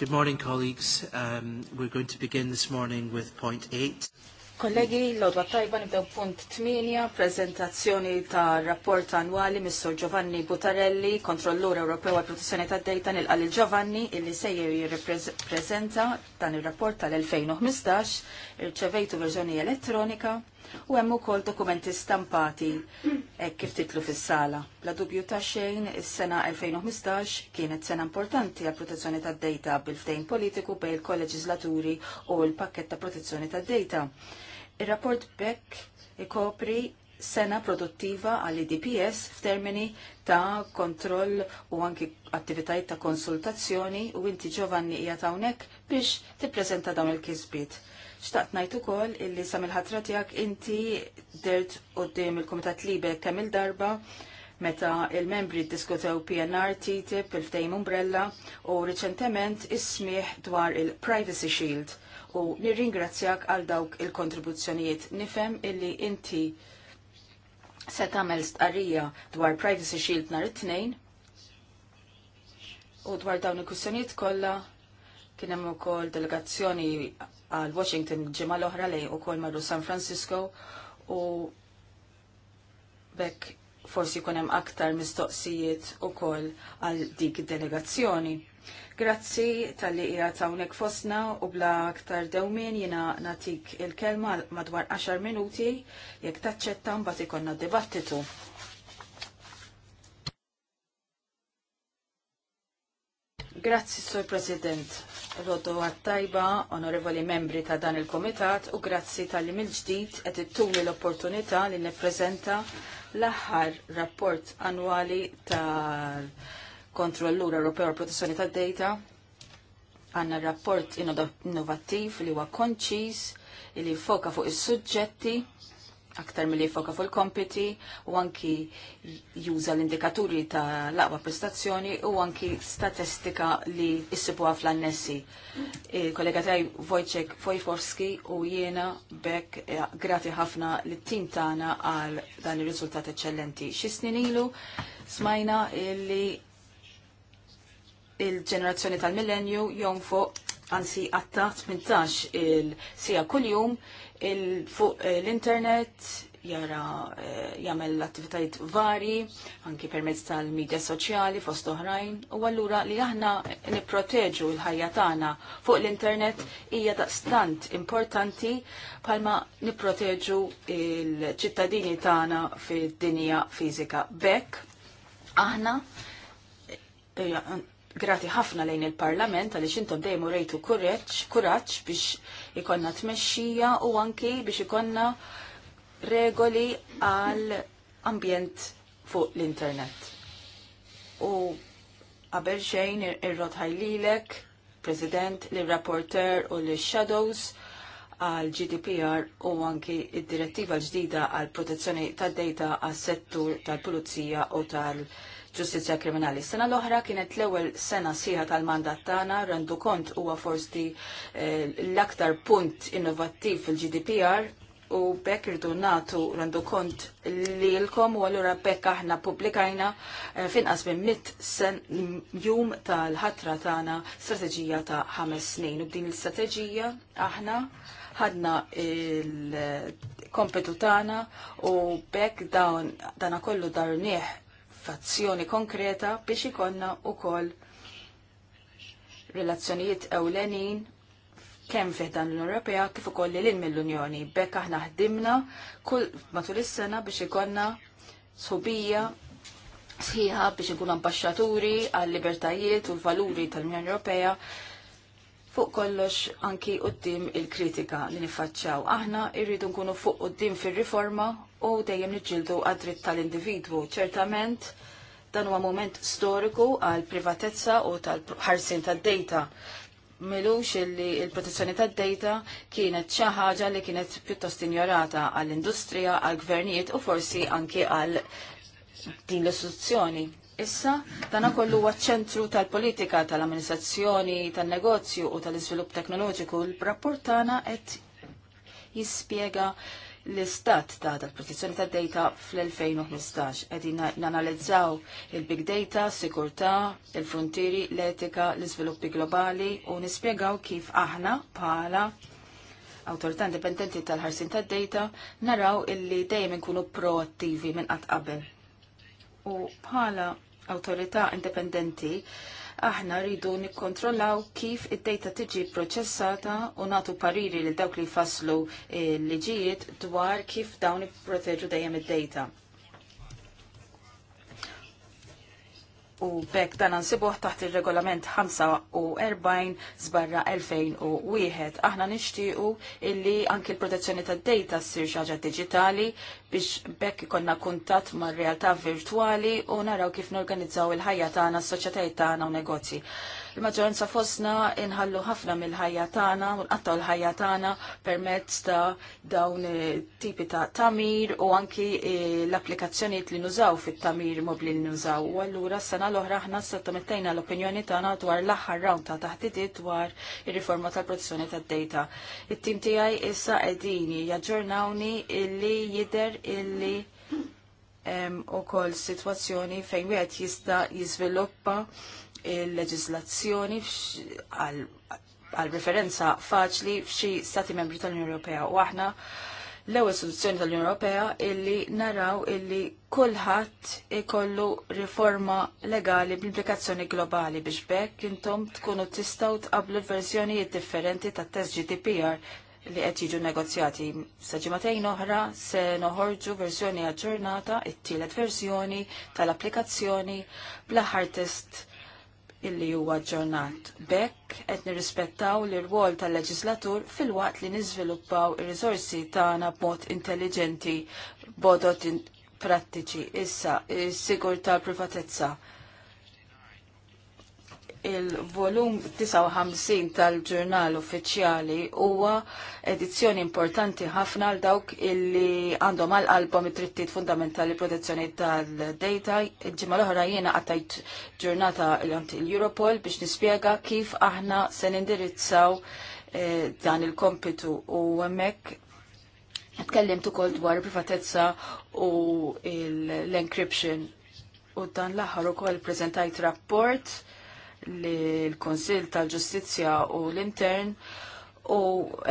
Good morning, colleagues. Um, we're going to begin this morning with point eight. Kollegi, l-odwa tajba nibdew punt 8, prezentazzjoni ta' rapport annwali mis-Sur Giovanni Butarelli, kontrollur Ewropew għal protezzjoni ta' dejta nil il-Giovanni illi sejjer jirrepreżenta dan ir-rapport tal-2015, irċevejtu verżjoni elettronika u hemm ukoll dokumenti stampati kif titlu fis-sala. Bla dubju ta' xejn, is-sena 2015 kienet sena importanti għal protezzjoni tad-dejta bil-ftejn politiku bejn il-kolleġislaturi u l-pakket ta' protezzjoni tad-dejta. Ir-rapport Beck ikopri sena produttiva għall idps f'termini ta' kontroll u anki attivitajiet ta' konsultazzjoni u inti Giovanni hija hawnhekk biex tippreżenta dawn il-kisbiet. Xtaqt najtu ukoll illi sa ħatra tiegħek inti dert qudiem il-Kumitat Libe kemm il-darba meta il-membri ddiskutew PNR, TTIP, il-ftejm Umbrella u riċentement ismiħ dwar il-Privacy Shield u nirringrazzjak għal dawk il-kontribuzzjonijiet. Nifem illi inti se tagħmel stqarrija dwar Privacy Shield nhar it-tnejn u dwar dawn il-kwistjonijiet kollha kien hemm ukoll delegazzjoni għal Washington ġimgħa l-oħra lejn ukoll marru San Francisco u bekk forsi jkun hemm aktar mistoqsijiet ukoll għal dik id-delegazzjoni. Grazzi tal-li qiegħed hawnhekk fosna u bla aktar dewmien jiena natik il-kelma madwar 10 minuti jekk taċċetta mbagħad ikollna dibattitu. Grazzi, Sur President. Rodo għattajba, onorevoli membri ta' dan il-komitat, u grazzi tal-li mil-ġdijt għed it-tuli l-opportunita li neprezenta l-aħħar rapport annwali tal-Kontrollur Ewropew Protezzjoni tad-Data. Għanna rapport innovattiv li huwa konċis, li foka fuq is-suġġetti aktar mill foka fuq il-kompiti u anki juża l-indikaturi ta' laqwa prestazzjoni u anki statistika li għaf l annessi kollega taj Wojciech Fojforski u jiena bekk e, grati ħafna li tim tagħna għal dan ir-riżultat eċċellenti. Xi snin ilu smajna li il-ġenerazzjoni tal-millenju jonfoq għansi għatta 18 il-sija kull-jum fuq eh, l-internet, jara eh, jagħmel l-attivitajiet vari, anki permezz tal-medja soċjali fost oħrajn, u allura li aħna nipproteġu l-ħajja tagħna fuq l-internet hija daqstant importanti palma nipproteġu l-ċittadini tagħna fid-dinja fiżika bekk. Aħna eh, grati ħafna lejn il-Parlament għaliex intom dejjem rejtu kuraġġ biex ikonna tmexxija u anki biex ikonna regoli għal ambjent fuq l-internet. U qabel xejn ir-rod ħajlilek, President, li rapporter u l-Shadows għal GDPR u anki id-direttiva ġdida għal protezzjoni tad data għas settur tal-pulizija u tal-pulizija ġustizzja kriminali. Sena l-oħra kienet l-ewwel sena siħa tal-mandat tagħna rendu kont huwa forsi eh, l-aktar punt innovattiv fil-GDPR u bekk irdu natu rendu kont lilkom u allura bekk aħna publikajna eh, finqas minn mit sen jum tal-ħatra tagħna strateġija ta' ħames snin u b'din l strategija aħna ħadna il-kompetu tagħna u bekk dan kollu darnieh f'azzjoni konkreta biex ikonna wkoll relazzjonijiet ewlenin kemm fih dan l-Unjoni Ewropea kif ukoll lil mill-Unjoni. Bekk aħna ħdimna kull matul is-sena biex ikonna sħubija sħiħa biex ikunu ambasċaturi għal libertajiet u l-valuri tal-Unjoni Ewropea fuq kollox anki qoddim il-kritika li nifaċċaw. Aħna irridu nkunu fuq qoddim fir-riforma u dejjem niġġildu għad-dritt tal-individwu. Ċertament dan huwa moment storiku għal privatezza u tal-ħarsin tad-data. Milux illi il-protezzjoni tad-data kienet xi ħaġa li kienet pjuttost injorata għall-industrija, għall-gvernijiet u forsi anke għal din l-istituzzjoni. Issa, dan kollu huwa ċentru tal-politika, tal-amministrazzjoni, tan-negozju u tal-iżvilupp teknoloġiku. l rapport tagħna qed jispjega l-istat ta' dal protezzjoni ta' data fl-2015. Għedin nanalizzaw il-big data, sikurta, il-frontieri, l-etika, l-izviluppi globali u nispiegaw kif aħna pala autorità indipendenti tal-ħarsin ta' data naraw illi dejjem nkunu proattivi minn qatt qabel. U bħala autorità indipendenti Aħna rridu nikkontrollaw kif id-data tiġi proċessata u natu pariri li dawk li faslu eh, liġijiet dwar kif dawn ipproteġu dejjem id-data. u bekk dan ansibuħ taħt il-regolament 45 zbarra 2001. Aħna nixtiequ illi anki l-protezzjoni tad data ssir xaġa digitali biex bekk ikonna kuntatt mar realtà virtuali u naraw kif norganizzaw il-ħajja tagħna, s-soċjetajiet tagħna u negozji. Il-maġġoranza fosna inħallu ħafna mill-ħajja tagħna u nqattaw l-ħajja tagħna permezz ta' dawn tipi ta' tamir u anki eh, l-applikazzjonijiet li nużaw fit-tamir mobli li nużaw. U allura sena l-oħra s-sottomettajna l-opinjoni tagħna dwar l-aħħar round ta' taħdidiet dwar ir-riforma tal-protezzjoni tad-data. It-tim tiegħi issa qegħdin jaġġornawni illi jidher illi ukoll sitwazzjoni fejn wieħed jista' jiżviluppa il-leġislazzjoni għal referenza faċli f'xi stati membri tal-Unjoni Ewropea u aħna l-ewwel soluzzjoni tal-Unjoni Ewropea illi naraw illi kulħadd ikollu riforma legali bl-implikazzjoni globali biex bekk intom tkunu tistgħu tqablu verżjonijiet differenti tat-test GDPR li qed jiġu negozjati. Sa ġimatejn oħra se noħorġu verżjoni aġġornata, it-tielet verżjoni tal-applikazzjoni bl-aħħar test illi huwa ġġornat. Bekk qed nirrispettaw l rwol tal-leġislatur fil-waqt li niżviluppaw ir-riżorsi tagħna b'mod intelligenti, b'odot prattiċi issa is-sigur tal-privatezza il-volum 59 tal-ġurnal uffiċjali huwa edizzjoni importanti ħafna għal dawk illi għandhom għal album it-trittijiet fundamentali protezzjoni tal-data. Ġimma l-oħra jiena għattajt ġurnata l-Europol biex nispjega kif aħna se nindirizzaw eh, dan il-kompitu u hemmhekk tkellimt ukoll dwar privatezza u l-encryption u dan l-aħħar ukoll preżentajt rapport l-Konsil tal-Ġustizzja u l-Intern u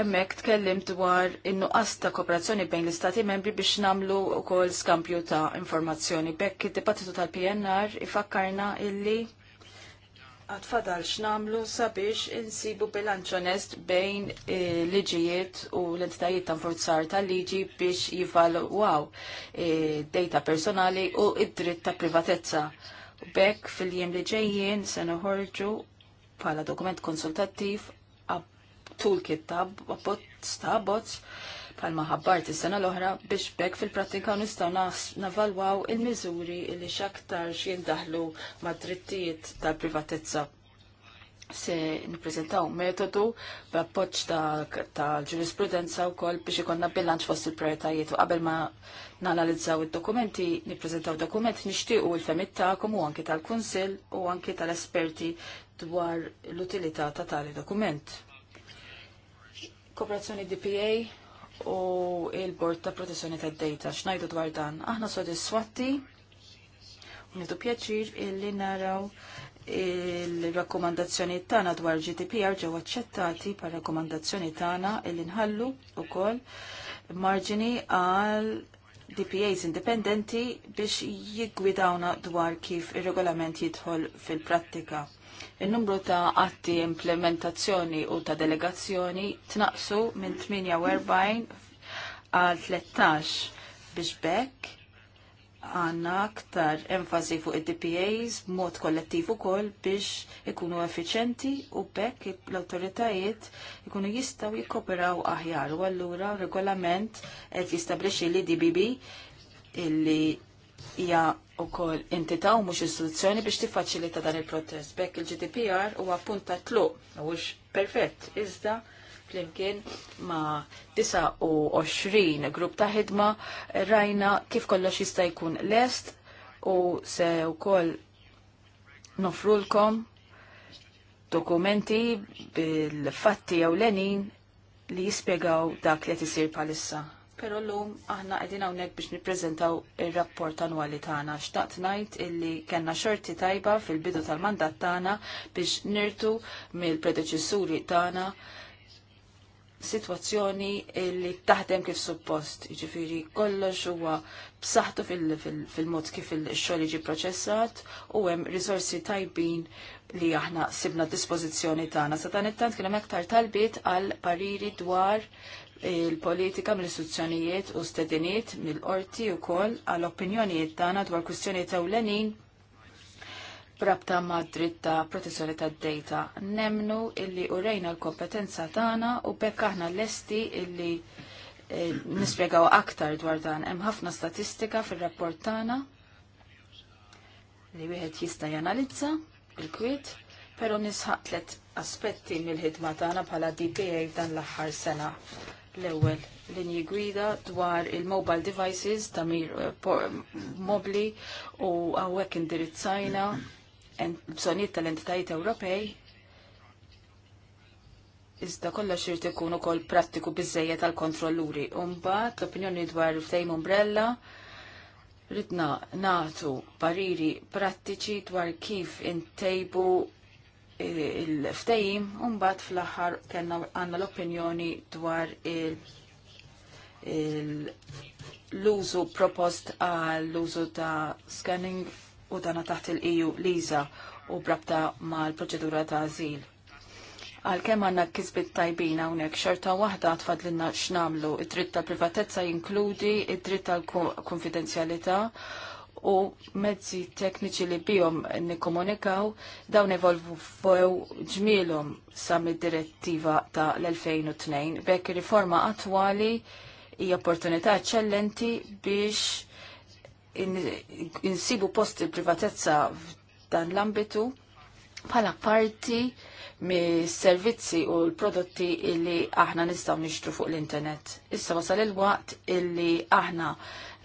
emmek tkellim dwar in-nuqqas ta' kooperazzjoni bejn l-Istati membri biex namlu kol skampju ta' informazzjoni. Bekk id-dibattitu tal-PNR ifakkarna illi għatfadal x'namlu sabiex insibu bilanċ onest bejn eh, liġijiet u l-entitajiet ta' forzar tal-liġi biex jivalwaw eh, data personali u id-dritt ta' privatezza. Bekk fil-jiem li ġejjien se noħorġu bħala dokument konsultattiv toolkit ta' bots ta' bots bħal maħabbart is-sena l-oħra biex bekk fil-prattika nistgħu navalwaw il-miżuri li x'aktar jindaħlu mad-drittijiet tal-privatezza se nippreżentaw metodu b'appoġġ ta' ġurisprudenza wkoll biex ikonna bilanċ fost il-prioritajiet u qabel ma nanalizzaw id-dokumenti, nippreżentaw dokument nixtiequ il-femit tagħkom u anki tal-Kunsill u anki tal-esperti dwar l-utilità ta' tali dokument. Kooperazzjoni DPA u il-Bord ta' Protezzjoni tad data x'ngħidu dwar dan. Aħna sodisfatti u nitu pjaċir illi naraw il-rakkomandazzjoni tagħna dwar GDPR ġew aċċettati par rakkomandazzjoni tagħna illi nħallu wkoll marġini għal DPAs indipendenti biex jiggwidawna dwar kif ir-regolament jidħol fil-prattika. Il-numru ta' atti implementazzjoni u ta' delegazzjoni tnaqsu minn 48 għal 13 biex bekk għanna aktar enfasi fuq id-DPAs mod kollettiv ukoll biex ikunu effiċenti u bekk l-autoritajiet ikunu jistaw jikkoperaw aħjar u allura regolament qed jistabrixxi li DBB illi hija wkoll entita' u mhux istituzzjoni biex tiffaċilita dan il-protest. Bekk il-GDPR huwa punt ta' tluq mhuwiex perfett iżda flimkien ma' 29 grupp ta' ħidma rajna kif kollox jista' jkun lest u se wkoll nofrulkom dokumenti bil-fatti jew lenin li jispjegaw dak li qed isir bħalissa. Però llum aħna qegħdin hawnhekk biex nippreżentaw ir rapport annwali tagħna. Xtaqt ngħid illi kellna xorti tajba fil-bidu tal-mandat tagħna biex nirtu mill-predeċessuri tagħna situazzjoni li taħdem kif suppost, ġifiri kollox huwa b'saħħtu fil-mod kif il-xogħol jiġi proċessat u hemm risorsi tajbin li aħna sibna dispożizzjoni tagħna. Sa dan it-tant kien hemm aktar talbiet għal pariri dwar il-politika mill-istituzzjonijiet u stediniet mill-qorti wkoll għal opinjonijiet tagħna dwar kwistjonijiet ewlenin Brabta Madrid ta' protezzjoni ta' data nemnu illi urejna l-kompetenza tagħna u bekk aħna lesti illi eh, nispjegaw aktar dwar dan. Hemm ħafna statistika fir-rapport tagħna li wieħed jista' janalizza il-kwiet, però nisħaq tliet aspetti mill-ħidma tagħna bħala DPA dan l-aħħar sena. L-ewwel linji gwida dwar il-mobile devices ta' mir eh, mobli u hawnhekk indirizzajna bżonijiet tal-entitajiet Ewropej Iżda kollox irid ikun ukoll prattiku biżejja tal-kontrolluri. Umbagħad l-opinjoni dwar ftejm umbrella ridna nagħtu pariri prattiċi dwar kif intejbu eh, il-ftejim umbagħad fl-aħħar kellna għandna l-opinjoni dwar l-użu propost għall-użu ta' scanning u dana taħt il-EU liża u brabta mal-proċedura ta' azil. Għal-kem għanna kizbit tajbina unek xorta wahda tfadlinna x'namlu id-dritt tal-privatezza jinkludi id-dritt tal-konfidenzjalità u mezzi tekniċi li bijom nikomunikaw dawn evolvu fow ġmielhom sa mid-direttiva ta' l-2002. Bekk riforma attwali hija opportunità eċċellenti biex insibu in post il-privatezza dan l-ambitu bħala parti mis-servizzi u l-prodotti illi aħna nistaw nixtru fuq l-internet. Issa wasal il-waqt illi aħna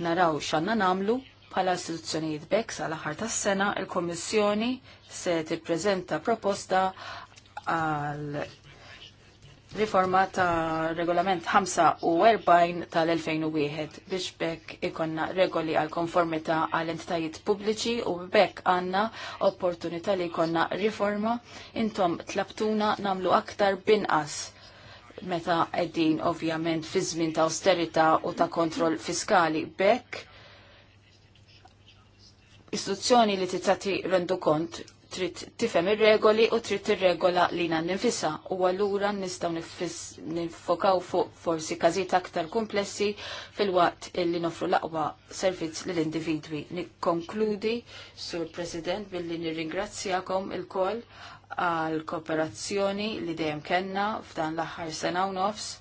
naraw xanna namlu bħala istituzzjonijiet BEX għal aħħar tas-sena il-Kommissjoni se tippreżenta proposta għal riforma ta' regolament 45 tal-2001 biex bekk ikonna regoli għal konformita għal entitajiet pubbliċi u bekk għanna opportunità li ikonna riforma intom tlabtuna namlu aktar binqas meta qegħdin ovvjament fi żmien ta' austerita u ta' kontroll fiskali bekk istituzzjoni li titati rendu kont trid tifhem ir-regoli u trid tirregola lina nnifisha u allura nistgħu nifokaw fuq forsi każijiet aktar komplessi fil-waqt illi nofru l-aqwa servizz lill individwi Nikkonkludi, Sur President, billi nirringrazzjakom il-koll għal kooperazzjoni li dejjem kellna f'dan l-aħħar sena u nofs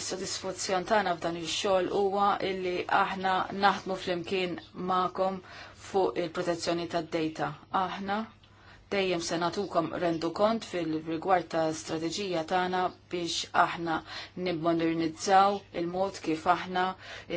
is-sodisfazzjon tagħna f'dan ix-xogħol huwa illi aħna naħdmu flimkien magħkom fuq il-protezzjoni tad-data. Aħna dejjem se nagħtukom rendu kont fil-rigward ta' strateġija tagħna biex aħna nimmodernizzaw il-mod kif aħna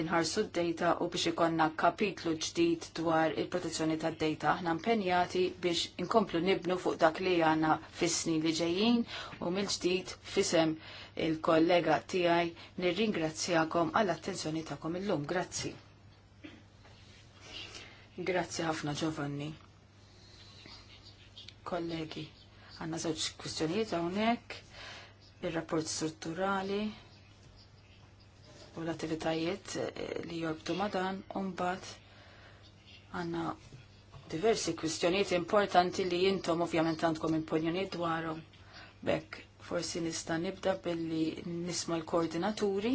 inħarsu d-data u biex ikonna kapitlu ġdid dwar il-protezzjoni tad-data. Aħna impenjati biex inkomplu nibnu fuq dak li għana fis-snin li ġejjin u mill-ġdid fisem il-kollega tiegħi nirringrazzjakom għall-attenzjoni tagħkom illum. Grazzi. Grazzi ħafna Giovanni. Kollegi, għandna żewġ kwistjonijiet hawnhekk, ir-rapport strutturali u l-attivitajiet eh, li jorbtu ma' dan u mbagħad diversi kwistjonijiet importanti li jintom ovvjament għandkom imponjoniet dwarom Bekk Forsi nista' nibda billi nisma' l-koordinaturi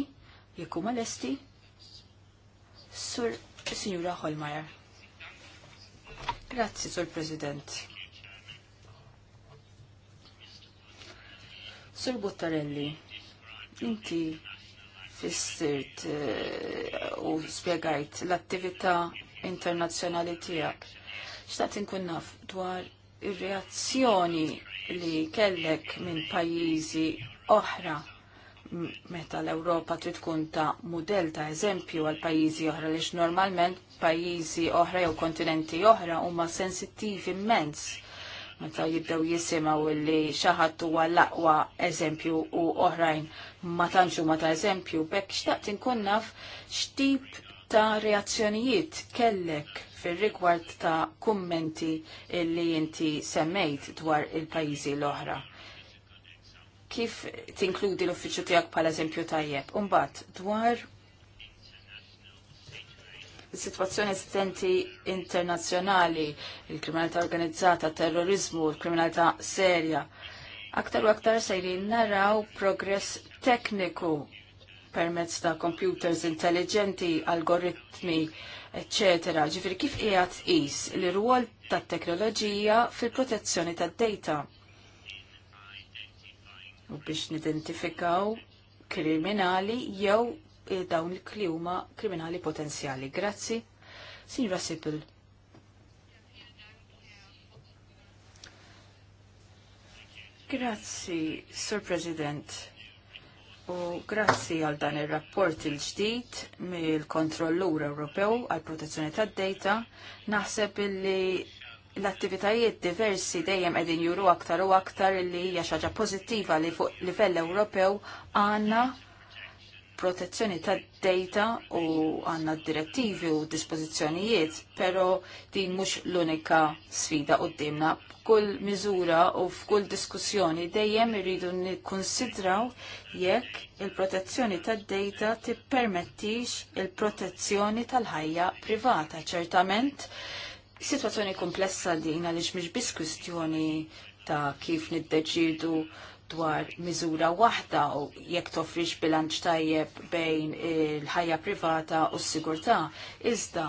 jekk huma lesti. Sur Sinjura Holmajer. Grazzi, Sur President. Sur Buttarelli, inti fissirt eh, u uh, spiegajt l-attività internazzjonali tiegħek. Xtaqt inkun naf dwar ir-reazzjoni li kellek minn pajjiżi oħra meta l-Ewropa trid tkun ta' mudell ta' eżempju għal pajjiżi oħra lix normalment pajjiżi oħra jew kontinenti oħra huma sensittivi immens meta jibdew jisimaw li xi ħadd huwa l-aqwa eżempju u oħrajn ma tantx huma ta' eżempju bekk xtaqt inkun naf x'tip ta' reazzjonijiet kellek fil-rigward ta' kummenti li inti semmejt dwar il-pajizi l-oħra? Kif tinkludi l-uffiċu tijak pal eżempju tajjeb? Umbat, dwar situazzjoni esistenti internazzjonali, il-kriminalità organizzata, terrorizmu, il-kriminalità serja. Aktar u aktar sejri naraw progress tekniku permezz ta' computers intelligenti, algoritmi, etc. Ġifir, kif qiegħed is li rwol tat-teknoloġija fil-protezzjoni tad-data. U biex nidentifikaw kriminali jew eh, dawn li huma kriminali potenzjali. Grazzi. Signora Sipil. Grazzi, Sir President u grazzi għal dan ir-rapport il ġdid mill-Kontrollur Ewropew għal protezzjoni tad-data naħseb li l-attivitajiet diversi dejjem qegħdin juru aktar u aktar li hija xi ħaġa pożittiva li fuq livell Ewropew għandna protezzjoni tad-data u għanna direttivi u dispożizzjonijiet, pero din mhux l-unika sfida dimna. Kull miżura u f'kull diskussjoni dejjem irridu nikkonsidraw jekk il-protezzjoni tad-data tippermettix il-protezzjoni tal-ħajja privata. Ċertament, situazzjoni komplessa din għaliex mhix biss kwistjoni ta' kif niddeċidu dwar miżura waħda u jekk toffriġ bilanċ tajjeb bejn il-ħajja privata u s-sigurtà, iżda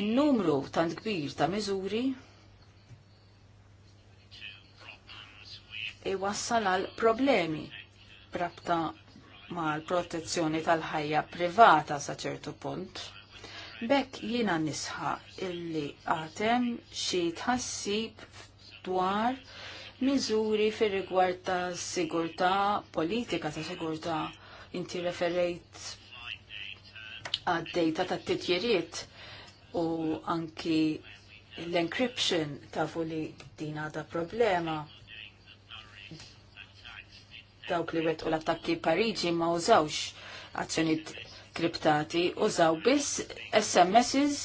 in-numru tant kbir ta' miżuri iwassal għal problemi brabta mal protezzjoni tal-ħajja privata sa' ċertu punt. Bekk jiena nisħa illi għatem xi tħassib dwar miżuri fir rigward ta' sigurtà, politika ta' sigurtà. Inti referejt għad-data ta' titjiriet u anki l-encryption ta' fuli din għadha problema dawk li wet u l-attakki Pariġi ma użawx azzjoniet kriptati, użaw biss SMSs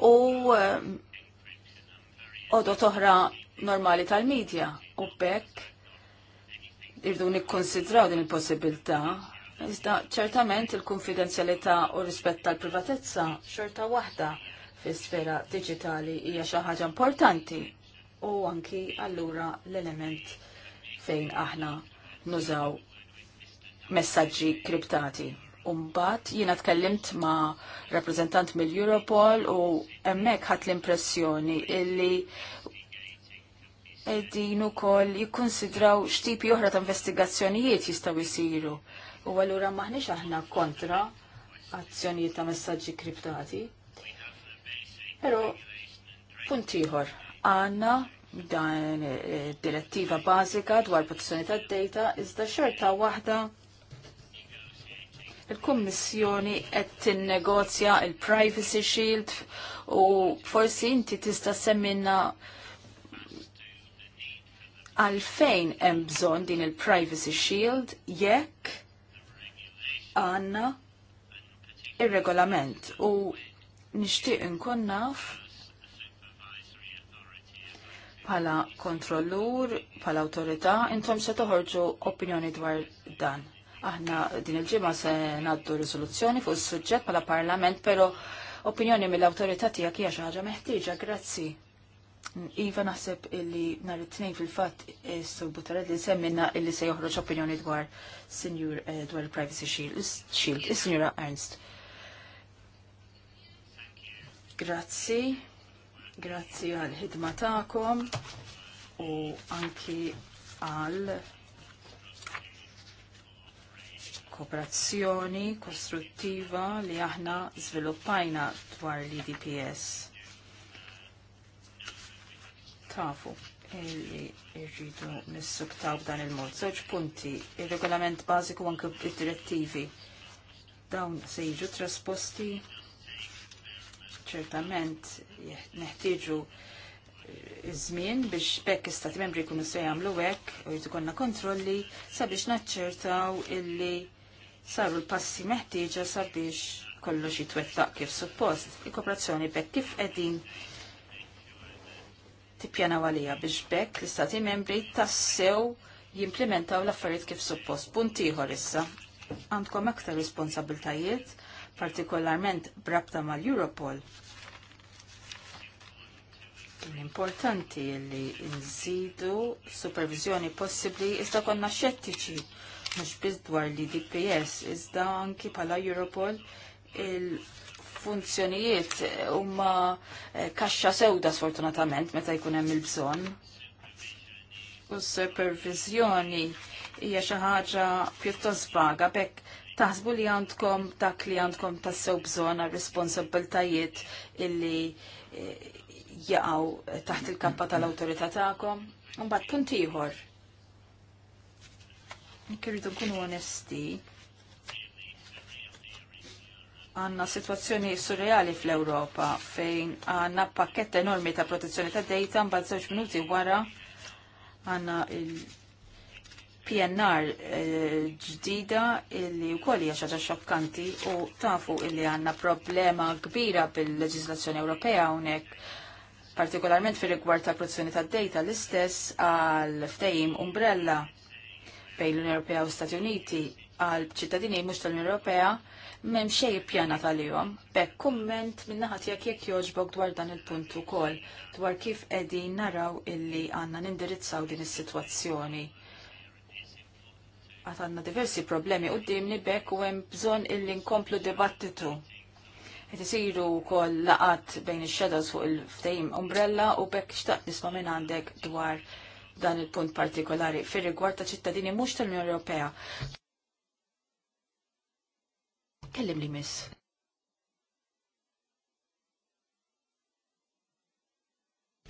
u għodot eh, oħra normali tal-medja u bekk irdu nikkonsidraw din il-possibilità. Iżda ċertament il-konfidenzjalità u rispett tal-privatezza xorta waħda fis-sfera digitali hija xi ħaġa importanti u anki allura l-element fejn aħna nużaw messaġġi kriptati. Umbat jiena tkellimt ma rappresentant mill-Europol u hemmhekk ħadt l-impressjoni illi din ukoll jikkonsidraw x'tipi oħra ta' investigazzjonijiet jistgħu jsiru. U allura maħniex aħna kontra azzjonijiet ta' messaġġi kriptati. Però punt ieħor għandna dan eh, direttiva bażika dwar protezzjoni tad-data iżda xorta waħda il-Kummissjoni qed tinnegozja il-Privacy Shield u forsi inti tista' semminna għalfejn hemm bżonn din il-Privacy Shield jekk għandna ir-regolament u nixtieq inkun naf bħala kontrollur, bħala autorità, intom se toħorġu opinjoni dwar dan. Aħna din il-ġimgħa se ngħaddu riżoluzzjoni fuq is-suġġett bħala Parlament, pero opinjoni mill-awtorità tiegħek hija xi ħaġa meħtieġa, grazzi. Iva naħseb illi nhar it-tnejn fil-fatt is-sur li semmina illi se joħroġ opinjoni dwar Sinjur eh, dwar il-Privacy Shield, is-Sinjura Ernst. Grazzi, grazzi għal ħidma tagħkom u anki għal kooperazzjoni kostruttiva li aħna żviluppajna dwar l-IDPS tafu irridu nissuktaw b'dan il-mod. Żewġ punti, ir-regolament bażiku anke id-direttivi dawn se jiġu trasposti ċertament neħtieġu eh, iż-żmien biex bekk istati membri jkunu se jagħmlu hekk u jrid ikollna kontrolli sabiex naċċertaw illi saru l-passi meħtieġa sabiex kollox jitwettaq kif suppost. Il-kooperazzjoni bekk kif qegħdin tippjana għalija biex bekk l-istati membri tassew jimplementaw l-affarijiet kif suppost. Punt ieħor issa. Għandkom aktar responsabiltajiet, partikolarment brabta mal-Europol. Kien importanti li nżidu supervizjoni possibbli iżda konna xettiċi mhux biss dwar li DPS iżda anki bħala Europol il- funzjonijiet huma eh, kaxxa sewda sfortunatament meta jkun hemm il-bżonn. U supervizjoni hija xi ħaġa pjuttost vaga bekk taħsbu li għandkom dak li għandkom tassew bżonn għal responsabiltajiet illi eh, jaqgħu taħt il-kappa tal-awtorità tagħkom. Mbagħad punt ieħor. Nkirridu nkunu onesti għanna situazzjoni surreali fl-Europa fejn għanna pakket enormi ta' protezzjoni ta' data mbagħad żewġ minuti wara għanna il-PNR eh, ġdida illi wkoll hija xaġa xokkanti u tafu illi għanna problema kbira bil-leġislazzjoni Ewropea hawnhekk partikolarment fir rigward ta' protezzjoni ta' data l-istess għal ftejim umbrella bejn l-Unjoni Ewropea u Stati Uniti għal ċittadini mhux tal-Unjoni Ewropea Mem xej pjana tal-jom. Bekk kumment minnaħat jek jek joġbok dwar dan il-punt ukoll dwar kif edi naraw illi għanna nindirizzaw din is-sitwazzjoni. Għat għanna diversi problemi u dimni bekk u hemm bżonn illi nkomplu dibattitu. Għet isiru wkoll laqat bejn ix-shadows fuq il ftejm umbrella u bekk xtaqt nisma' minn għandek dwar dan il-punt partikolari fir rigward ta' ċittadini mhux tal-Unjoni Ewropea. Kellim li miss.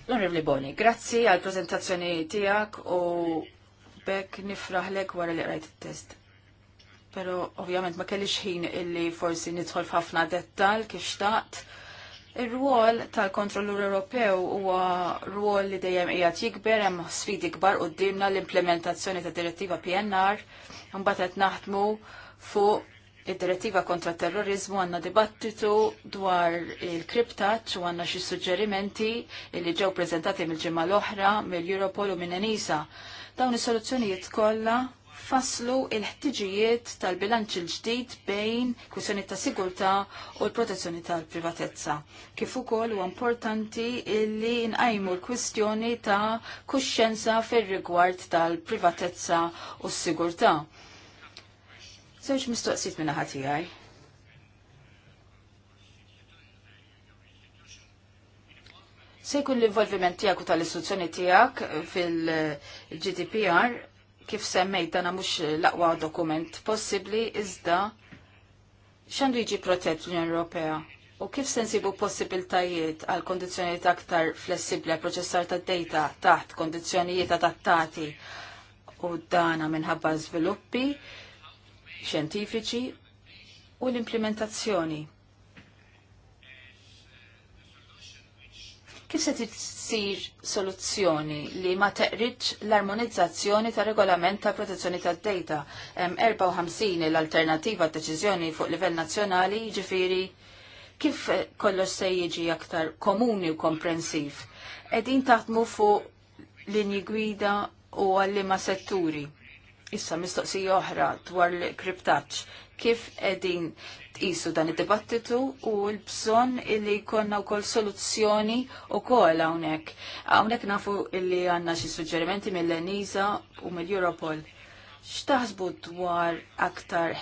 L-Onorevli Boni, grazzi għal prezentazzjoni tijak u bekk nifraħlek wara li għrajt il-test. Pero ovvjament ma kellix ħin illi forsi nidħol f'ħafna dettal kif xtaqt. Ir-rwol tal-kontrollur Ewropew huwa rwol li dejjem qiegħed jikber hemm sfidi kbar qudiemna l-implementazzjoni ta' direttiva PNR, imbagħad qed naħdmu fuq id-direttiva kontra terrorizmu għanna dibattitu dwar il-kriptaċ u għanna xi suġġerimenti li ġew prezentati mill-ġimgħa l-oħra mill-Europol u minn Enisa. Dawn is-soluzzjonijiet kollha faslu il-ħtiġijiet tal-bilanċ il-ġdid bejn kwistjoni ta' sigurtà u l-protezzjoni tal-privatezza. Kif ukoll huwa importanti illi nqajmu l-kwistjoni ta' kuxjenza fir-rigward tal-privatezza u s-sigurtà. Żewġ mistoqsijiet minna ħati għaj. Se jkun l-involviment tiegħek u tal-istituzzjoni tiegħek fil-GDPR kif semmejt dana mhux l-aqwa dokument possibbli iżda xandu jiġi protett l-Unjoni Ewropea u kif se nsibu possibiltajiet għal kondizzjonijiet aktar flessibbli għal proċessar tad data taħt kondizjonijiet adattati u dana minħabba żviluppi xjentifiċi u l-implementazzjoni. Kif se tsir soluzzjoni li ma teqriġ l-armonizzazzjoni ta' regolament ta' protezzjoni tad data hemm 54 l-alternativa deċiżjoni fuq livell nazzjonali jiġifieri kif kollox se jiġi aktar komuni u komprensiv. Qegħdin taħdmu fuq linji gwida u għallima setturi. Issa mistoqsija oħra dwar l-kriptaċ. Kif edin tqisu dan id-dibattitu u l-bżon illi konna wkoll soluzzjoni u kol hawnhekk. Hawnhekk nafu illi għandna xi suġġerimenti mill-Enisa u mill-Europol. X'taħsbu dwar aktar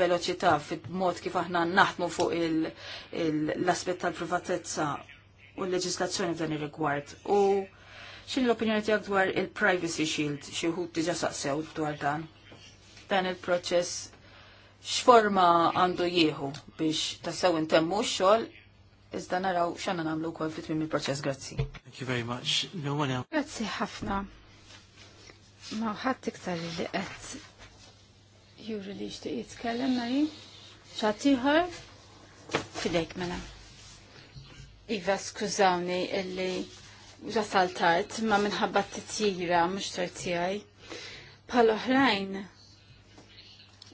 veloċità fid-mod kif aħna naħdmu fuq l-aspett tal-privatezza u l-leġislazzjoni f'dan ir-rigward. U Xin l-opinjoni tijak dwar il-Privacy Shield, xieħut diġa saqsew dwar dan? Dan il-proċess x'forma għandu jieħu biex tassew intemmu x-xogħol iżda naraw x'għandna nagħmlu wkoll fit tmiem il-proċess. Grazzi. Thank you very much. No one else. Grazzi ħafna. Ma ħadd iktar li qed juri li xti jitkellem nari. X'għad Fidejk mela. Iva, skużawni illi jasal tard ma minħabba t-tira mux tartijaj. Bħal oħrajn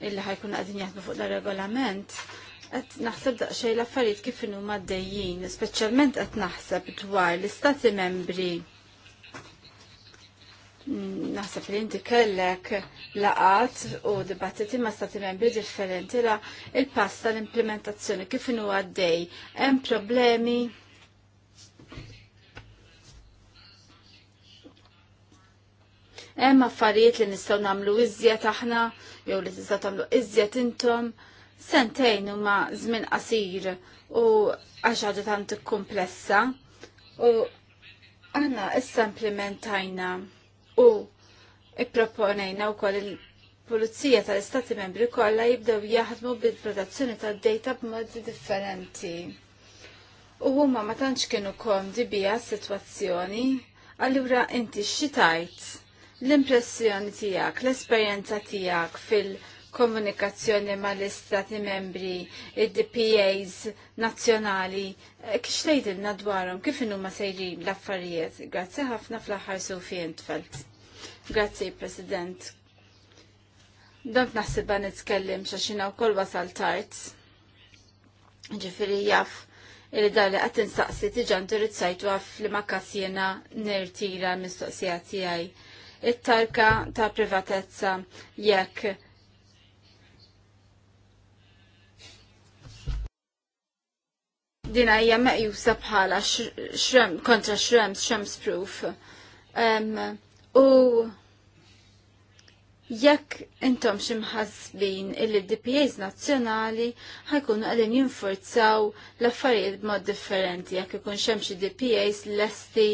illi ħajkun għadin jaħdmu fuq l-regolament, għed naħseb daqxaj l-affarijiet kif inu maddejjin, specialment għed naħseb dwar l-istati membri mm, naħseb li inti kellek laqat u dibattiti ma' stati membri differenti la il-pasta l-implementazzjoni kif inu għaddej, hemm problemi hemm affarijiet li nistgħu nagħmlu iżjed aħna jew li tista' tagħmlu iżjed intom sentejn huma żmien qasir u għax ħaġa tant komplessa u aħna issa implementajna u ipproponejna wkoll il pulizija tal-Istati membri kollha jibdew jaħdmu bil-protezzjoni tad-dejta b'modi differenti. U huma ma tantx kienu komdi bija s-sitwazzjoni, allura inti xitajt l-impressjoni tijak, l-esperienza tijak fil-komunikazzjoni ma l-istati membri, id-DPAs nazjonali, eh, kix tgħidilna dwarhom kif ma sejrin l-affarijiet. Grazzi ħafna fl-aħħar Sofi Entfeld. Grazzi President. Dont naħsibha nitkellem xaxina kol wasal tard. Ġifieri jaf illi dali saqsi instaqsi turit sajtu għaf li ma kasjena nirtira mistoqsija tiegħi it-tarka ta' privatezza jekk dina hija meqjusa bħala xrem kontra xrems, xrems proof. Um, u jekk intom ximħazbin illi DPAs nazzjonali ħajkunu għadin jinforzaw l-affarijiet b'mod differenti jekk ikun xi DPAs lesti esti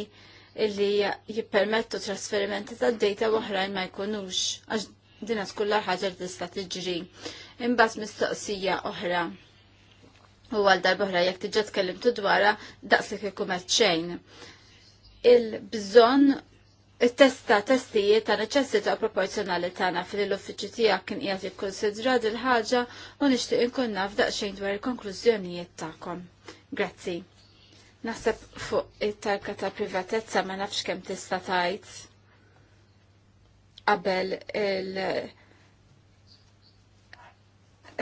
illi jippermettu trasferimenti ta' data oħrajn ma jkunux għax dinas kulla ħaġa li tista' tiġri. Imbas mistoqsija oħra u għal darba oħra jekk tiġġa tkellimtu dwarha daqslik kikum xejn. Il-bżonn Il-testa testijiet ta' neċessita u proporzjonalità naf fil l-uffiċċju tiegħek kien qiegħed jikkonsidra dil ħaġa u nixtieq inkun naf daqsxejn dwar il-konklużjonijiet tagħkom. Grazzi. Naħseb fuq it-tarka ta' privatezza ma nafx kemm tista' tajt qabel il-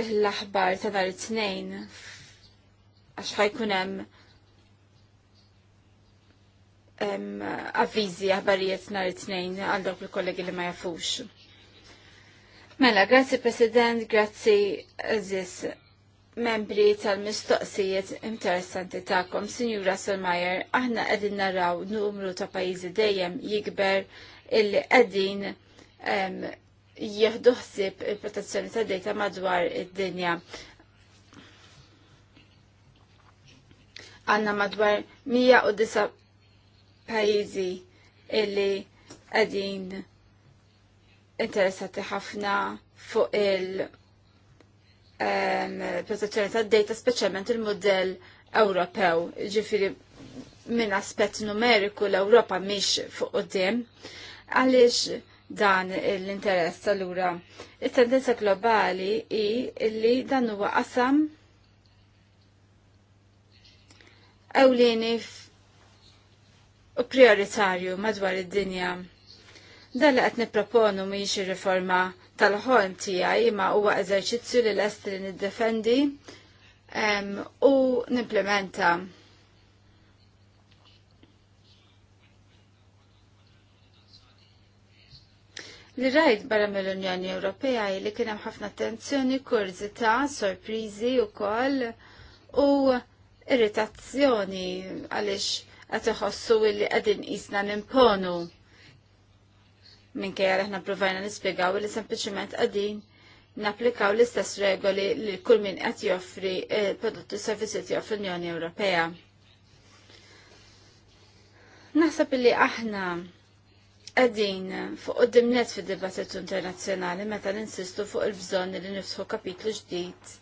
l-aħbar ta' nhar it-tnejn għax ħajkun hemm avviżi aħbarijiet nhar it-tnejn għal dawk il-kollegi li ma jafux. Mela, grazzi President, grazzi Aziz membri tal-mistoqsijiet interessanti ta'kom, Sinjura Solmajer, aħna qegħdin naraw numru ta' pajjiżi dejjem jikber illi qegħdin jieħdu ħsieb il-protezzjoni ta' dejta madwar id-dinja. Għanna madwar 109 pajjiżi illi qegħdin interessati ħafna fuq il- protezzjoni tad data speċjalment il-modell Ewropew, ġifiri minn aspett numeriku l-Ewropa mhix fuq qudiem. Għaliex dan l-interess allura. It-tendenza globali hi li dan huwa qasam ewlieni u prioritarju madwar id-dinja. Dan li qed nipproponu mhijiex ir-riforma tal-ħon tijaj ma huwa eżerċizzju li l-est li niddefendi um, u nimplementa. Li rajt barra mill-Unjoni Ewropea li kien hemm ħafna attenzjoni, sorprizi sorpriżi wkoll u irritazzjoni għaliex qed iħossu li qegħdin qisna nimponu minkejja li aħna provajna nispjegaw li sempliċement qegħdin napplikaw l-istess regoli li kull min qed joffri eh, prodotti u servizzi tiegħu fl-Unjoni Ewropea. Naħseb li aħna qegħdin fuq qudimnet fid-dibattitu internazzjonali meta ninsistu fuq il bżon li nifsħu kapitlu ġdid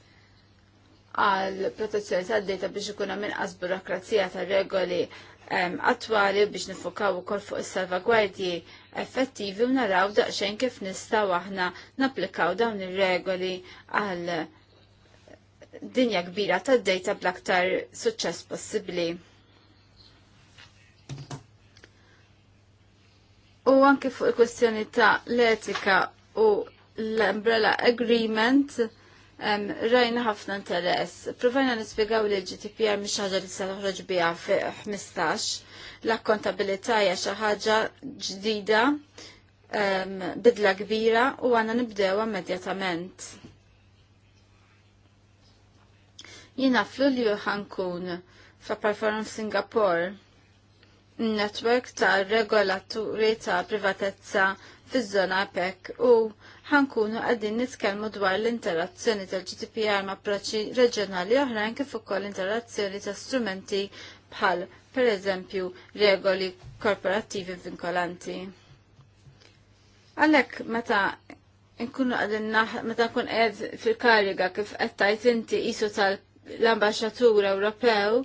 għal protezzjoni tad data biex ikuna minn qas burokrazija tal regoli ehm, attwali biex nifokaw ukoll fuq is-salvagwardji effettivi u naraw daqsxejn kif nistgħu aħna napplikaw dawn ir-regoli għal dinja kbira tad dejta bl-aktar suċċess possibbli. U anke fuq il-kwestjoni ta' l-etika u l-Umbrella Agreement rajna ħafna interess. Provajna nispiegaw li l GDPR mi ħaġa li se toħroġ biha fi 15. L-akkontabilità hija xi ħaġa ġdida, bidla kbira u għandna nibdew immedjatament. Jiena f'Lulju ħankun f'Apart Forum Singapore network ta' regolaturi ta' privatezza fiż-żona PEC u ħankunu għaddin nitkellmu dwar l-interazzjoni tal-GDPR ma' approċċi reġjonali oħrajn kif ukoll interazzjoni ta' strumenti bħal per eżempju regoli korporattivi vinkolanti. Għalhekk meta nkunu għadin meta nkun qed fil-kariga kif qed inti qisu tal-Ambaxxatur Ewropew,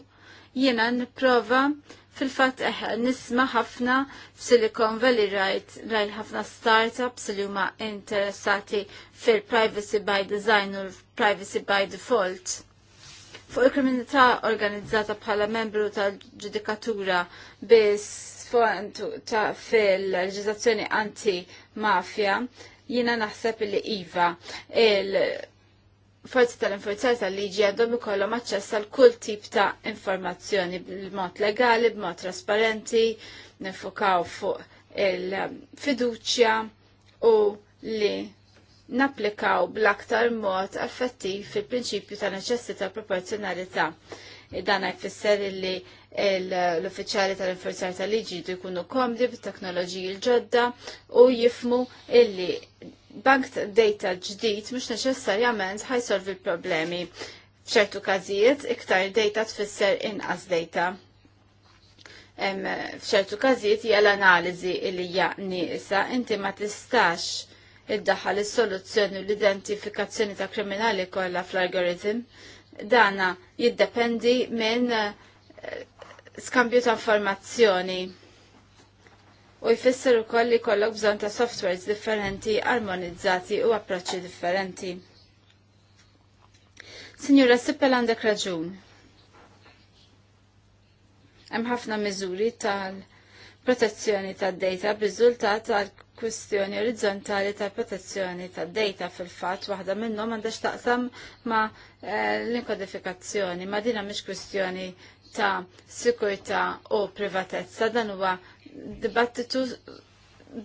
jiena nipprova Fil-fat eħe, eh, nisma ħafna f'Silicon Valley rajt, rajt ħafna startups li huma interessati fil-privacy by design u privacy by default. Fuq il-kriminalità organizzata bħala membru tal-ġudikatura bis ta' fil-leġizazzjoni anti-mafja, jina naħseb li Iva il- forzi tal informazzjoni tal-liġi għandhom ikollhom aċċess għal kull tip ta' informazzjoni b'mod legali, b'mod trasparenti, nifukaw fuq il-fiduċja u li napplikaw bl-aktar mod effettiv fil-prinċipju ta' neċessità proporzjonalità. Dan jfisser li l-uffiċjali tal-infurzar tal-liġi jdu jkunu komdi bit-teknoloġiji l-ġodda u jifmu illi bank data ġdid mhux neċessarjament ħajsolvi l-problemi. F'ċertu każijiet iktar data tfisser inqas data. F'ċertu każijiet hija l-analiżi li hija nieqsa inti ma tistax iddaħħal is-soluzzjoni u l-identifikazzjoni ta' kriminali kollha fl-algoritm dana jiddependi minn eh, skambju ta' informazzjoni. U jfisser ukoll li kollok bżonn ta' softwares differenti, armonizzati u approċċi differenti. Sinjura Sippel għandek raġun. Hemm ħafna miżuri tal- protezzjoni tad data b'riżultat tal kwistjoni orizzontali ta' protezzjoni ta' data fil-fat waħda minnhom għandax taqsam ma' eh, l-inkodifikazzjoni, ma' dina mhix kwistjoni ta' sikurta u privatezza, dan huwa dibattitu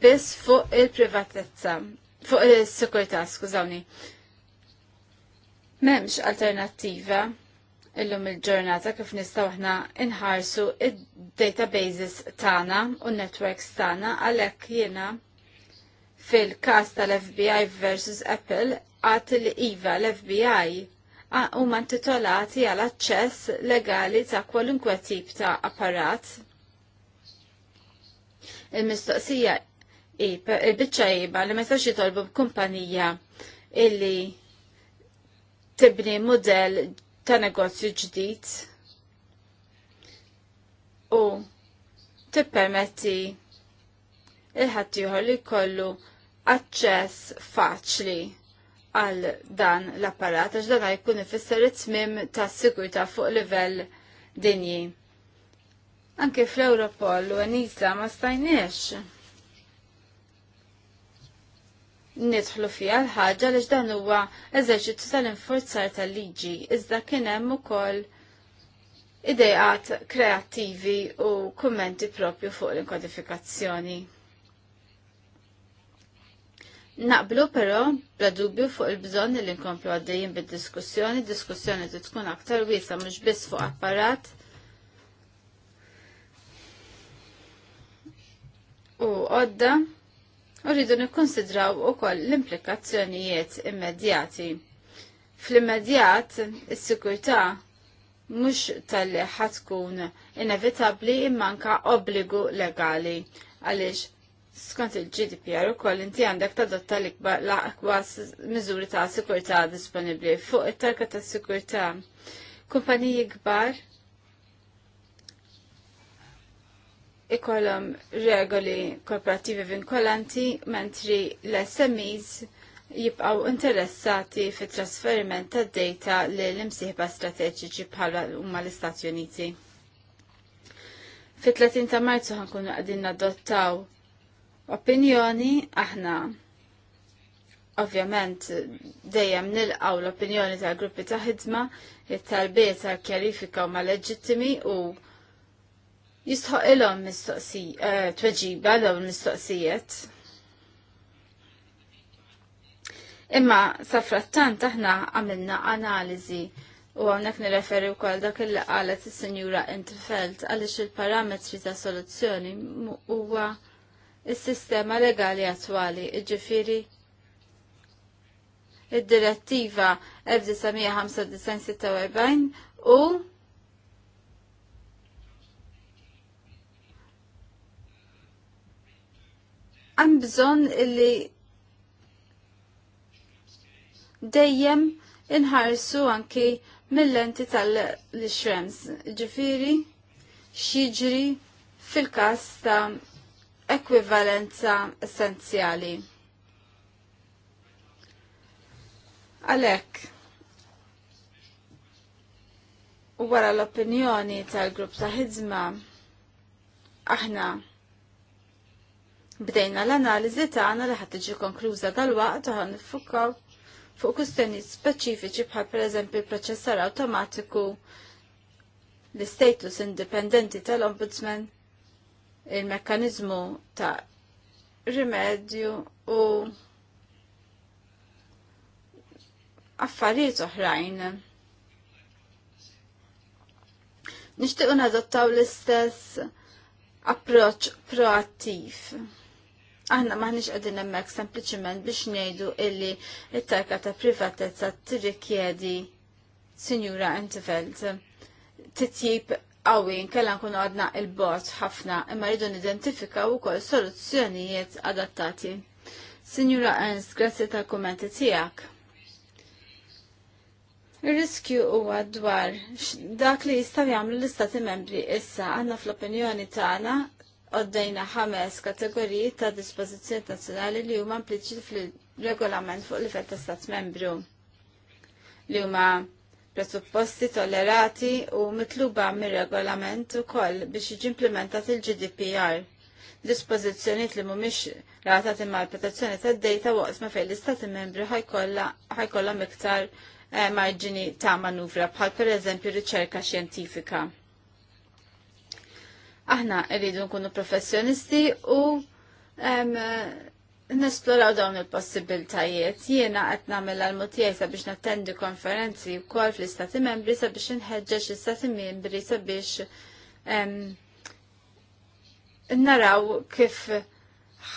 biss fuq il-privatezza, fuq il-sikurta, skużawni. Memx alternativa illum il-ġurnata kif nistaw aħna inħarsu id-databases tagħna u n networks tagħna għalhekk jiena fil-kas tal-FBI versus Apple għat l-IVA l-FBI u man titolati għal aċċess legali ta' kwalunkwe tip ta' apparat. Il-mistoqsija il-bicċa jiba li ma jitolbu b'kumpanija illi tibni model ta' negozju ġdid u tippermetti il-ħaddieħor li kollu aċċess faċli għal dan l-apparat, għax dan jkun ifisser it-tmim ta' sigurta fuq livell dinji. Anke fl-Europol u għanisa ma stajniex. Nidħlu fija l-ħagġa li dan huwa eżerċizzju tal-infurzar tal-liġi, iżda kien hemm ukoll idejqat kreattivi u kummenti propju fuq l kodifikazzjoni Naqblu però bla dubju fuq il-bżonn li nkomplu għaddejjin bid-diskussjoni, diskussjoni li tkun aktar wiesa mhux biss fuq apparat. U għodda, u rridu nikkonsidraw ukoll l-implikazzjonijiet immedjati. Fl-immedjat, is-sikurtà mhux tal-li inevitabbli inevitabli immanka obbligu legali għaliex skont il-GDPR u koll inti għandek tadotta l-akbar miżuri ta' sikurta disponibli fuq it-tarka ta' sikurta. Kumpaniji kbar ikollhom regoli korporativi vinkolanti mentri l-SMEs jibqaw interessati fit trasferiment ta' data li l-imsieħba strateġiċi bħala umma l-Istati Uniti. Fit-30 ta' Marzu ħankunu qegħdin nadottaw opinjoni aħna ovvjament dejjem nilqaw l-opinjoni tal-gruppi ta' ħidma it-talbiet tal-kjarifika u ma' leġittimi u jistħoq ilhom eh, tweġiba l mistoqsijiet. Imma safrattant aħna għamilna analiżi U għamnek nireferi u kol dak il qalet il-Senjura Interfelt għalix il-parametri ta' soluzzjoni huwa il-sistema legali attwali, iġifiri il-direttiva 1995-46 u għan bżon illi dejjem inħarsu anki mill-lenti tal-xrems, ġifiri, xieġri fil-kas ta' Ekvivalenza essenzjali. u wara l-opinjoni tal-grupp ta' ħidma, aħna bdejna l-analiżi tagħna li ħadd tiġi konkluża dal-waqt u ħan fuq kustjoni speċifiċi bħal pereżempju proċessar awtomatiku l-status indipendenti tal-Ombudsman il-mekkanizmu ta' rimedju u affarijiet oħrajn. Nixtiequ nadottaw l-istess approċ proattiv. Aħna maħniex qegħdin hemmhekk sempliċement biex ngħidu illi t-tarka ta' privatezza tirrikjedi Sinjura Entefeld titjib għawin nkella nkunu għadna il-bot ħafna imma rridu u kol soluzzjonijiet adattati. Sinjura Ernst, grazzi tal-kummenti tiegħek. Ir-riskju huwa dwar dak li jistaw jagħmlu l-istati membri issa għandna fl-opinjoni tagħna għoddejna ħames kategoriji ta' dispożizzjoni nazzjonali li huma impliċi fil-regolament fuq livell ta' stat membru li huma presupposti tollerati u mitluba mir-regolament ukoll biex jiġi implementat il-GDPR. Dispożizzjonijiet li mhumiex ratati mal-protezzjoni tad-dejta waqt ma fejn l-Istati membri ħajkolla iktar eh, marġini ta' manuvra bħal pereżempju riċerka xjentifika. Aħna rridu nkunu professjonisti u eh, Nesploraw dawn il-possibiltajiet. Jiena qed nagħmel għall-mutijaj sabiex nattendi konferenzi wkoll fl-Istati Membri sabiex inħeġġeġ l-Istati Membri sabiex naraw kif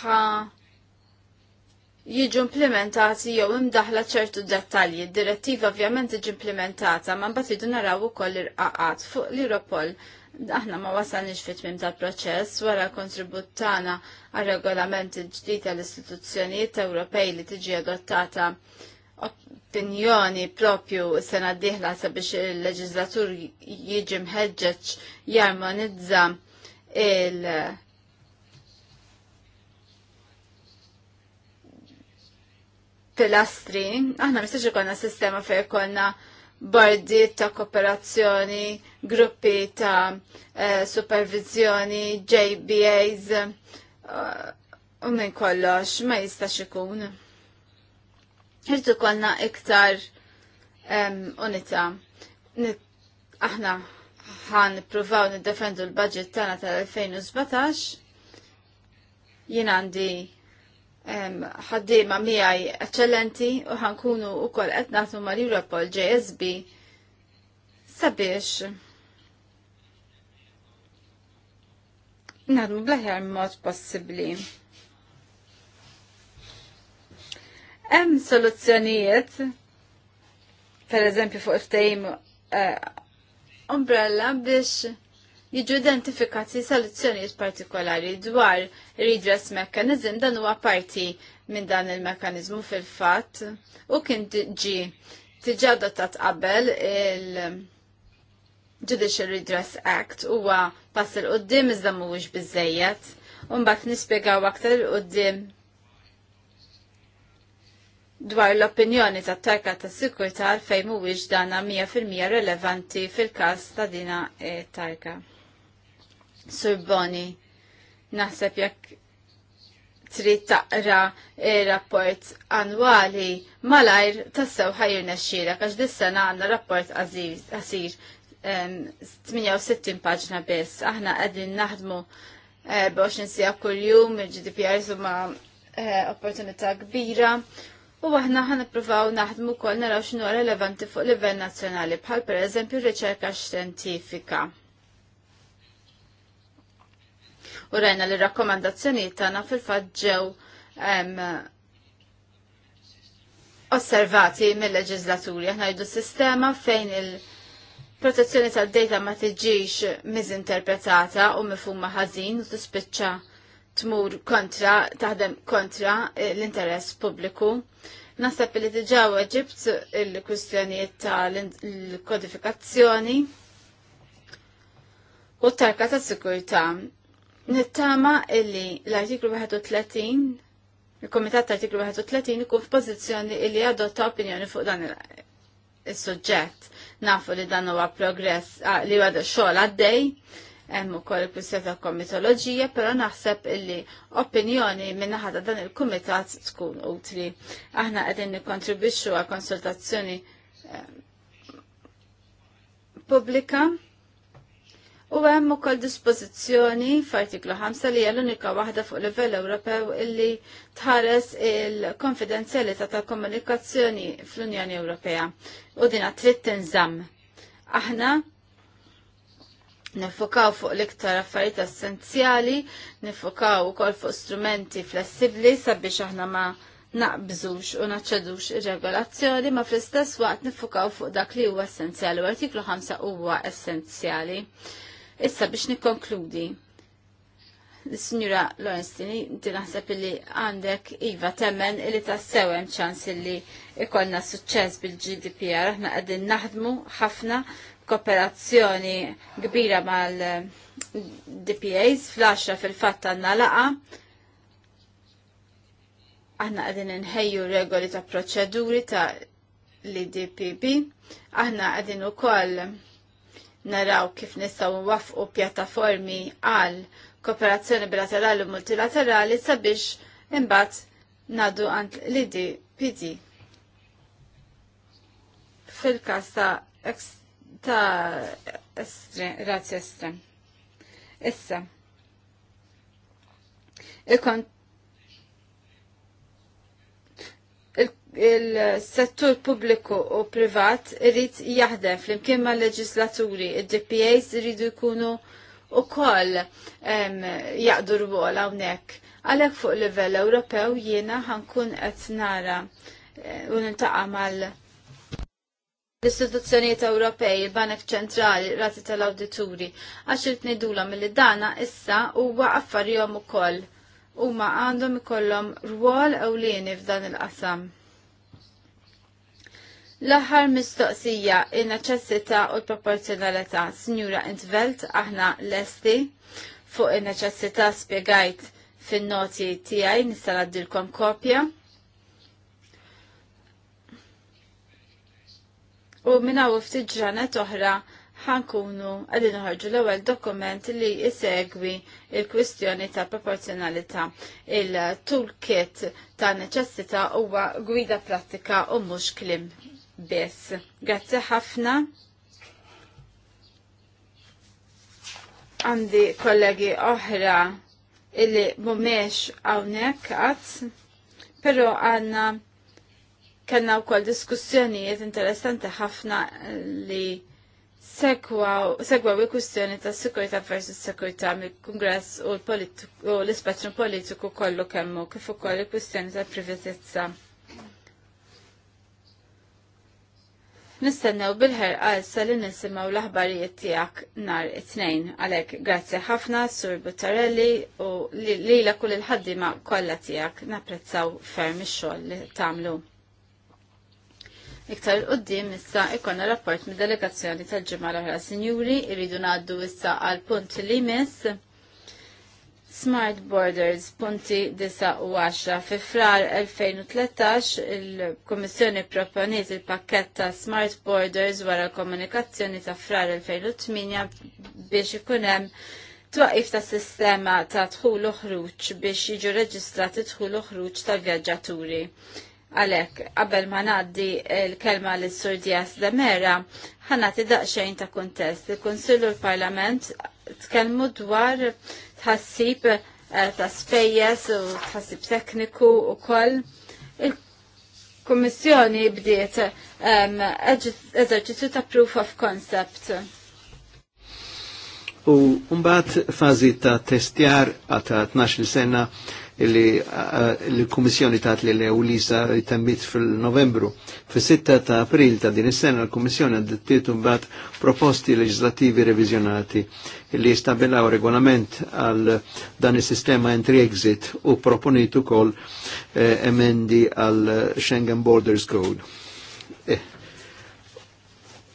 ħa jiġu implementati jew imdaħla ċertu dettalji. Direttiva ovvjament iġi implementata, ma mbagħad jidu naraw ukoll ir-qaqat fuq l-Europol. l-irqaqat fuq l europol aħna ma wasalniex fit tmim tal-proċess wara kontribut tagħna għal regolament ġdid tal-istituzzjonijiet Ewropej li tiġi adottata opinjoni propju sena d-dieħla sabiex il-leġislatur jiġi mħeġġeġ jarmonizza il- pilastri, aħna mistax konna sistema fejn konna bordiet ta' kooperazzjoni gruppi ta' uh, supervizjoni, JBAs eh, u uh, minn kollox ma jistax ikun. Irtu kolna iktar um, unita. Aħna ħan provaw niddefendu l-budget tana tal-2017. Jien għandi ħaddima miħaj eccellenti eċċellenti u ħankunu u qed nagħtu mal-Europol JSB sabiex nadu blaħjar mod possibli. Hemm soluzzjonijiet, per eżempju fuq il-tejm eh, umbrella biex jiġu identifikati soluzzjonijiet partikolari dwar redress mechanism dan huwa parti minn dan il-mekanizmu fil-fatt u kien ġi tiġi adottat qabel il- Judicial Redress Act huwa pass il qoddim iżda mhuwiex biżejjed, u mbagħad nispjegaw aktar il qoddim dwar l-opinjoni tat tarka ta' sikurta fejn mhuwiex dana 100% relevanti fil-każ ta' dina e, tarka. Surboni, naħseb jekk trid taqra rapport annwali malajr tassew ħajr nexxira għax dis-sena għandna rapport għasir 68 paġna biss. Aħna għadin naħdmu eh, biex nsija kull-jum, il-GDPR zuma eh, opportunità kbira. U aħna ħan nippruvaw naħdmu kol naraw xinu relevanti fuq livell nazzjonali bħal pereżempju riċerka xjentifika. U rajna li rakkomandazzjonijiet tagħna fil-fatt ġew osservati mill-leġislaturi. Aħna jiddu sistema fejn il- protezzjoni tad-data ma tiġix miżinterpretata u mifhuma ħażin u tispiċċa tmur kontra, taħdem kontra eh, l-interess pubbliku. Nasab li diġà ġibt il-kwistjonijiet tal-kodifikazzjoni u tarka ta' sikurtà. Nittama illi l-artiklu 31, il-Komitat tal-artiklu 31 ikun f'pożizzjoni illi adotta opinjoni fuq dan il-suġġett Nafu li dan huwa progress ah, li għadu xogħol għaddej, hemm ukoll il-kwistjoni ta' komitoloġija, però naħseb illi opinjoni minn ħada dan il-kumitat tkun utli. Aħna qegħdin nikkontribwixxu għal konsultazzjoni eh, pubblika U hemm ukoll dispożizzjoni f'artiklu 5 li hija l-unika waħda fuq livell Ewropew illi tħares il-konfidenzjalità tal-komunikazzjoni fl-Unjoni Ewropea u dina trid tinżamm. Aħna nifukaw fuq l-iktar affarijiet essenzjali, nifokaw ukoll fuq strumenti flessibbli sabiex aħna ma naqbżux u naċċedux ir-regolazzjoni, ma fl-istess waqt nifukaw fuq dak li huwa essenzjali u artiklu 5 huwa essenzjali. Issa biex nikkonkludi. Signora Lorenzini, inti naħseb li għandek Iva temmen li tassew hemm ċans li ikollna suċċess bil-GDPR, aħna qegħdin naħdmu ħafna kooperazzjoni kbira mal-DPAs, flasha fil-fatt għandna laqa. Aħna qegħdin inħejju regoli ta' proċeduri ta' l-DPB, aħna qegħdin ukoll naraw kif nistgħu nwafqu pjattaformi għal kooperazzjoni bilaterali u multilaterali sabiex imbagħad nadu għand l-idi PD. Fil-każ ta' ta' razzi estrem. Issa. Il-kont il-settur pubbliku u privat irrit jahdem fl-imkien ma' leġislaturi, il dpas irridu jkunu u koll jaqdu rwol hawnhekk. Għalhekk fuq livell Ewropew jiena ħankun qed nara eh, u nintaqa' mal l-istituzzjonijiet Ewropej, il-Banek Ċentrali, Rati tal-Awdituri, għax irid ngħidulhom milli dana issa huwa koll ukoll ma għandhom ikollhom rwol ewlieni f'dan il-qasam. L-aħħar mistoqsija in-neċessità u l-proporzjonalità. Sinjura Intvelt, aħna lesti fuq in-neċessità spiegajt fin-noti tiegħi nista' ngħaddilkom kopja. U minna u ftit ġranet oħra ħankunu għadin uħarġu l-ewel dokument li jisegwi il-kwistjoni ta' proporzjonalità. Il-toolkit ta' neċessita huwa gwida pratika u mhux klim biss. Grazzi ħafna. Għandi kollegi oħra illi mumiex għawnek għat, pero għanna kanna u kol diskussjonijiet interessanti ħafna li segwa u kustjoni ta' sekurita versus sekurita mill kongress u l-spettrum politiku kollu kemmu kif ukoll il-kustjoni ta' privatezza Nistennew bil-ħerqa issa li nisimgħu l-aħbarijiet tiegħek nhar it-tnejn. Għalhekk grazzi ħafna Sur Buttarelli u lila kull il-ħaddiema kollha tiegħek napprezzaw ferm ix-xogħol li tagħmlu. Iktar il-qoddim issa ikonna rapport mid-delegazzjoni tal-ġimgħa l ħra Sinjuri irridu ngħaddu issa għal punt li miss Smart Borders punti disa u 10. Fi frar 2013 il komissjoni proponiet il-pakket ta' Smart Borders wara komunikazzjoni ta' frar 2008 biex ikun hemm twaqif ta' sistema ta' dħul uħruġ biex jiġu reġistrati dħul uħruġ ta' vjaġġaturi. Għalek, qabel ma naddi l-kelma l sur Dias de Mera, ħanati daqxejn ta' kontest. Il-Konsillu l-Parlament tkellmu dwar tħassib eh, ta' spejjes u tħassib tekniku u koll. Il-Kommissjoni bdiet eżerċizzju ta' proof of concept. U mbagħad fażi ta' testjar għata 12 sena li eh, l-Kummissjoni tat li l-Ulisa temmit fil-Novembru. Fis-6 ta' April ta' din is-sena l-Kummissjoni għaddittiet mbagħad proposti leġislativi reviżjonati li jistabilaw regolament għal dan is-sistema entry-exit u proponitu ukoll eh, emendi għal Schengen Borders Code. Eh.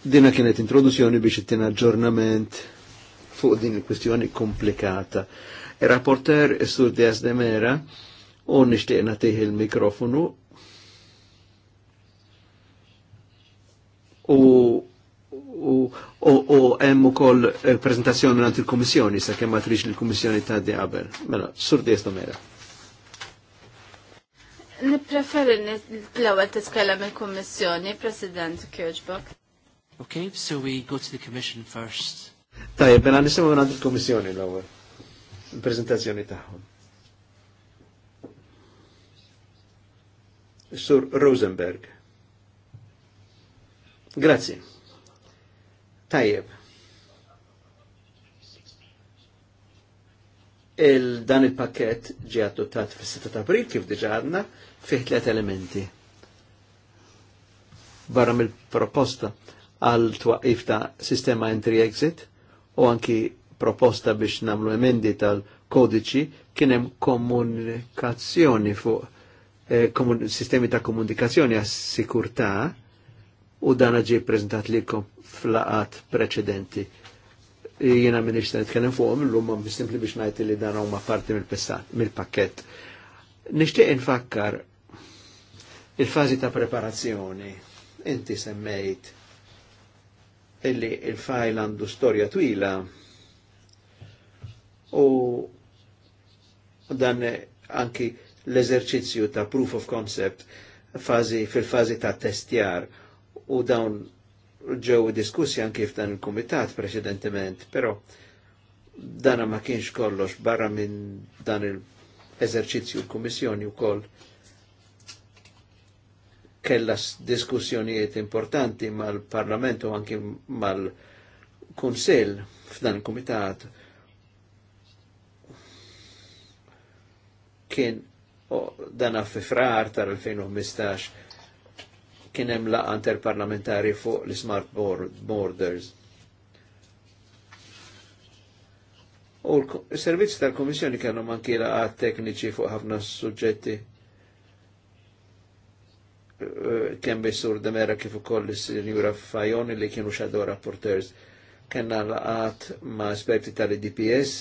Dina kienet introduzzjoni biex ittina aġġornament fuq din il-kwistjoni komplikata Il-rapporter Sur de Mera u nishtiqna tiħi il-mikrofonu u u u u hemm ukoll prezentazzjoni mingħand il-Kummissjoni sa ma trix il-Kummissjoni ta' qabel. Mela, Sur Diaz de Mera. Nipreferi l-ewwel titkellem il-Kummissjoni, President Kirchbock. Okay, so we go to the Commission first. Tajjeb, mela nisimgħu għand il-Kummissjoni l-ewwel il-prezentazzjoni tagħhom. Sur Rosenberg. Grazie. Tajjeb. il dan il-pakket ġi adottat fis-6 ta' April kif diġa għadna fih tliet elementi. Barra mill-proposta għal twaqif ta' sistema entry exit u anki proposta biex namlu emendi tal-kodiċi kienem komunikazzjoni fuq eh, komun sistemi ta' komunikazzjoni għas sikurtà u dan ġi prezentat kom flaqat preċedenti. Jena minn iċtan fuq fuqhom illum lumma simpli biex ngħid li dan huma parti mill pakket Nixtieq infakkar il-fażi ta' preparazzjoni. Inti semmejt illi il-fajl għandu storja twila u dan anki l-eżerċizzju ta' proof of concept fazi, fil-fazi ta' testjar u dawn ġew diskussi anki f'dan il-komitat precedentement, però dana ma kienx kollox barra minn dan il-eżerċizzju l-Kummissjoni u koll kella diskussjonijiet importanti mal-Parlament u anki mal-Kunsel f'dan il-Komitat kien dana fi frar tal-2015 kien hemm laqa interparlamentari fuq l-Smart Borders. U l-servizz tal-Komissjoni kienu manki laqa tekniċi fuq ħafna suġġetti eh, kemm bisur demera kif ukoll is-Sinjura Fajoni li kienu xadow rapporters. Kenna laqat ma' esperti tal-IDPS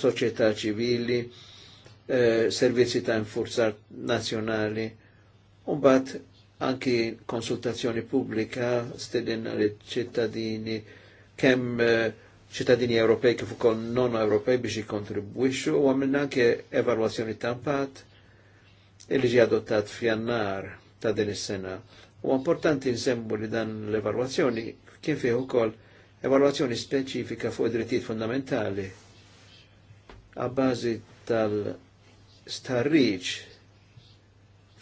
soċjetà ċivili, eh, servizzi ta' infurzar nazjonali, unbat anki konsultazzjoni pubblika stedin li ċittadini kemm eh, ċittadini eh, Ewropej kif ukoll non Ewropej biex jikontribwixxu u għamilna anke evalwazzjoni tampat li ġi adottat f'jannar ta' din is-sena. U importanti nsemmu li dan l-evalwazzjoni kien fih ukoll evalwazzjoni speċifika fuq id-drittijiet fundamentali għabbażi tal-starriċ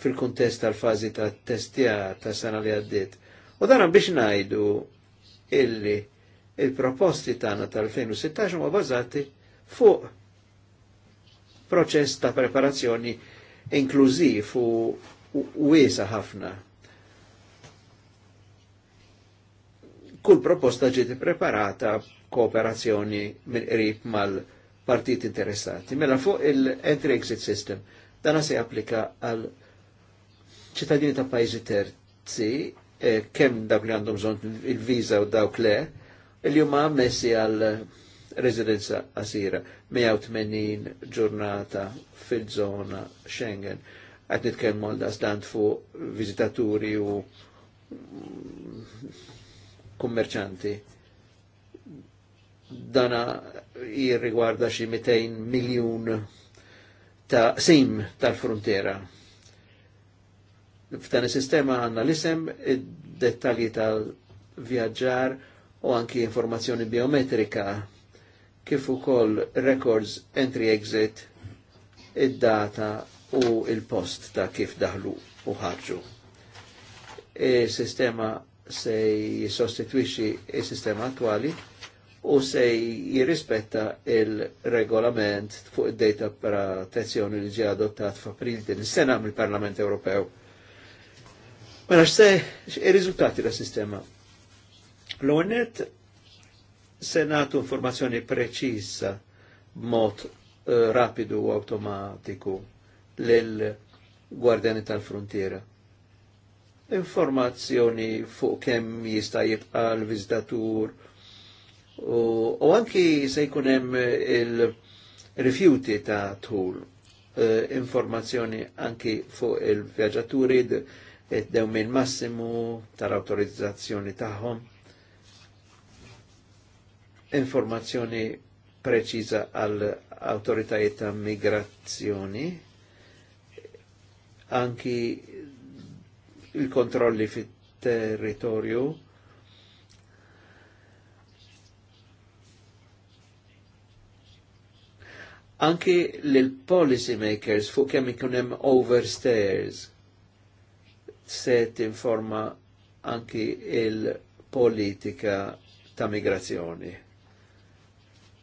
fil-kontest tal-fazi ta' testja ta' sana li għaddit. U dan biex najdu illi il-proposti tagħna tal-2016 ma bazati fuq proċess ta' preparazzjoni inklużiv u wiesa ħafna. Kull proposta ġiet preparata kooperazzjoni mill mal-, -qrib mal partit interessati. Mela fuq il-entry-exit system, dana se applika għal ċittadini ta' pajzi terzi, kem eh, kemm dawk li għandhom bżonn il-viza u dawk le, li huma messi għal residenza asira 180 ġurnata fil zona Schengen. Għad nitkellmu għal dastant fuq vizitaturi u kummerċanti. Dana jirrigwarda xi 200 miljun ta' sim tal frontera F'dan is-sistema għandna l-isem, id dettalji tal-vjaġġar u anki informazzjoni biometrika kif ukoll records entry exit id-data u il-post ta' kif daħlu u ħarġu. Il-sistema se jissostitwixi is sistema attwali u se jirrispetta il-regolament fuq id-data protezzjoni li ġie adottat f'April din is-sena mill-Parlament Ewropew. Mela se ir-riżultati tas sistema l unet se nagħtu informazzjoni preċisa b'mod eh, rapidu u automatiku lil gwardjani tal-frontiera. Informazzjoni fuq kemm jista' jibqa' l-viżdatur, u anki se jkunem eh, il-rifjuti ta' tul eh, informazzjoni anki fuq il-vjaġġaturi id-dew eh, minn massimu tal-autorizzazzjoni tagħhom informazzjoni preċiża għal autoritajiet ta' migrazzjoni anki il-kontrolli fit-territorju anki lil policy makers fuq kemm ikunem overstairs se tinforma anki il-politika ta' migrazzjoni.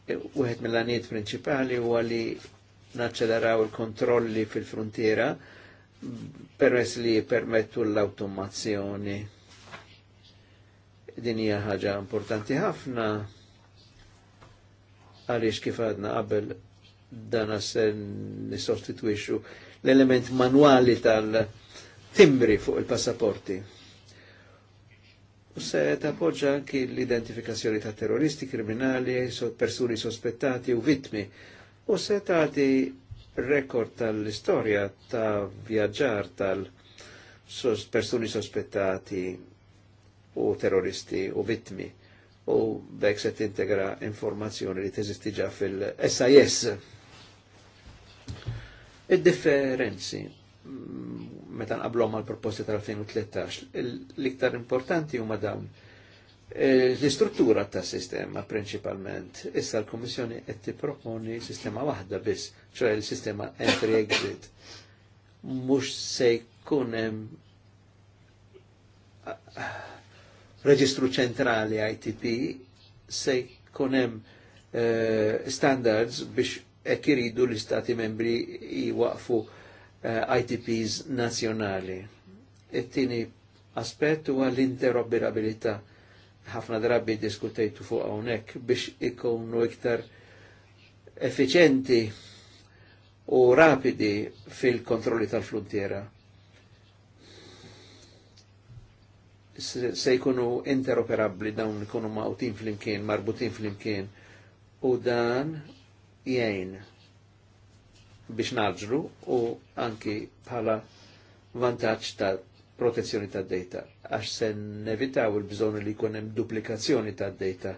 E, wieħed mill-għaniet prinċipali huwa li naċċeleraw il-kontrolli fil-frontiera permess li permettu l-automazzjoni. Din hija ħaġa importanti ħafna għaliex kif għadna qabel dan se nisostituixu l-element manuali tal-timbri fuq il-passaporti. U se tappoġġa anki l-identifikazzjoni ta' terroristi, kriminali, persuni sospettati u vittmi. U se tagħti rekord tal istoria ta' vjaġġar tal-persuni sospettati u terroristi u vittmi u bekk se tintegra informazzjoni li teżisti ġa fil-SIS il differenzi mm, meta nqablhom mal proposti tal-2013 l-iktar importanti huma dawn e, l-istruttura ta' sistema principalment. Issa l komissjoni qed tipproponi sistema waħda biss, ċoħe l-sistema entry-exit. Mux se jkun hemm reġistru ċentrali ITP se jkun hemm e, standards biex ek iridu l-istati membri jwaqfu uh, eh, ITPs nazjonali. It-tieni aspett huwa l-interoperabilità. Ħafna drabi diskutejtu fuq hawnhekk biex ikunu iktar effiċenti u rapidi fil-kontrolli tal-frontiera. Se jkunu interoperabli dawn ikunu mawtin fl-imkien, marbutin fl-imkien. U dan jgħin biex naġru u anki bħala vantaċ ta' protezzjoni ta' data għax se nevitaw il-bżon li jkun hemm duplikazzjoni ta' data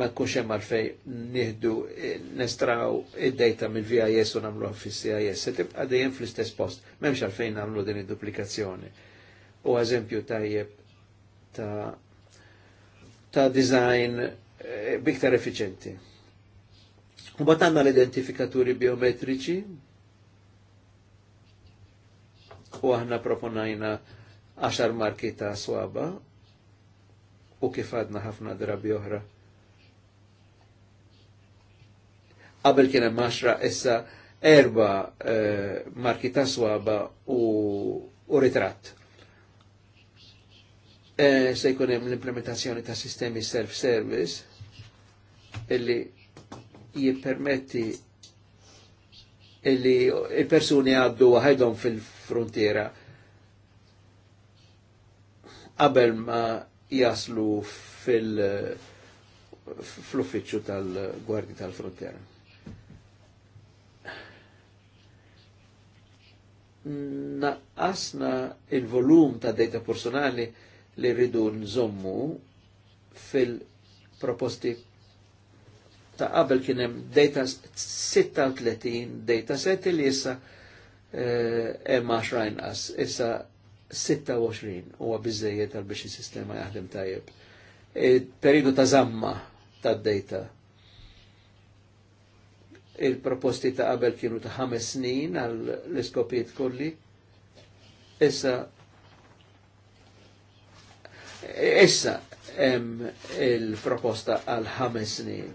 ma jkunx hemm għalfej nieħdu eh, nestraw id-data mill-VIS u nagħmluha fis-CIS se tibqa' dejjem fl-istess post, m'hemmx għalfejn nagħmlu din id-duplikazzjoni. U eżempju tajjeb ta' ta' design eh, biktar effiċenti. U bat l-identifikaturi biometriċi u aħna proponajna 10 marki ta' swaba u kif għadna ħafna drabi oħra. Qabel kien hemm 10 issa erba eh, marki ta' swaba u, u ritratt. E, se jkun hemm l-implementazzjoni ta' sistemi self-service illi jippermetti illi il-persuni għaddu għajdon fil-frontiera qabel ma jaslu fil- fl-uffiċċju tal gwardi tal-Frontiera. Naqqasna il-volum ta' data personali li rridu nżommu fil-proposti ta' qabel kien hemm data 36 data set li issa eh, hemm 10 inqas, issa 26 huwa biżejjed tal biex is-sistema jaħdem tajjeb. E, periodu ta' żamma tad data il-proposti ta' qabel kienu ta' ħames snin għal l-iskopijiet kolli. Issa issa hemm il-proposta għal ħames snin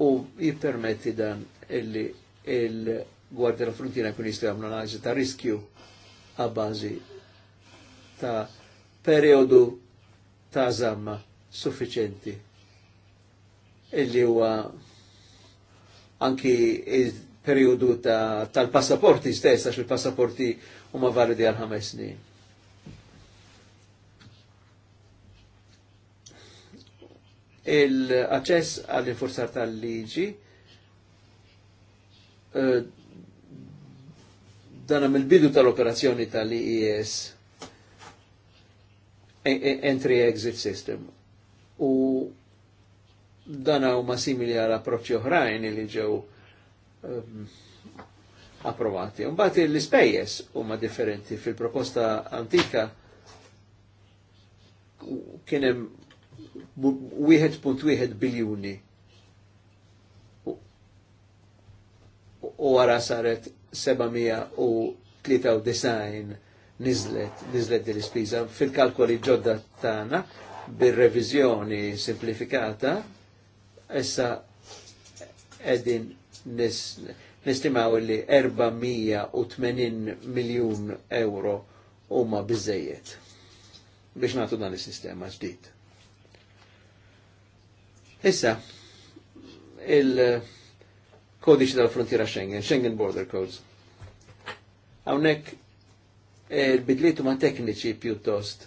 u jippermetti dan illi il-Gwardja la Frontiera kun jistgħu jagħmlu analiżi ta' riskju a ta' periodu ta' zamma suffiċenti illi huwa anki il-periodu tal-passaporti stess, għax il-passaporti huma validi għal ħames snin. il-aċess għall-infurzar tal-liġi eh, dan mill bidu tal-operazzjoni tal-IES e e, e, entry-exit system u dan huma simili għal approċċi oħrajn li ġew um, approvati. Mbagħad l-ispejjeż huma differenti fil-proposta antika kien hemm 1.1 biljuni. U għara saret 793 nizlet, nizlet dil-ispiża. Fil-kalkoli ġodda tagħna bir-reviżjoni simplifikata, issa qegħdin nis, nistimaw li 480 miljun euro huma biżejjed biex nagħtu dan is-sistema ġdid. Issa, il-kodiċi tal-frontiera Schengen, Schengen Border Codes. Hawnhekk il-bidliet huma tekniċi pjuttost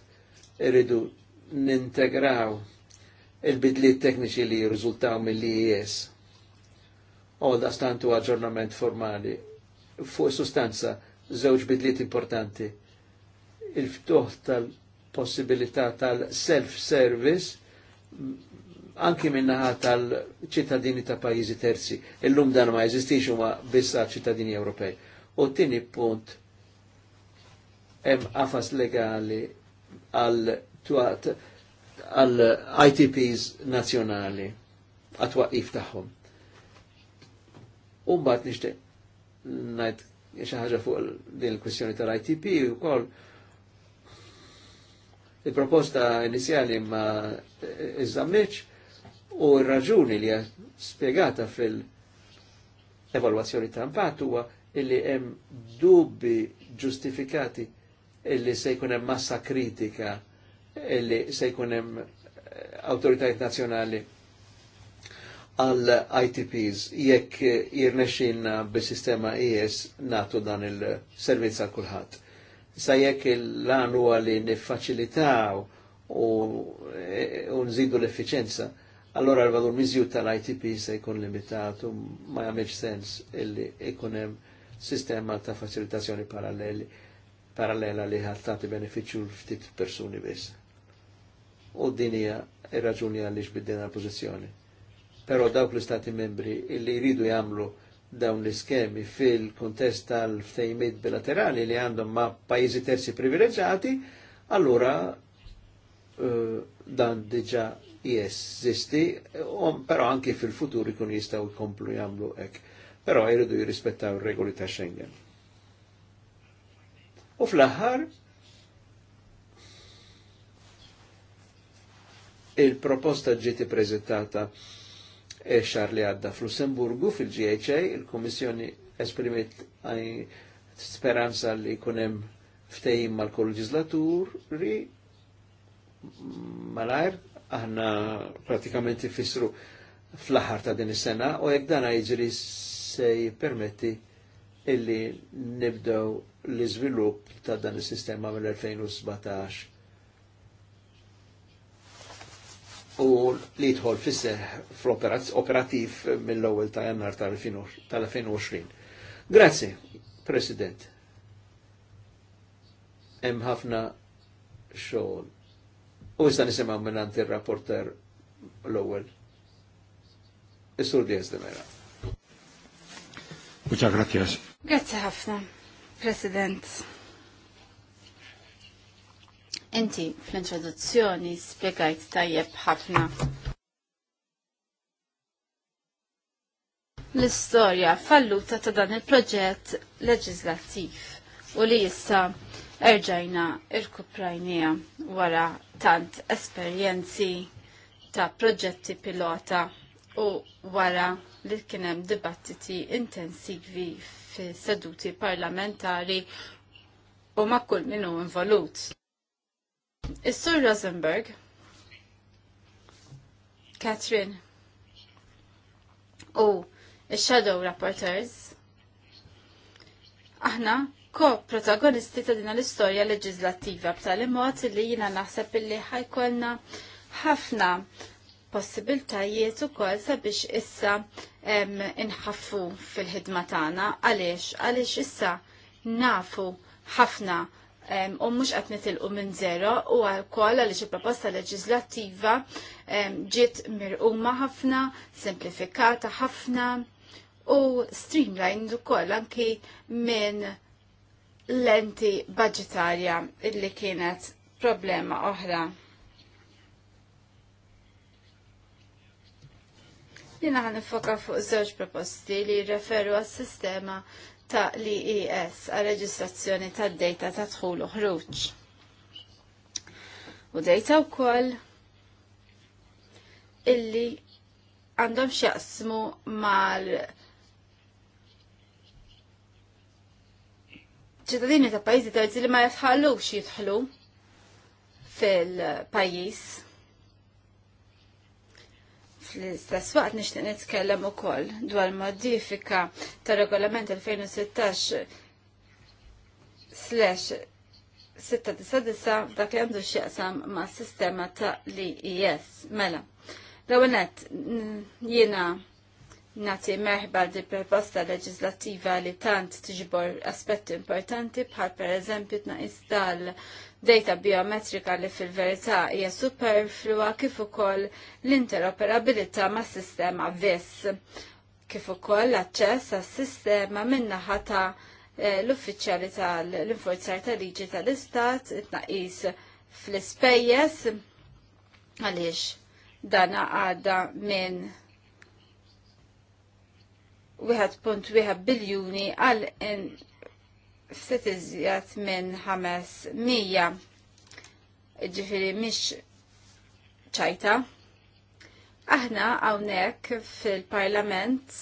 irridu nintegraw il-bidliet tekniċi li jirriżultaw mill-IES. U da stantu aġġornament formali fuq sustanza żewġ bidliet importanti. Il-ftuħ tal-possibilità tal-self-service anki minnaħa tal-ċittadini ta' pajizi terzi. il-lum dan ma u ma' bissa ċittadini Ewropej. U tini punt hemm għafas legali għal ITPs nazjonali, għatwa tagħhom. U mbagħad nixtieq najt, xi fuq din il-kwistjoni tal-ITP u kol, il-proposta inizjali ma iżammiċ U r-raġuni li spiegata fil-evalwazzjoni ta' impatt huwa illi hemm dubbi ġustifikati illi se jkun hemm massa kritika illi se jkun hemm eh, awtoritajiet nazzjonali għal ITPs jekk jirnexxinna bis-sistema ES natu dan il-servizz għal kulħadd. Sa jekk il-lan huwa li niffaċilitaw u eh, nżidu l-effiċenza allora il valur miżju tal-ITP se jkun limitatu, ma jagħmilx sens illi jkun hemm sistema ta' facilitazzjoni paralleli parallela li ħattati beneficju ftit persuni biss. U din hija ir-raġuni għaliex biddena l-pożizzjoni. Però dawk l-istati membri illi jridu jagħmlu dawn l-iskemi fil-kontest tal-ftejmiet bilaterali li għandhom ma' pajjiżi terzi privileġġjati, allura uh, dan diġa jesisti, pero anki fil-futur ikun jistaw jkomplu jamlu ek. Però jiridu jirrispettaw regoli ta' Schengen. U fl ħar il-proposta ġieti prezentata e xar li għadda fl-Lussemburgu fil-GHA, il-Komissjoni għaj speranza li kunem ftejim mal-kolleġizlaturi malajr aħna pratikament ifissru fl-aħħar ta' din is-sena u jekk dan jiġri se jippermetti illi nibdew l-iżvilupp ta' dan is-sistema mill-2017. U li jidħol fisseħ fl-operativ mill-ewwel ta' jannar tal-2020. Grazzi, President. Hemm ħafna xogħol U iżda nisimaw minnant il-rapporter l-ewel. Is-sur di Mera. Muċa grazjas. Grazie ħafna, President. Inti fl-introduzzjoni spiegajt tajjeb ħafna l-istorja falluta ta' dan il-proġett leġislattiv u li jissa erġajna il-kuprajnija wara tant esperjenzi ta' proġetti pilota u wara li kienem dibattiti intensivi fi seduti parlamentari u ma' kull minnu involut. Is-Sur Rosenberg, Catherine, u il-Shadow Rapporteurs, aħna ko-protagonisti ta' din l-istorja leġislattiva b'tali mod li jina naħseb illi ħajkolna ħafna possibiltajiet ukoll sabiex issa inħaffu fil-ħidma tagħna għaliex għaliex issa nafu ħafna u mhux qed nitilqu minn zero u wkoll għaliex il-proposta leġislattiva ġiet mirquma ħafna, simplifikata ħafna u streamlined ukoll anki minn lenti budgetarja illi kienet problema oħra. Jina għan nifoka fuq żewġ proposti li referu għas sistema ta' l-IES għal reġistrazzjoni ta' data ta' tħul u ħruġ. U data u koll illi għandhom xjaqsmu mal- ċittadini ta' pajjiżi ta' li ma jitħallux jidħlu fil-pajjiż. Fl-istess waqt nixtieq nitkellem ukoll dwar modifika ta' regolament 2016 slash 699 dak li għandu x'jaqsam ma' sistema ta' li jess. Mela, l-ewwel jiena nati merħba di proposta legislativa li tant tġibor aspetti importanti bħal per eżempju tnaqis tal-data biometrika li fil-verità hija superflua kif ukoll l-interoperabilità ma' sistema VIS kif ukoll l-aċċess għas-sistema min-naħa ta' eh, l-uffiċjali tal-infurzar tal-liġi tal-istat it fl-ispejjeż għaliex dana għadda minn 1.1 biljuni għal ftit iżjed minn 500 ġifiri mhix ċajta. Aħna hawnhekk fil-Parlament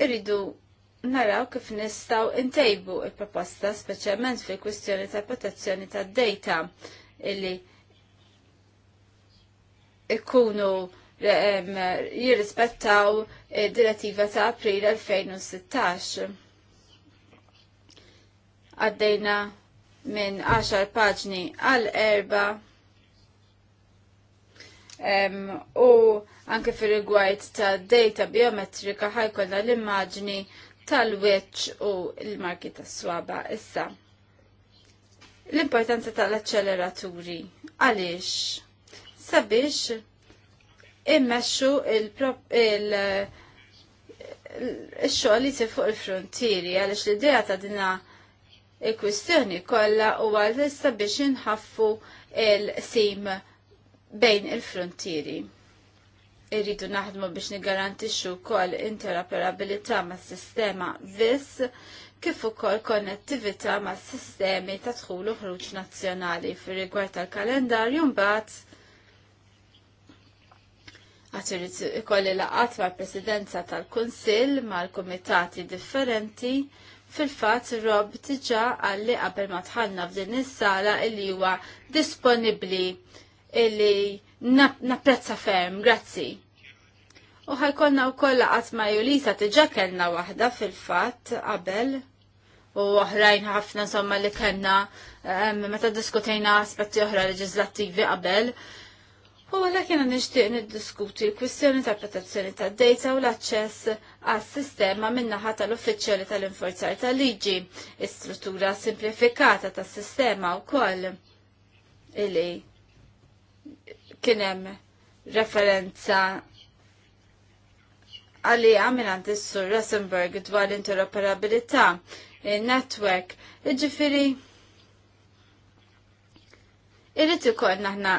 irridu naraw kif nistaw intejbu il-proposta speċjalment fil-kwistjoni ta' protezzjoni ta' data illi ikunu jirrispettaw direttiva ta' april 2016. Għaddejna minn 10 paġni għal erba um, u anke fir rigward ta' data biometrika ħajkolla l-immaġni tal-wiċ u l-marki tas-swaba issa. L-importanza tal-acceleraturi. Għaliex? sabiex immexxu il-xogħol li fuq il-frontieri għaliex l-idea ta' dina il-kwistjoni kollha huwa lista biex inħaffu il-sim bejn il-frontieri. Irridu naħdmu biex nigarantixxu wkoll interoperabilità mas-sistema vis kif ukoll konnettività mas-sistemi ta' dħul u ħruġ nazzjonali fir-rigward tal-kalendarju mbagħad għatirit ikolli laqat ma' presidenza tal kunsill ma' l-komitati differenti fil-fat Rob tiġa għalli qabel ma tħallna f'din is-sala illi huwa disponibbli illi napprezza ferm, grazzi. U ħajkonna u kolla ma Julisa tiġa kellna wahda fil-fat qabel u oħrajn ħafna somma li kellna meta diskutejna aspetti oħra leġislattivi qabel. U la kiena nixtieq niddiskuti l-kwistjoni ta' protezzjoni ta' data u l-aċċess għas sistema min-naħa tal-uffiċjali tal inforzar tal-liġi, istruttura simplifikata tas sistema wkoll illi kien hemm referenza għalli minn is-sur Rosenberg dwar interoperabilità il-network. iġifiri irrit ikoll naħna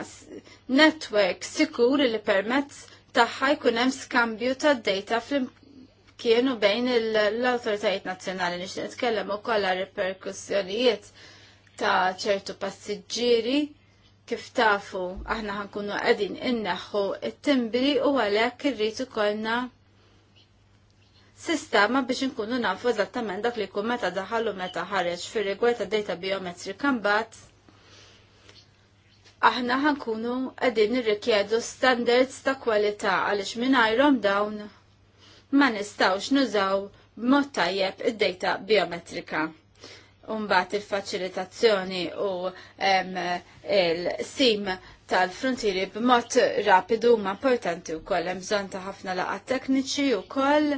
network sikur li permezz tagħha jkun hemm skambju tad-data fl-kienu bejn l-awtoritajiet nazzjonali nixtieq nitkellem ukoll għal reperkussjonijiet ta' ċertu passiġġieri kif tafu aħna ħankunu qegħdin inneħħu it-timbri u għalhekk irrid ikollna sistema biex inkunu nafu eżattament dak li jkun meta daħal u meta ħareġ fir rigward ta' data biometrika mbagħad aħna ħankunu għedin nirrikjedu standards ta' kwalità għalix minnajrom dawn ma nistawx nużaw b'mod tajjeb id-data biometrika. Umbat il-facilitazzjoni u il-sim tal-frontieri b'mod rapidu ma importanti u koll bżon ta' ħafna laqat tekniċi u koll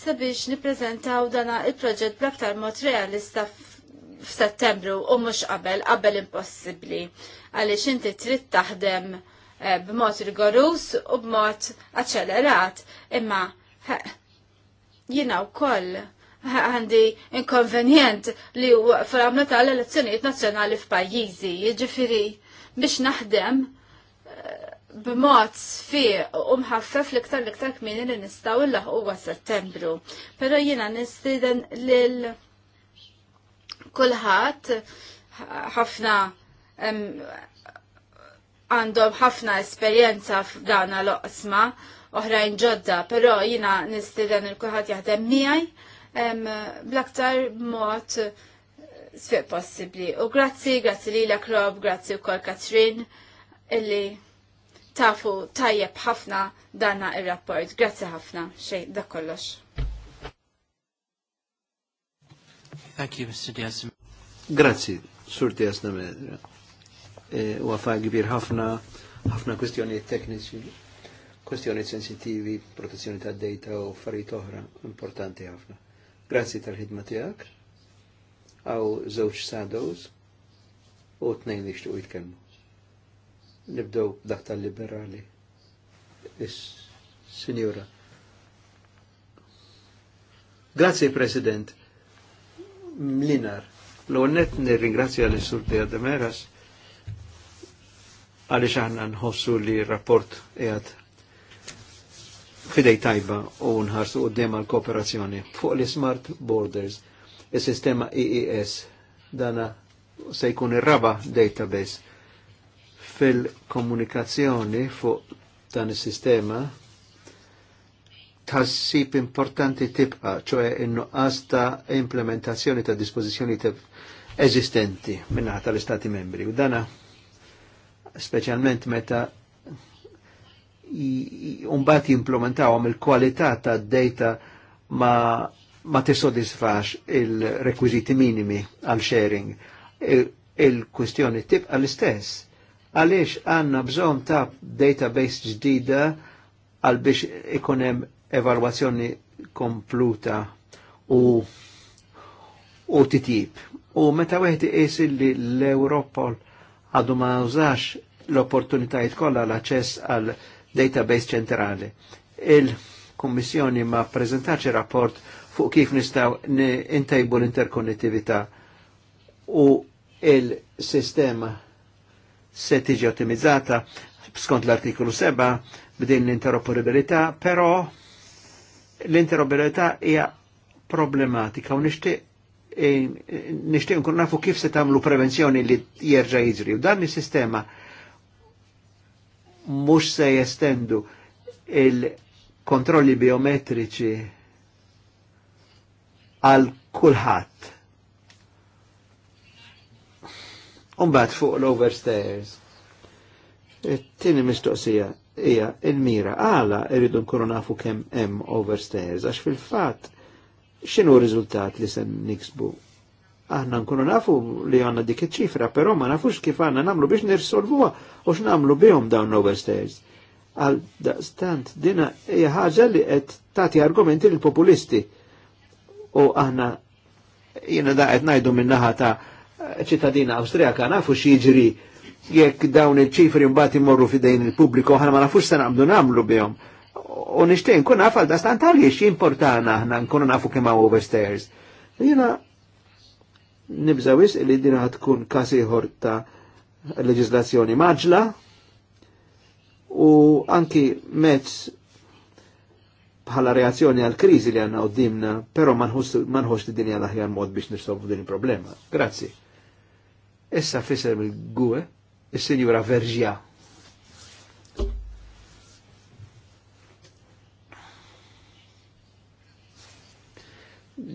sabiex niprezentaw dana il-proġett bl-aktar mod realista f'Settembru u mhux qabel qabel impossibbli għaliex inti trid taħdem eh, b'mod rigorus u b'mod aċċelerat imma jiena wkoll għandi inkonvenjent li fl-għamla tal-elezzjonijiet nazzjonali f'pajjiżi, jiġifieri biex naħdem eh, b'mod fi u mħaffef l-iktar l-iktar kmini li nistaw illa huwa settembru. Pero jina nistiden lil kulħadd ħafna għandhom ħafna esperjenza f'dan l-oqsma oħrajn ġodda, però jina nistiden il-kulħat jaħdem miegħi bl-aktar mod eh, sfiq possibli. U grazzi, grazzi li la Rob, grazzi u kol Katrin, illi tafu tajjeb ħafna dana il-rapport. Grazzi ħafna, xej, da kollox. Thank you, Mr. Diaz. Grazzi, Sur Diaz Medra u għafar kbir ħafna ħafna kwestjonijiet tekniċi, kwestjonijiet sensitivi, protezzjoni ta' data u affarijiet oħra importanti ħafna. Grazzi tal-ħidma tijak, għaw żewġ sadows u t-nejn li xtuq jitkellmu. Nibdew dak tal-liberali. Is-Sinjura. Grazzi President. Mlinar. L-għonnet nirringrazzja l-Sur Dea Demeras għaliex aħna nħossu li rapport qiegħed fidej tajba u nħarsu d-dema l kooperazzjoni fuq li smart Borders, is-sistema EES dana se jkun ir-raba database fil-komunikazzjoni fuq dan is-sistema tassib importanti tibqa, ċoħe innuqqas ta' implementazzjoni ta' dispozizjoni ta' eżistenti minna tal-Istati membri. U dana specialment meta umbat jimplementawhom il-kwalità ta' data ma, ma tisodisfax il-rekwiziti minimi għal sharing. il kwistjoni il tibqa l-istess. Għaliex għanna bżon ta' database ġdida għal biex ikonem evalwazzjoni kompluta u u titjib. U meta wieħed isilli l-Europol għadu ma użax l-opportunitajiet kollha l-aċċess għal database ċentrali. Il-Kummissjoni ma prezentaċi rapport fuq kif nistaw intajbu l-interkonnettività u il-sistema se tiġi ottimizzata skont l-artikolu 7 b'din l-interoperabilità, però l-interoperabilità hija problematika u nixtieq Eh, nishtiq nkun nafu kif se tagħmlu prevenzjoni li jerġa' jiġri. U dan is-sistema mhux se jestendu il-kontrolli biometriċi għal kulħadd. Umbagħad fuq l-overstairs. Tieni mistoqsija hija il-mira għala irridu nkunu nafu kemm hemm overstairs għax fil-fatt xinu rizultat li sen niksbu? Aħna nkunu nafu li għanna dik iċ-ċifra, però ma nafux kif għanna namlu biex nirsolvuwa u x'namlu bihom dawn overstairs. Għal stant dina hija ħaġa li qed tagħti argumenti lil populisti. U aħna jiena da qed ngħidu min-naħa ta' ċittadina Awstrijaka nafu x'jiġri jekk dawn il-ċifri mbagħad imorru f'idejn il-pubbliku aħna ma nafux se naqbdu nagħmlu bihom. U nishtin, kun naf għal dastan tal-jiex importana aħna nkunu nafu kemm overstairs. Jiena nibżawis li din tkun kasi ta' leġislazzjoni maġla u anki mezz bħala reazzjoni għal kriżi li għanna għoddimna, pero manħus li dinja l-aħjar mod biex nirsolvu din il-problema. Grazzi. Issa fisser il-gwe, il signora Verġja.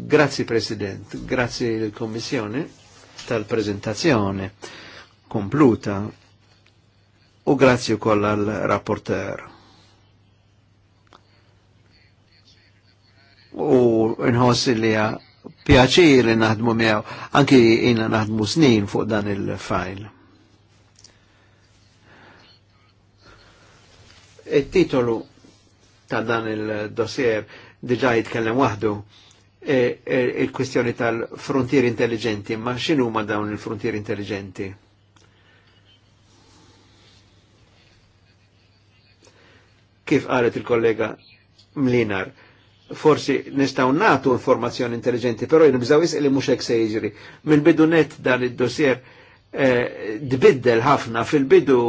Grazie President, Grazie l-Kommissjoni tal presentazione kompluta u grazzi wkoll al-rapporteur. U nħoss li pjaċir li naħdmu miegħu, anki jiena naħdmu snin fuq dan il-fajl. Il-titolu ta' dan il-dossier diġa jitkellem waħdu E, e, il-kwistjoni tal-frontier intelligenti, ma xinu ma dawn il-frontier intelligenti? Kif qalet il-kollega Mlinar, forsi nistaw natu informazzjoni intelligenti, pero jinibżaw jisq li muxek se jiġri. Min bidu net dan id-dossier eh, dbiddel ħafna, fil-bidu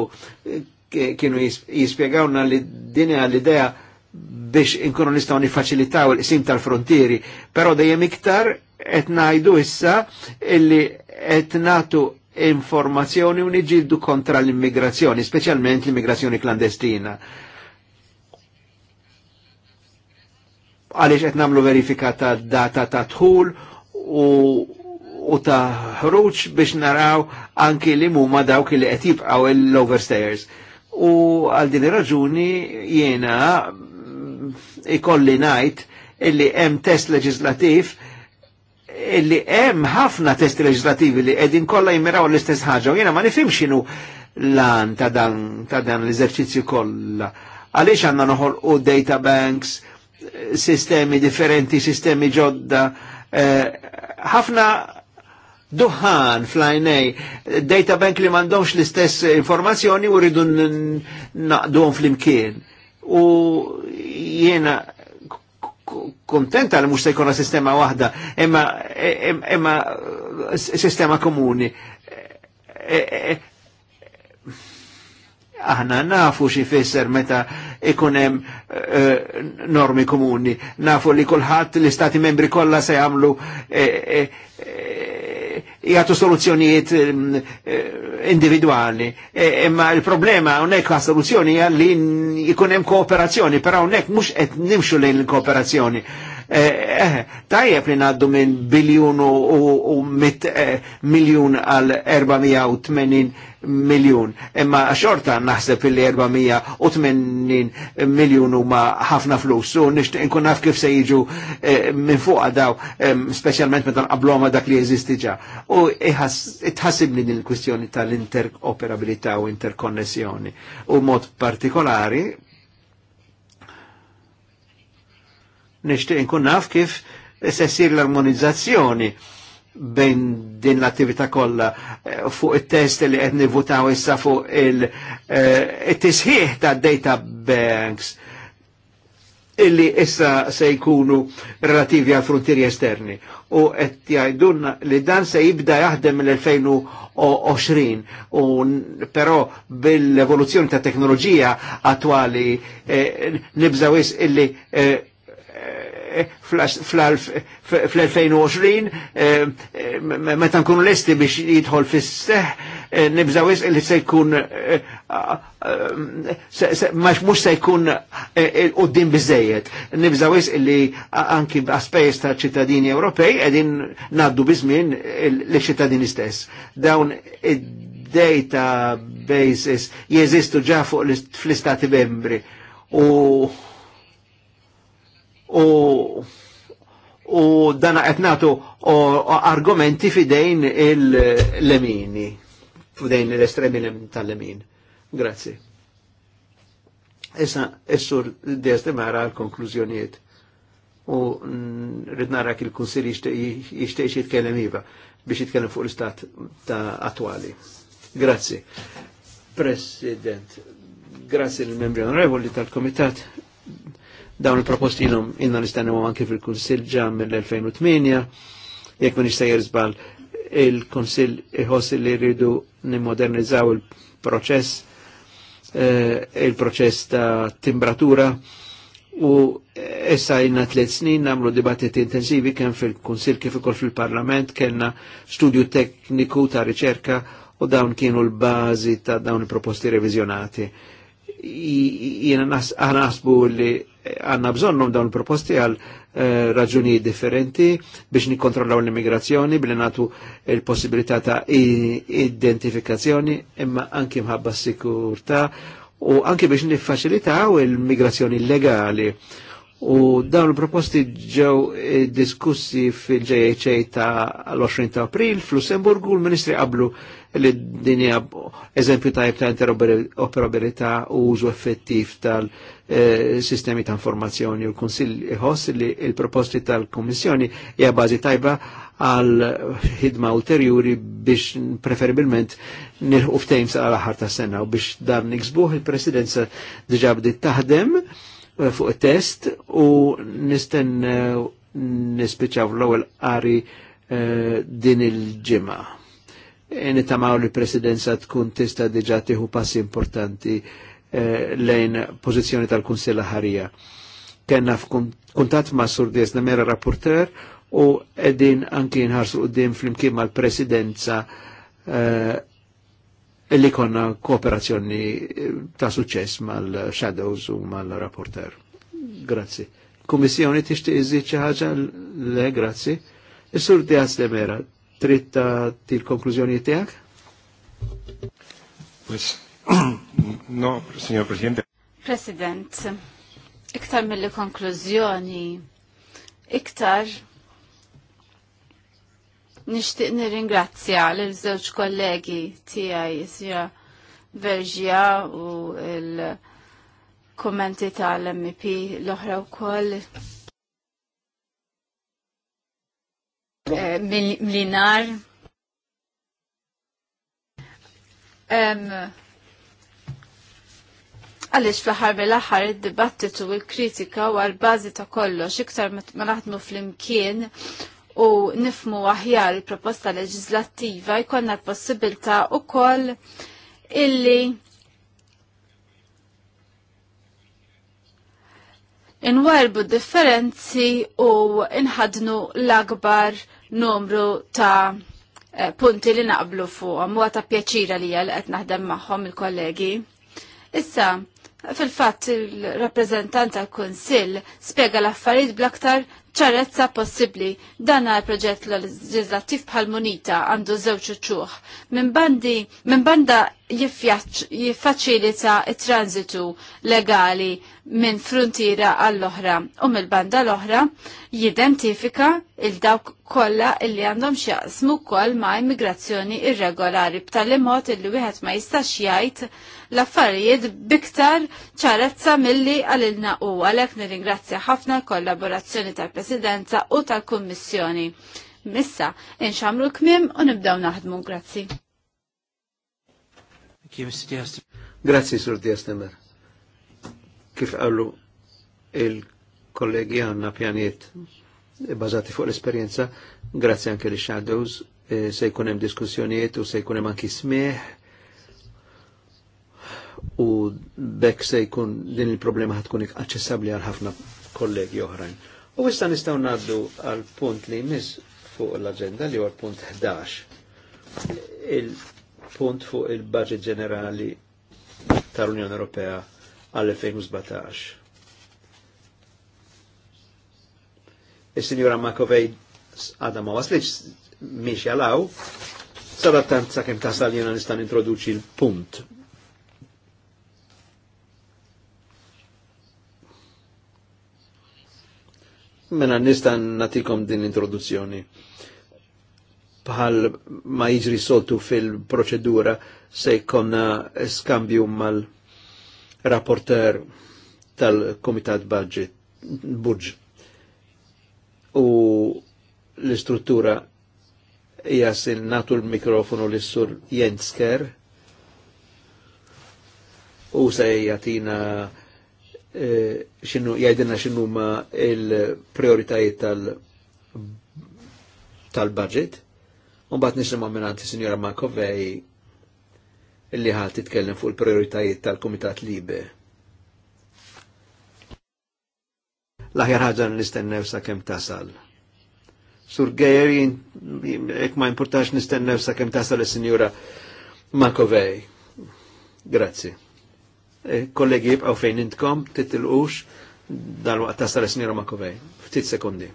e, kienu jispiegawna li dinja l-idea biex inkunu nistgħu nifacilitaw il-qsim tal-frontieri, però dejjem iktar qed ngħidu issa illi qed nagħtu informazzjoni u niġġieldu kontra l-immigrazzjoni, speċjalment l-immigrazzjoni klandestina. Għaliex qed nagħmlu verifika ta' data ta' tħul u u ta' ħruċ biex naraw anki li mumma dawk li qed jibqgħu l-overstairs. U għal din ir-raġuni jiena ikolli najt illi hemm test leġislativ illi hemm ħafna test leġislativi li qegħdin kollha jmiraw l-istess ħaġa u jiena ma nifhimx x'inhu lan ta' dan, ta dan l-eżerċizzju kollha. Għaliex għandna noħolqu data banks, sistemi differenti, sistemi ġodda, eh, ħafna duħan duħan ajnej data bank li mandomx l-istess informazzjoni u rridu naqduhom fl-imkien u jiena kontenta li mux se sistema wahda, emma emma sistema komuni. E, e, aħna nafu xi fisser meta ikunem eh, normi komuni, nafu li kulħadd l-istati membri kollha se jagħmlu eh, eh, jgħatu soluzzjonijiet mm, eh, individuali. E, imma e, il-problema unnek għas soluzzjoni għalli jikunem kooperazzjoni, però unnek mux qed nimxu lejn l kooperazzjoni Eh, eh, tajjeb li naddu minn biljun u mit eh, miljun għal 480 miljun. Imma xorta naħseb li 480 miljun huma ħafna flus. U nixtieq nkun naf kif se jiġu minn fuq daw, speċjalment meta nqablhom dak li jeżisti ġa. U itħassibni din il-kwistjoni tal-interoperabilità u interkonnessjoni. U mod partikolari nixtieq nkun naf kif se ssir l-armonizzazzjoni bejn din l-attività kollha eh, fuq it-test li qed nivvutaw issa fuq il-tisħiħ eh, ta' data banks illi issa se jkunu relativi għal frontieri esterni. U qed jgħidulna li dan se jibda jaħdem mill-2020 u però bil-evoluzzjoni ta' teknoloġija attwali eh, nibżawis illi eh, Eh, fl-2020 eh, eh, meta nkunu lesti biex jidħol fis-seħ nibżaw li se jkun mux se jkun qoddim bizzejet. Nibżaw li anki b'aspejs ta' ċittadini Ewropej edin naddu bizmin l-ċittadini stess. Dawn databases jeżistu ġa fuq fl-istati membri u u u dana qed nagħtu argumenti fidejn il-lemini, fidejn l-estremi tal-lemin. Grazzi. Issa, essur d-dez demara l-konklużjoniet u ridnara kil kunsil jishtiq jitkellem iva biex jitkellem fuq l-istat ta' attuali. Grazzi. President, grazie l-membri onorevoli tal-komitat Dawn il-proposti ilhom inna nistennew anki fil-Kunsill ġa mill-2008, jekk ma nixtejjer jirżbal il-Kunsill iħossi li rridu nimmodernizzaw il-proċess eh, il-proċess ta' timbratura u essa jina tliet snin namlu dibattiti intensivi kien fil konsil kif ukoll fil-Parlament kellna studju tekniku ta' riċerka u dawn kienu l-bażi ta' dawn il-proposti revizjonati. Jiena nasbu li għanna bżonnum dawn proposti għal eh, raġuni differenti biex nikontrollaw l-immigrazzjoni, bil natu il-possibilità ta' identifikazzjoni, imma anki mħabba sikurta u anki biex nifacilitaw il-migrazzjoni legali. U dawn il-proposti ġew eh, diskussi fil-JHA ta' l-20 ta' april fl-Lussemburgu, l-Ministri qablu li dinja eżempju tajb ta' interoperabilità u użu effettiv tal-sistemi eh, ta' informazzjoni. U l-Konsil iħoss li il-proposti tal komissjoni hija bażi tajba għal ħidma ulterjuri biex preferibilment nilħu ftejm sa' l-aħħar ta' sena u biex dan niksbuħ il-presidenza diġa bdiet taħdem eh, fuq test u nisten nispiċaw l-ewwel qari eh, din il-ġimgħa. E nittamaw li presidenza tkun tista diġa tiħu passi importanti eh, lejn pozizjoni tal-Kunsella ħarija. Kenna f'kuntat ma' Sur Dies Namera rapporter u edin anki nħarsu qoddim fl-imkien mal-presidenza eh, li konna kooperazzjoni eh, ta' suċess mal-shadows u mal-rapporter. Grazzi. Kummissjoni tixtieq iżid xi ħaġa? Le, grazzi. Is-Sur Dias Mera trid til-konklużjoni tiegħek? Pues, no, signor Presidente. President, iktar mill konklużjoni, iktar nishtiq nirringrazzja lil żewġ kollegi tiegħi sira Verġja u l-kommenti tal-MP l-oħra wkoll Eh, mill Għalix fl-ħar bil ħar id-dibattitu u l-kritika u għal-bazi ta' kollox iktar ma naħdmu fl-imkien u nifmu aħjar il-proposta leġislattiva jkonna l-possibilta u koll illi inwarbu differenzi u inħadnu l-akbar numru ta' eh, punti li naqblu fuq, huwa ta' pjaċira li għal qed naħdem magħhom il-kollegi. Issa, fil-fatt il-rappreżentant tal-Kunsill spjega l-affarijiet bl-aktar ċarezza possibbli. Dan għal proġett leġislattiv bħal munita għandu żewġ uċuħ. Minn bandi, minn banda jiffaċilita il-transitu legali minn frontiera għall-oħra u mill-banda l-oħra jidentifika il-dawk kollha illi għandhom xjaqsmu wkoll ma' immigrazzjoni irregolari b'tali mod illi wieħed ma jistax jgħid l-affarijiet biktar ċarezza milli għalilna u għalhekk nirringrazzja ħafna l-kollaborazzjoni tal-Presidenza u tal-Kummissjoni. Missa, inxamru kmim u nibdew naħdmu, grazzi you, Mr. Diaz. Grazie, Sur Diaz Kif għallu il-kollegi għanna pjaniet bazati fuq l-esperienza, grazie anke li Shadows, eh, se jkunem diskussjonijiet u se jkunem anki smieħ u bekk se jkun din il-problema ħatkun aċċessabbli għal ħafna kollegi oħrajn. U issa nistgħu ngħaddu għal punt li jmiss fuq l agenda li huwa punt 11 punt fuq il-budget ġenerali tal-Unjoni Ewropea għall-2017. Is-Sinjura Makovej għadha ma waslitx miex jalaw, sabab tant sakemm tasal jiena nista' introduċi l-punt. Mena nista' natikom din l-introduzzjoni bħal ma jiġri soltu fil-proċedura se jkonna skambju mal-rapporter tal-Komitat Budget, Budge. U l-istruttura jasin natu l-mikrofonu l-sur Jensker u se jatina eh, xinu, jajdina xinu ma il-prioritajiet tal-budget. tal budget Unbat nisema minnanti Signora Mankovej illi ħal titkellem fuq il-prioritajiet tal-Komitat Libe. L-aħjar ħagġa nistennew sa' kem tasal. Sur Gejri, ek ma' importax nistennew sa' kem tasal il-Signora Makovej. Grazzi. E, kollegi jibqaw fejn intkom, titilqux, dal-waqt tasal il-Signora Makovej. Ftit sekundi.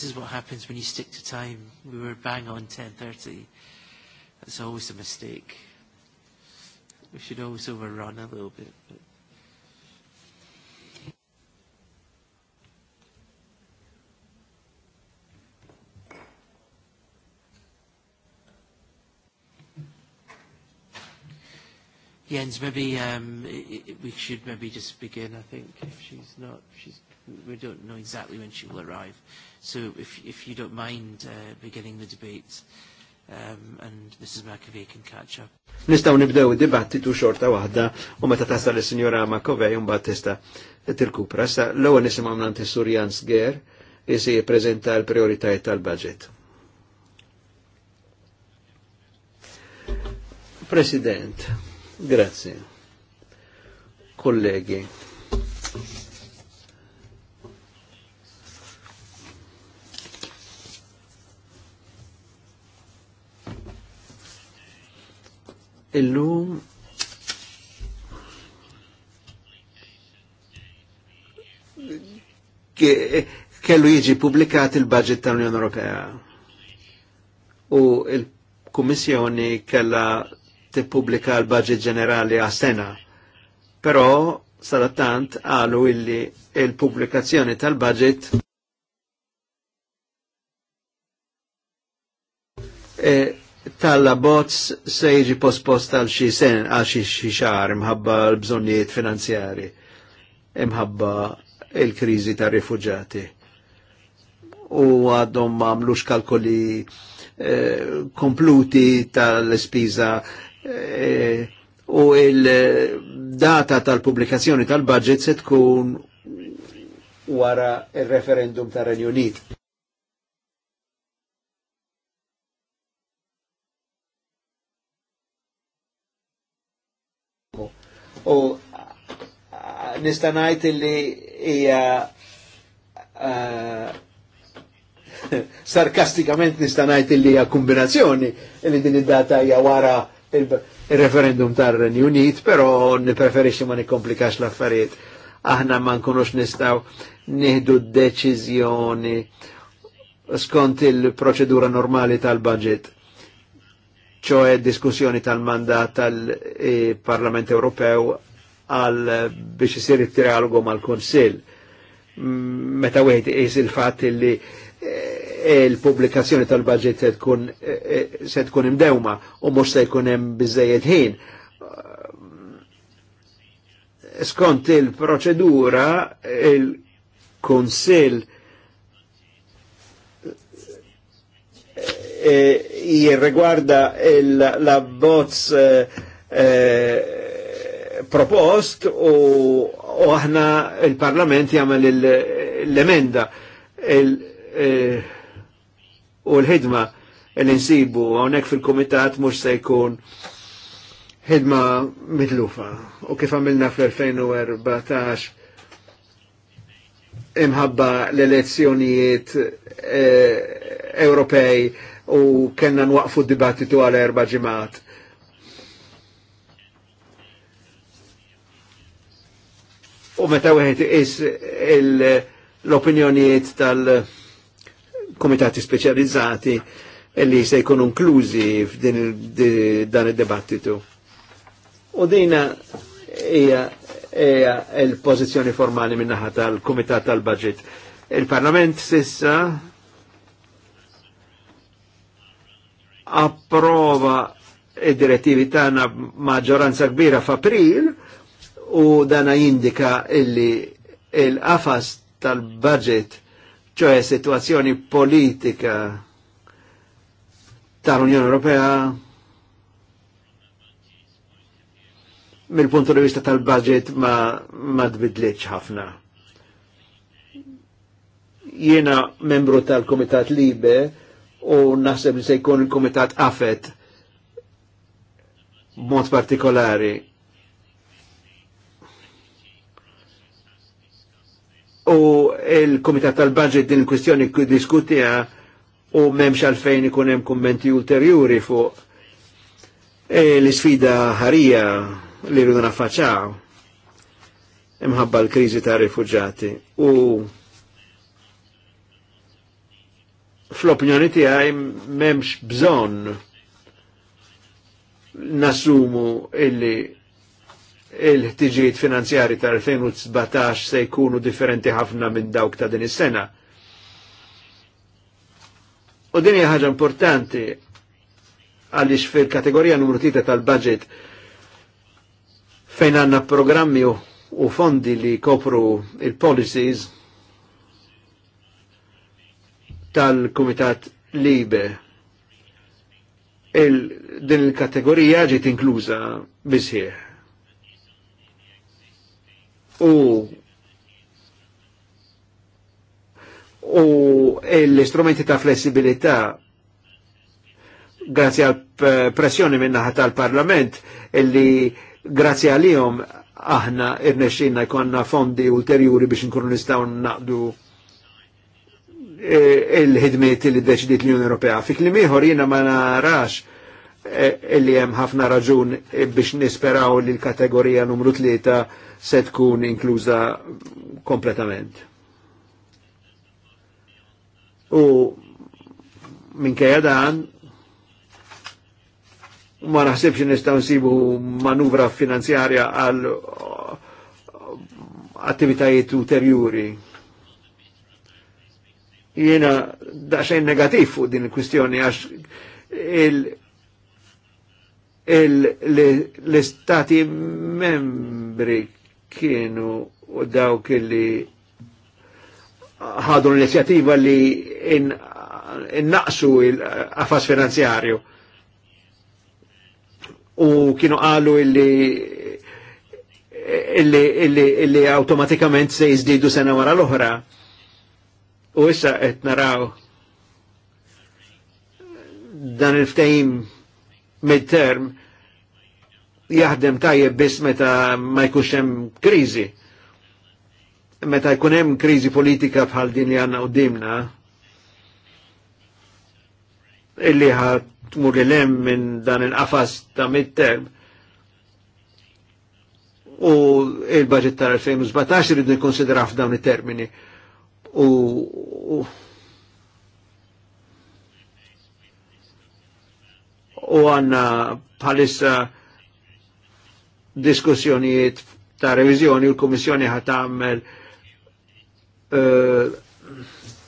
This is what happens when you stick to time. We were bang on 10.30. That's always a mistake. We should always overrun a little bit. But Jens, maybe um, we should maybe just begin, I think, if she's not, if she's, we don't know exactly when she will arrive. So if, if you don't mind uh, beginning the debate, um, and Mrs. McAvey can catch up. Nistaw nibdew dibattitu xorta wahda, u meta tasal li signora McAvey un battista tirkupra. Sa l-ewwel nisimgħu minn Sur Jans jisi prezenta l-prioritajiet tal-budget. President, President, Grazie. colleghi, Illum kellu jiġi publikat il-budget tal-Unjoni Ewropea. U il-Kummissjoni kella tippubblika l-budget ġenerali għas-sena. Però sadattant għalu illi il-pubblikazzjoni tal-budget e, tal-abbozz se jiġi pospost għal xi sen għal xi xahar imħabba l-bżonnijiet finanzjari imħabba il-kriżi tar-rifuġati. U għadhom ma għamlux kalkoli eh, kompluti tal-spiża Eh, u il-data tal-publikazzjoni tal-budget se tkun wara il-referendum tar renju Unit. U nistanajt li hija eh, sarkastikament nistanajt li hija kombinazzjoni li din id-data hija wara il-referendum tar Unit, ne nipreferixi ma nikomplikax l-affarijiet. Aħna ma nkunux nistaw nieħdu deċiżjoni skont il-proċedura normali tal-budget ċoħe diskussjoni tal-mandat tal-Parlament Ewropew għal biex jisir it-trialogu mal-Konsil. Meta wieħed is il-fatt li eh, il publikazzjoni tal-budget eh, eh, se tkun imdewma u mux se jkun hemm biżejjed ħin. Skont il-proċedura il-Kunsill eh, jirregwarda l-abbozz propost u aħna il-Parlament jagħmel l-emenda. Il, eh, u l-ħidma li nsibu hawnhekk fil-kumitat mhux se jkun ħidma midlufa. U kif għamilna fl-2014 imħabba l-elezzjonijiet eh, Ewropej u kena nwaqfu d-dibattitu għal erba ġimat. U meta wieħed is l-opinjonijiet tal- komitati specializzati li se jkunu inklużi dan id-dibattitu. U dina hija hija l-pożizzjoni formali minnaħa tal-Kumitat tal-Budget. Il-Parlament sissa approva id-direttivi tagħna maġġoranza kbira f'April u dana jindika illi il-qafas tal-budget ċoħe situazzjoni politika tal-Unjoni Ewropea mill-punto di vista tal-budget ma, ma tbidlitx ħafna. Jiena membru tal-Komitat Libe u naħseb li se jkun il-Komitat Afet mod partikolari u il-Komitat tal-Budget din il-kwistjoni diskutija u memx għalfejn ikun hemm kummenti ulterjuri fuq e l-isfida ħarija li rridu naffaċċaw imħabba l-kriżi ta' rifuġati u fl-opinjoni tiegħi memx bżonn nassumu illi il-ħtiġijiet finanzjari tal-2017 se jkunu differenti ħafna minn dawk ta' din is-sena. U din hija ħaġa importanti għaliex fil-kategorija numru tita tal-budget fejn għandna programmi u fondi li kopru il-policies tal-Kumitat Libe. Il din il-kategorija ġiet inkluża bisħieħ u u l-istrumenti ta' flessibilità grazie għal pressjoni minnaħa tal-parlament illi grazzi għalihom aħna irnexxinna jkollna fondi ulterjuri biex nkunu nistgħu naqdu eh, il-ħidmiet li deċidiet l-Unjoni Ewropea. Fi kliem ieħor jiena ma narax E, illi hemm ħafna raġun e, biex nisperaw li l-kategorija numru tlieta se tkun inkluża kompletament. U minkejja dan ma naħsibx nistgħu nsibu manuvra finanzjarja għal uh, attivitajiet ulterjuri. Jiena daċxajn negativ fuq din il-kwistjoni għax il- l-istati membri kienu u dawk li ħadu l-inizjativa li innaqsu l-affas finanzjarju u kienu għalu illi illi, illi, illi automatikament se jizdidu sena wara l-oħra. U issa et naraw dan il ftajim mid-term jaħdem tajjeb biss meta ma jkunx hemm kriżi. Meta jkun hemm kriżi politika bħal din li għandna qudiemna, illi ħatmur li hemm minn dan il-qafas ta' mid-term. U il-budget tal-2017 rridu jkonsidera f'dawn it-termini. U, u u għanna palissa diskussjonijiet ta' revizjoni u l-Komissjoni ħat eh,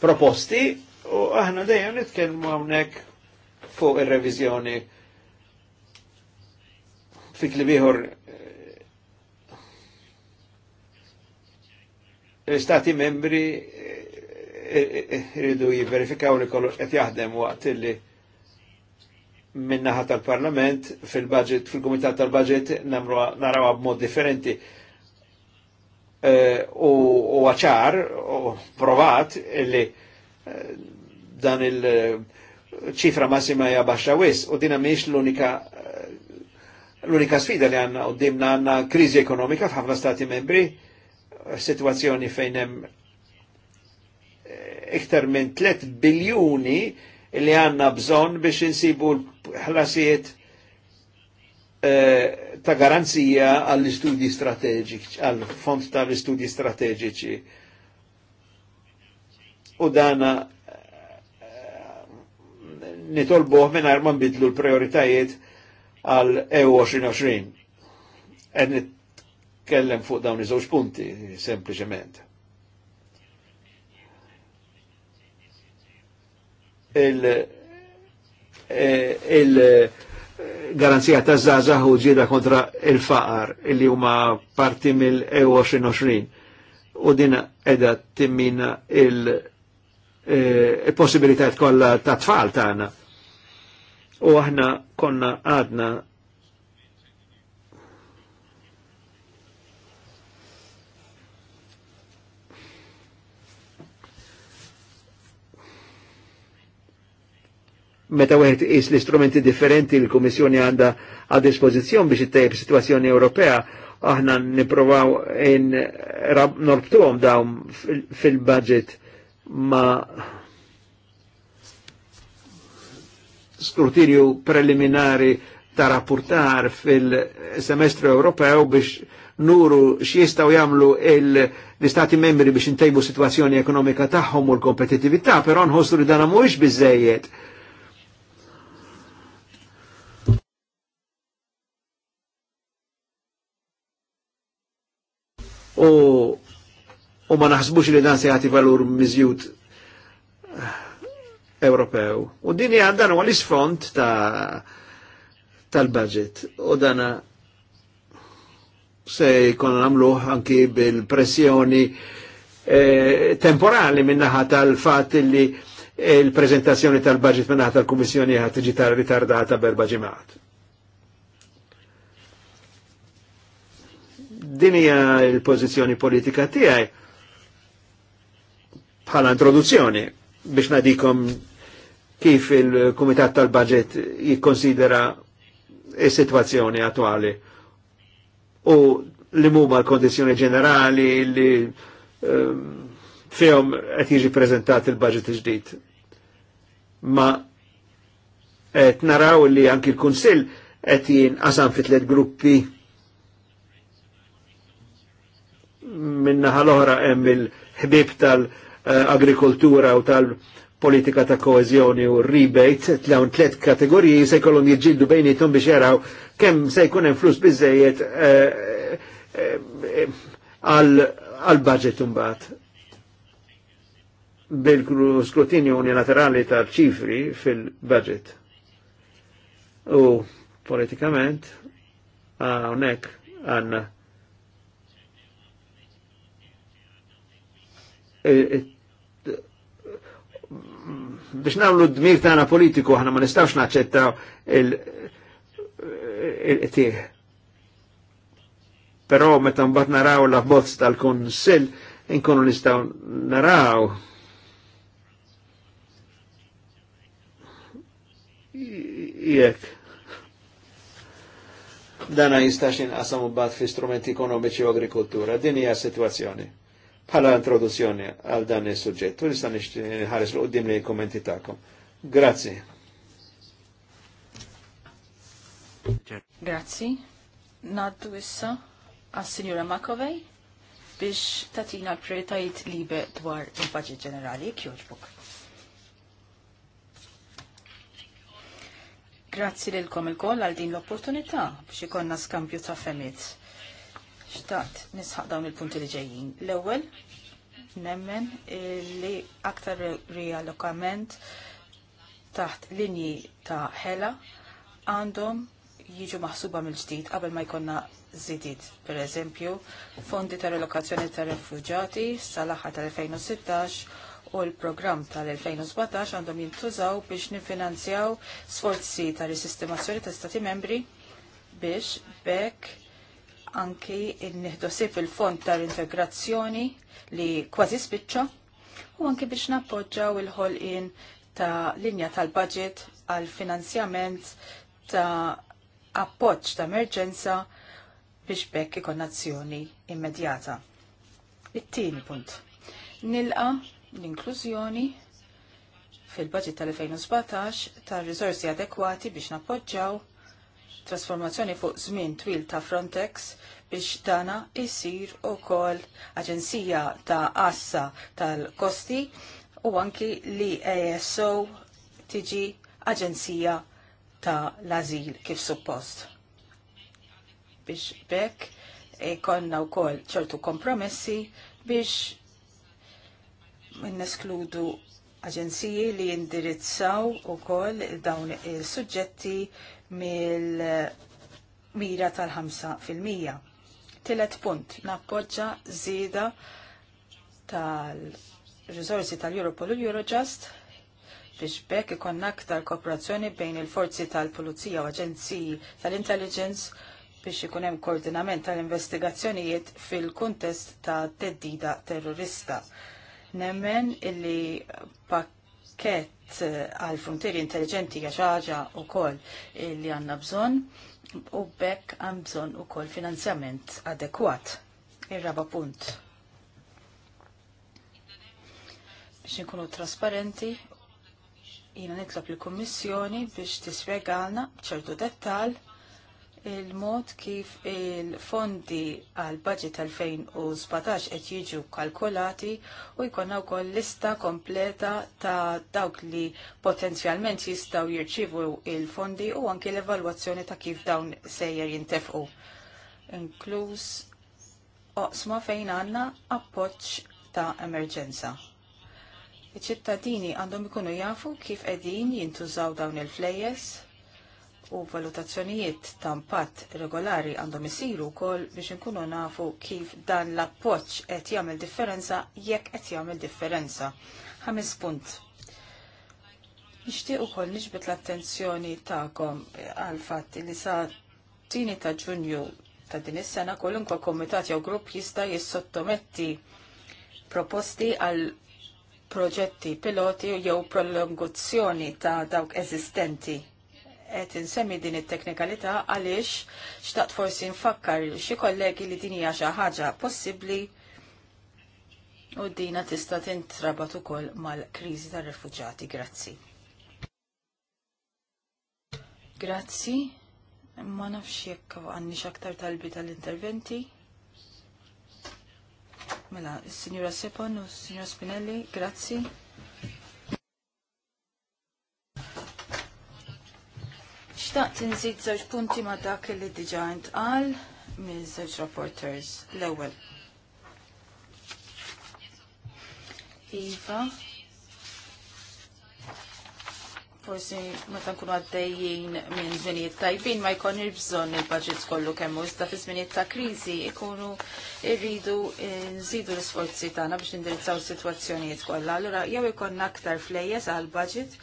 proposti u aħna dejjem nitkellmu hawnhekk fuq ir-reviżjoni fit li bieħor l-Stati eh, membri eh, irridu jiverifikaw li kollox qed jaħdem waqt li minnaħa tal-Parlament fil-budget, fil-Komitat tal-Budget naraw b'mod differenti. E, u għacħar, u provat, illi eh, dan il-ċifra massima hija baxxa wis u dina miex l-unika eh, l-unika sfida li għanna u dimna għanna krizi ekonomika f'ħafna stati membri, situazzjoni fejn hemm iktar minn 3 biljuni Illi għanna bżon biex insibu l-ħlasijiet eh, ta' garanzija għall-istudji strateġiċi, għall-fond tal-istudji strateġiċi. U dana eh, nitolbuħ minn ma bidlu l-prioritajiet għal EU 2020. Ed nitkellem fuq dawn iż punti, sempliciment. il-garanzija il eh, eh, ta' zazah u ġida kontra il-faqar illi huma parti mill-2020 u din edha timmina il-possibilitajt il eh, kolla ta' tfal tagħna. U aħna konna għadna meta wieħed is l-istrumenti differenti li l-Kummissjoni għandha għad dispożizzjon biex ittejjeb situazzjoni Ewropea, aħna nipprovaw in norbtuhom dawn fil-budget ma skrutinju preliminari ta' rapportar fil-semestru Ewropew biex nuru x'jistgħu jagħmlu l-istati membri biex intejbu situazzjoni ekonomika tagħhom u l-kompetitività, però nħossu li dan mhuwiex biżejjed u, u ma naħsbux li dan se jagħti valur miżjud eh, Ewropew. U din hija dan huwa l-isfond ta' tal-budget u dan eh, se jkun nagħmluh anki bil-pressjoni eh, temporali minnaħa tal-fatt li il-prezentazzjoni tal-budget minnaħa tal-Kummissjoni ħad tiġi ritardata berba ġimgħat. Din hija l-pożizzjoni politika tiegħi bħala introduzzjoni biex nadikom kif il-Kumitat tal-Budget jikkonsidera is-sitwazzjoni attwali u li mumma l-kondizjoni ġenerali li um, fihom qed jiġi preżentat il-budget ġdid. Ma qed naraw li anki l-Kunsill qed jinqasam fi tliet gruppi minnaħa l-oħra hemm il-ħbib tal-agrikoltura u tal-politika ta' koezjoni u rebate, tlawn tlet kategoriji se jkollhom jiġġieldu bejnietom biex jaraw kemm se jkun hemm flus biżejjed eh, eh, eh, għal-budget imbagħad. Bil-skrutinju unilaterali tal-ċifri fil-budget. U politikament, hawnhekk għandna E, e, biex namlu d-dmir tana politiku ħana ma nistawx naċċettaw il-tieħ. Pero meta mbagħad naraw l-abbozz tal-Kunsill inkunu nistgħu naraw jekk dana jistax inqasam u bat fi strumenti ekonomiċi u agrikoltura. Din hija situazzjoni bħala introduzzjoni għal dan is-suġġett. U nista' nħares l qoddim li kommenti tagħkom. Grazzi. Grazzi. Naddu issa għas Signora Makovej biex tatina l-prioritajiet libe dwar il-budget ġenerali kjoġbuk. Grazzi lilkom il-koll għal din l-opportunità biex ikonna skambju ta' femiet xtaqt nisħaq dawn il-punti li ġejjin. L-ewwel nemmen li aktar riallokament taħt linji ta' ħela għandhom jiġu maħsuba mill-ġdid qabel ma jkollna żidiet. Per eżempju, fondi ta' relokazzjoni ta' refuġati sal tal-2016 u l-programm tal-2017 għandhom jintużaw biex nifinanzjaw sforzi ta' risistimazzjoni ta' stati membri biex bekk anki il-nihdosib il-fond tal-integrazzjoni li kważi spiċċa u anki biex nappoġġaw il-ħolqin ta' linja tal-budget għal finanzjament ta' appoġġ ta' emerġenza biex bekk ikon immedjata. It-tieni punt. Nilqa l-inklużjoni fil-budget tal-2017 ta' risorsi adekwati biex nappoġġaw trasformazzjoni fuq żmien twil ta' Frontex biex dana isir u kol aġenzija ta' assa tal-kosti u anki li ASO tiġi aġenzija ta' l-azil kif suppost. Biex bekk ikonna e, u kol ċertu kompromessi biex minneskludu aġenziji li jindirizzaw u koll dawn il-sujġetti mill-mira tal-5%. Tillet punt, nappoġġa żieda tal-rizorsi tal-Europol u Eurojust biex bekk ikonna aktar kooperazzjoni bejn il-forzi tal-Pulizija u Aġenziji tal-Intelligence biex ikun hemm koordinament tal-investigazzjonijiet fil-kuntest ta' teddida terrorista. Nemmen illi pak pakket eh, għal frontieri intelligenti għaxaġa u koll li għanna bżon u bekk għan bżon u koll finanzjament adekwat. Ir-raba punt. Biex nkunu trasparenti, jina nitlob l-Kommissjoni biex tispjegalna b'ċertu dettal il-mod kif il-fondi għal budget 2017 qed jiġu kalkolati u jkollna wkoll lista kompleta ta' dawk li potenzjalment jistgħu jirċivu il-fondi u anke l-evalwazzjoni ta' kif dawn sejjer jintefqu. Inkluż oqsma fejn għandna appoġġ ta' emerġenza. Iċ-ċittadini għandhom ikunu jafu kif qegħdin jintużaw dawn il-flejjes u valutazzjonijiet ta' impatt regolari għandhom isiru wkoll biex inkunu nafu kif dan l-appoġġ qed jagħmel differenza jekk qed jagħmel differenza. Ħames punt. Nixtieq ukoll niġbed l-attenzjoni tagħkom għal fatt li sa tini ta' Ġunju ta' din is-sena kolunkwa komitat jew grupp jista' jissottometti proposti għal proġetti piloti jew prolonguzzjoni ta' dawk eżistenti qed insemmi din it-teknikalità għaliex xtaqt forsi nfakkar xi kollegi li din hija xi ħaġa possibbli u dina tista' tintrabat ukoll mal-kriżi tar-refuġati. Grazzi. Grazzi. Ma nafx jekk għandix aktar talbi tal-interventi. Mela, s signora Sepon u s signora Spinelli, grazzi. Xtaqt nżid żewġ punti ma' dak li diġà għal minn żewġ rapporters l-ewwel. Iva, forsi meta nkunu għaddejjin minn żminijiet tajbin ma jkun bżonn il-budget kollu kemm iżda fi żminijiet ta' kriżi ikunu irridu nżidu l-isforzi tagħna biex nindirizzaw is-sitwazzjonijiet kollha. Allura jew ikollna aktar flejjes għall budget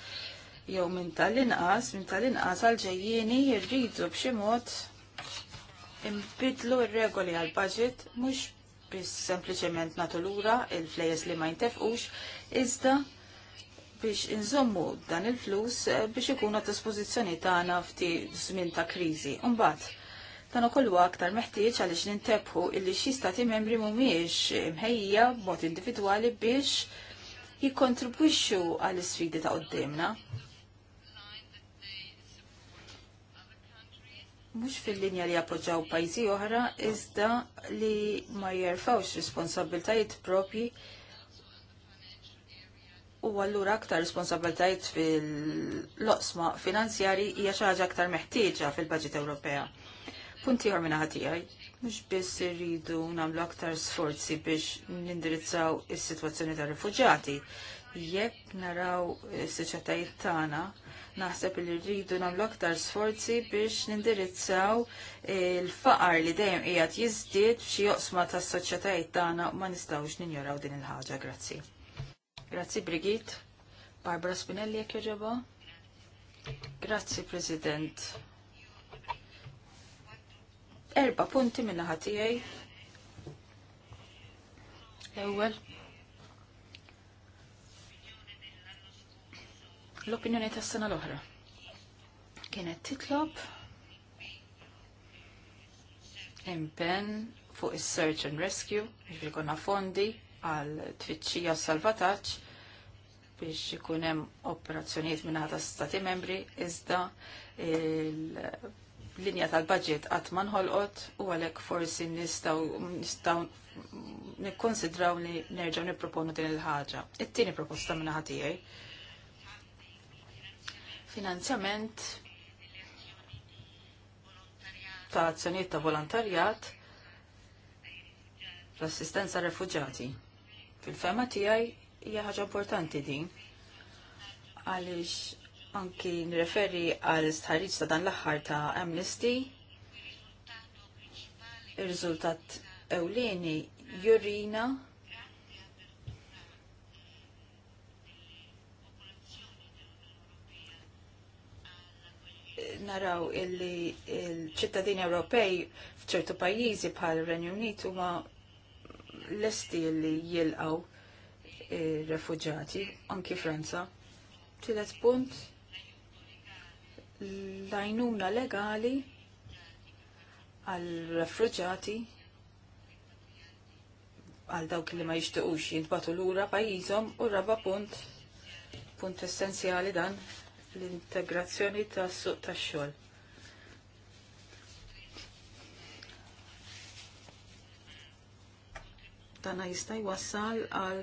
jew minn tal-inqas, minn tal-inqas għal-ġejjieni jirridu b'xi mod imbidlu r-regoli għal-budget mhux biss sempliċement nagħtu lura il-flejes li ma jintefqux, iżda biex inżommu dan il-flus eh, biex ikunu dispożizzjoni tagħna fti żmien ta' kriżi. Imbagħad dan ukoll huwa aktar meħtieġ għaliex nintebħu illi xi stati membri mhumiex imħejja b'mod individwali biex jikkontribwixxu għall isfidi ta' qoddimna. mhux fil-linja li jappoġġaw pajjiżi oħra, iżda li ma jerfawx responsabiltajiet propji u allura aktar responsabiltajiet fil-loqsma finanzjari hija xi ħaġa aktar meħtieġa fil-Baġit Ewropea. Punti ieħor minn ħatijaj, mhux biss irridu nagħmlu aktar sforzi biex nindirizzaw is-sitwazzjoni tar-refuġjati, jekk naraw s soċjetajiet tagħna, naħseb li rridu nagħmlu aktar sforzi biex nindirizzaw il-faqar li dejjem qiegħed jiżdied f'xi joqsma tas-soċjetajiet tagħna ma nistgħux ninjoraw din il-ħaġa, grazzi. Grazzi Brigit. Barbara Spinelli jekk joġobha. Grazzi President. Erba punti minna tiegħi: L-ewwel l-opinjoni tas sena l-oħra. Kienet titlob impen fuq is search and rescue, biex konna fondi għal tfittxija salvataġġ biex ikun hemm operazzjonijiet minn ta' stati membri iżda l-linja tal-budget qatt ma nħolqot u għalhekk forsi nistgħu nistgħu nikkonsidraw li nerġgħu nipproponu din il-ħaġa. It-tieni proposta minna tiegħi finanzjament ta' azzjonijiet ta' volontarjat l-assistenza refugjati. Fil-fema tiegħi hija ħaġa importanti din għaliex anki nreferi għal istħarriġ ta' dan l-aħħar ta' Amnesty ir-riżultat ewlieni jurina naraw illi il-ċittadini Ewropej f'ċertu pajjiżi bħal Renju Unit huma lesti illi jilqaw eh, refuġati, anki Franza. Tielet punt, l-għajnuna legali għal refuġati għal dawk li ma jixtiqux jintbatu lura pajjiżhom u raba punt, punt essenzjali dan, l-integrazzjoni ta' suq ta' xogħol. Dana jista' wassal għal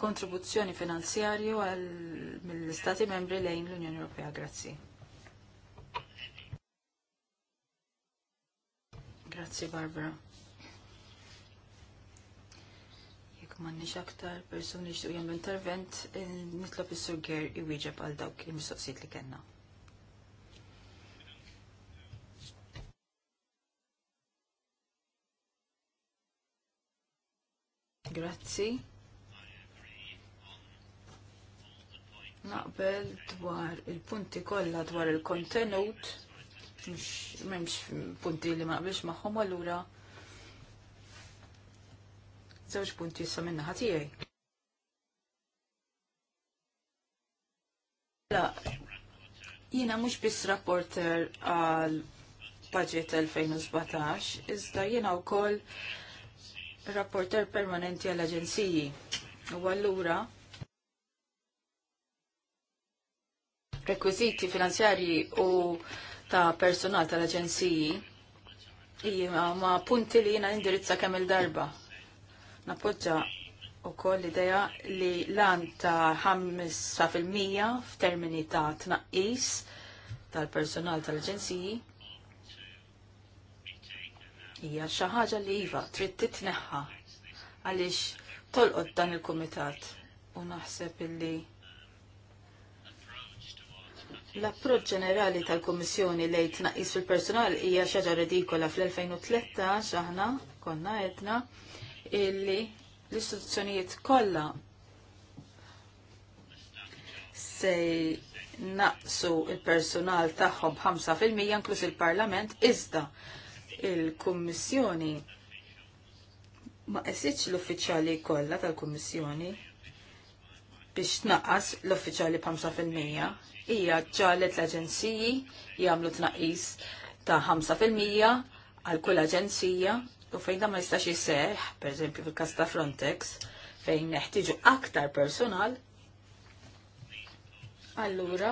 kontribuzzjoni finanzjarju għal mill-Istati membri lejn l-Unjoni Ewropea. Grazzi. Grazzi Barbara. Jekk m'għandniex aktar persuni xtu jagħmlu intervent, eh, nitlob is-Sur Ger iwieġeb għal dawk il-mistoqsijiet li kellna. Grazzi. Naqbel dwar il-punti kollha dwar il-kontenut, mhemmx punti li ma naqbilx magħhom allura Żewġ punti issa minna ħatijaj. La, jina mux bis rapporter għal budget 2017, iżda jina u rapporter permanenti għal aġenziji. U għallura, rekwiziti finanzjari u ta' personal tal-aġenziji, jina ma' punti li jina indirizza kemm il-darba Nappoġġa u koll l-ideja li lan ta' 5% f'termini ta' tnaqqis tal-personal tal-ġenziji hija xi ħaġa li iva trid titneħħa għaliex tolqod dan il-kumitat u naħseb illi L-approċ ġenerali tal-Kummissjoni lejn tnaqqis fil-personal hija xi ħaġa redikola fl-2013 aħna konna għedna illi l-istituzzjonijiet kollha se naqsu il-personal tagħhom 5% inkluż il-Parlament iżda il-Kummissjoni ma qesitx l-uffiċjali kollha tal-Kummissjoni biex tnaqqas l-uffiċjali b'5% hija ġalet l-aġenziji jagħmlu tnaqqis ta' 5% għal kull aġenzija u fejn da ma jistax jisseħ, per eżempju fil-kas ta' Frontex, fejn neħtiġu aktar personal, allura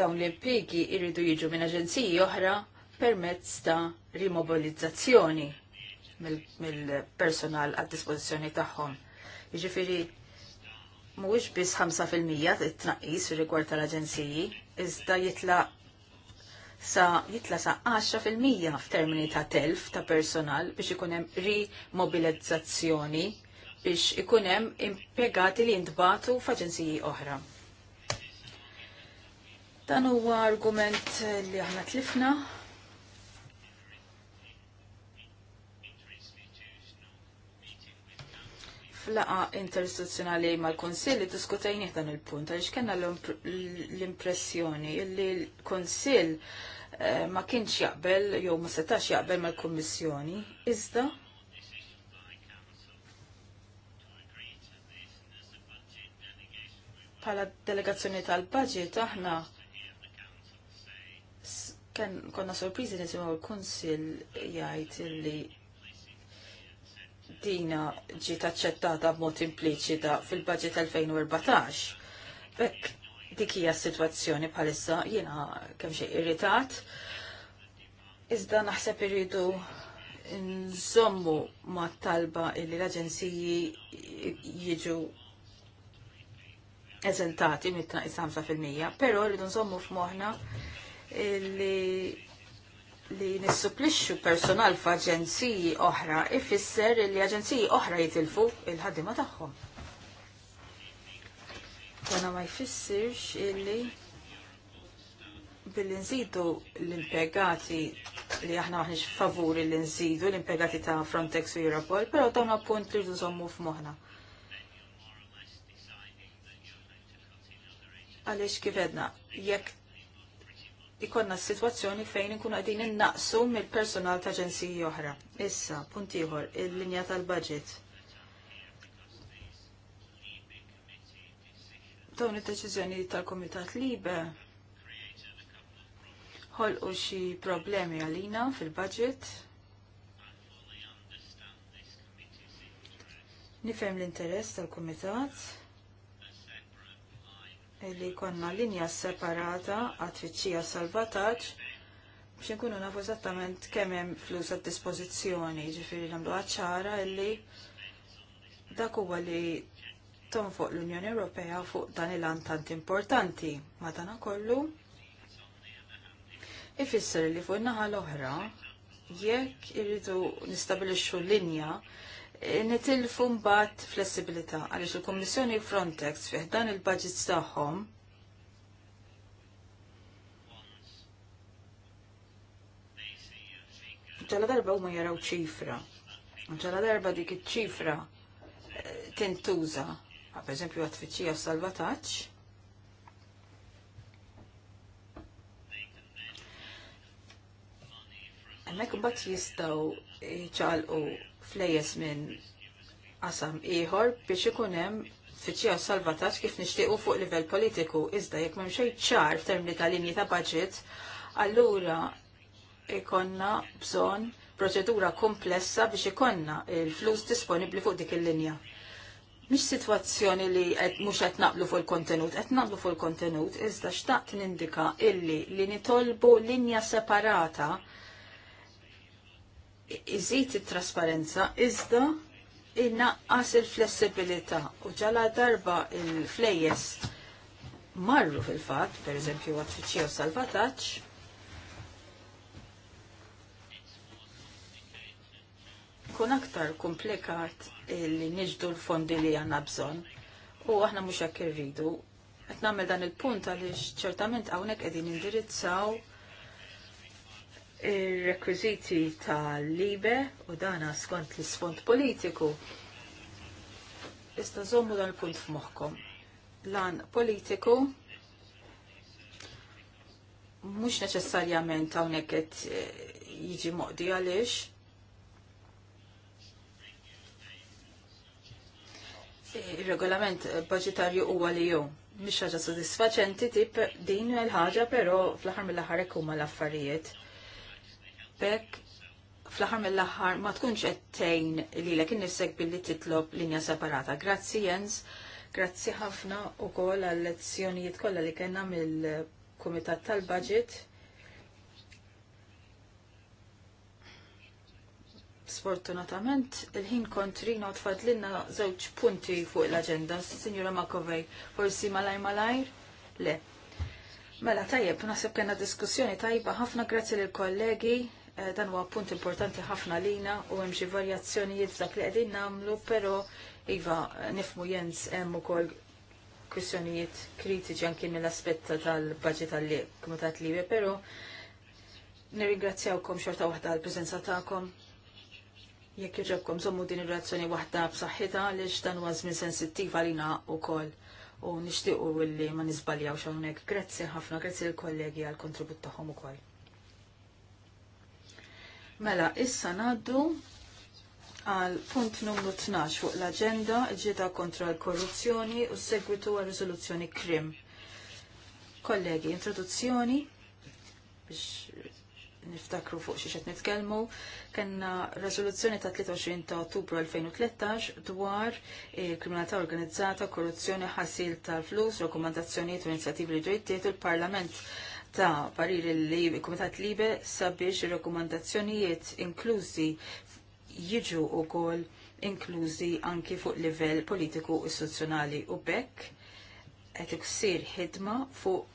dawn l impiegi irridu jiġu minn aġenziji oħra permezz ta' rimobilizzazzjoni mill-personal mil għad dispożizzjoni tagħhom. Jiġifieri mhuwiex biss 5% it-tnaqqis rigward tal-aġenziji, iżda jitlaq sa jitla sa 10% f'termini ta' telf ta' personal biex ikunem rimobilizzazzjoni biex ikunem impiegati li jintbatu f'aġenziji oħra. Dan huwa argument li aħna tlifna flaqa interistituzzjonali mal-Konsil li diskutajni dan il-punt, għaliex kena l-impressjoni li l kunsill Eh, ma kienx jaqbel jew ma setax jaqbel mal-Kummissjoni, iżda Pala delegazzjoni tal-budget aħna kan konna sorpriżi nisimgħu l-Kunsill jgħid li dina ġiet aċċettata b'mod impliċita fil-budget 2014. Bekk dik hija s-sitwazzjoni bħalissa jiena kemm xi irritat. Iżda naħseb irridu nżommu ma' talba illi l-aġenziji jiġu eżentati mit-tnaqis 5%, però rridu nżommu f'moħħna li li nissupplixxu personal f'aġenziji oħra ifisser li aġenziji oħra jitilfu il-ħaddima tagħhom. Dana ma jfissirx illi billi nżidu l-impegati li aħna maħniġ favuri li nżidu l-impegati ta' Frontex u Europol, pero dawn appunt li rridu f'moħna. Għalix kifedna, jekk ikonna situazzjoni fejn nkunu għadin innaqsu mill-personal ta' ġensi oħra. Issa, puntiħor, il-linja tal-budget. dawn id-deċiżjoni tal-Komitat Libe ħolqu xi problemi għalina fil-budget. Nifhem l-interess tal-Kumitat li konna linja separata għat tfittxija salvataġġ biex nkunu nafu eżattament kemm hemm flus għad dispożizzjoni, ġifieri nagħmlu ċara illi dak huwa li tagħhom fuq l-Unjoni Ewropea fuq dan il-antant importanti. Madana kollu, ifisser li fuq naħa l-oħra, jekk irridu nistabilixxu linja, eh, nitilfu mbagħad flessibilità għaliex il-Kummissjoni Frontex fih dan il-budgets tagħhom ġala darba huma jaraw ċifra. Ġala darba dik iċ-ċifra eh, tintuża Ah, per eżempju għatfiċija salvataċ, Hemmhekk jistaw jistgħu u flejes minn għasam ieħor biex ikun hemm fiċċija salvataġġ kif nixtiequ fuq livell politiku iżda jekk mem xej ċar f'termini ta' linji ta' budget, allura ikonna bżonn proċedura komplessa biex ikonna il-flus disponibbli fuq dik il-linja. Mhix sitwazzjoni li mhux qed naqblu fuq il-kontenut, qed naqblu fuq il-kontenut, iżda xtaqt nindika illi li nitolbu linja separata iżit it-trasparenza iżda innaqqas il-flessibilità u ġala darba il-flejjes marru fil-fatt, per eżempju għat u salvataġġ, kun aktar komplikat li nġdu l-fondi li għanna bżon. U aħna mux jekk irridu. Qed nagħmel dan il-punt għaliex ċertament hawnhekk qegħdin indirizzaw ir-rekwiżiti tal-libe u dana skont l-isfond politiku. Iżda żommu dan il-punt f'moħħkom. Lan politiku mhux neċessarjament hawnhekk qed jiġi moqdi għaliex il-regolament budgetarju huwa li ju. Mhix ħaġa sodisfaċenti tip din l ħaġa però fl-aħħar mill-aħħar hekk huma l-affarijiet. Bek, fl-aħħar mill ħar ma tkunx ettejn tgħin lilek innifsek billi titlob linja separata. Grazzi Jens, grazzi ħafna kol għal lezzjonijiet kollha li kellna mill-Kumitat tal-Budget Sfortunatament, il-ħin kontrina u tfadlinna żewġ punti fuq l-agenda. Signora Makovej, forsi malaj malajr? Le. Mela tajjeb, naħseb kena diskussjoni tajba. Ħafna grazzi l kollegi eh, dan huwa punt importanti ħafna lina u hemm xi varjazzjonijiet dak li qegħdin nagħmlu, però iva nifmu Jens hemm ukoll kwistjonijiet kritiċi anki mill-aspett tal-baġit tal-li kumitat liwi, però nirringrazzjawkom xorta waħda għall preżenza tagħkom. Jekk jġabkom żommu din ir-razzjoni waħda b'saħħitha għaliex dan huwa żmien sensittiv għalina wkoll u nixtiequ illi ma niżbaljawx hawnhekk. Grazzi ħafna, grazzi l-kollegi għall-kontribut tagħhom ukoll. Mela, issa ngħaddu għal punt numru 12 fuq l-agenda ġieda kontra l-korruzzjoni u segwitu għal riżoluzzjoni krim. Kollegi, introduzzjoni biex niftakru fuq xi qed nitkellmu, kanna rezoluzzjoni ta' 23 ta' Ottubru 2013 dwar il-kriminalità organizzata, korruzzjoni, ħasil tal-flus, rakkomandazzjonijiet u inizjattivi li ġejtiet il-Parlament ta' parir il-Kumitat Libe sabiex ir rekomandazzjonijiet inklużi jiġu wkoll inklużi anki fuq livell politiku istituzzjonali u bekk qed iksir ħidma fuq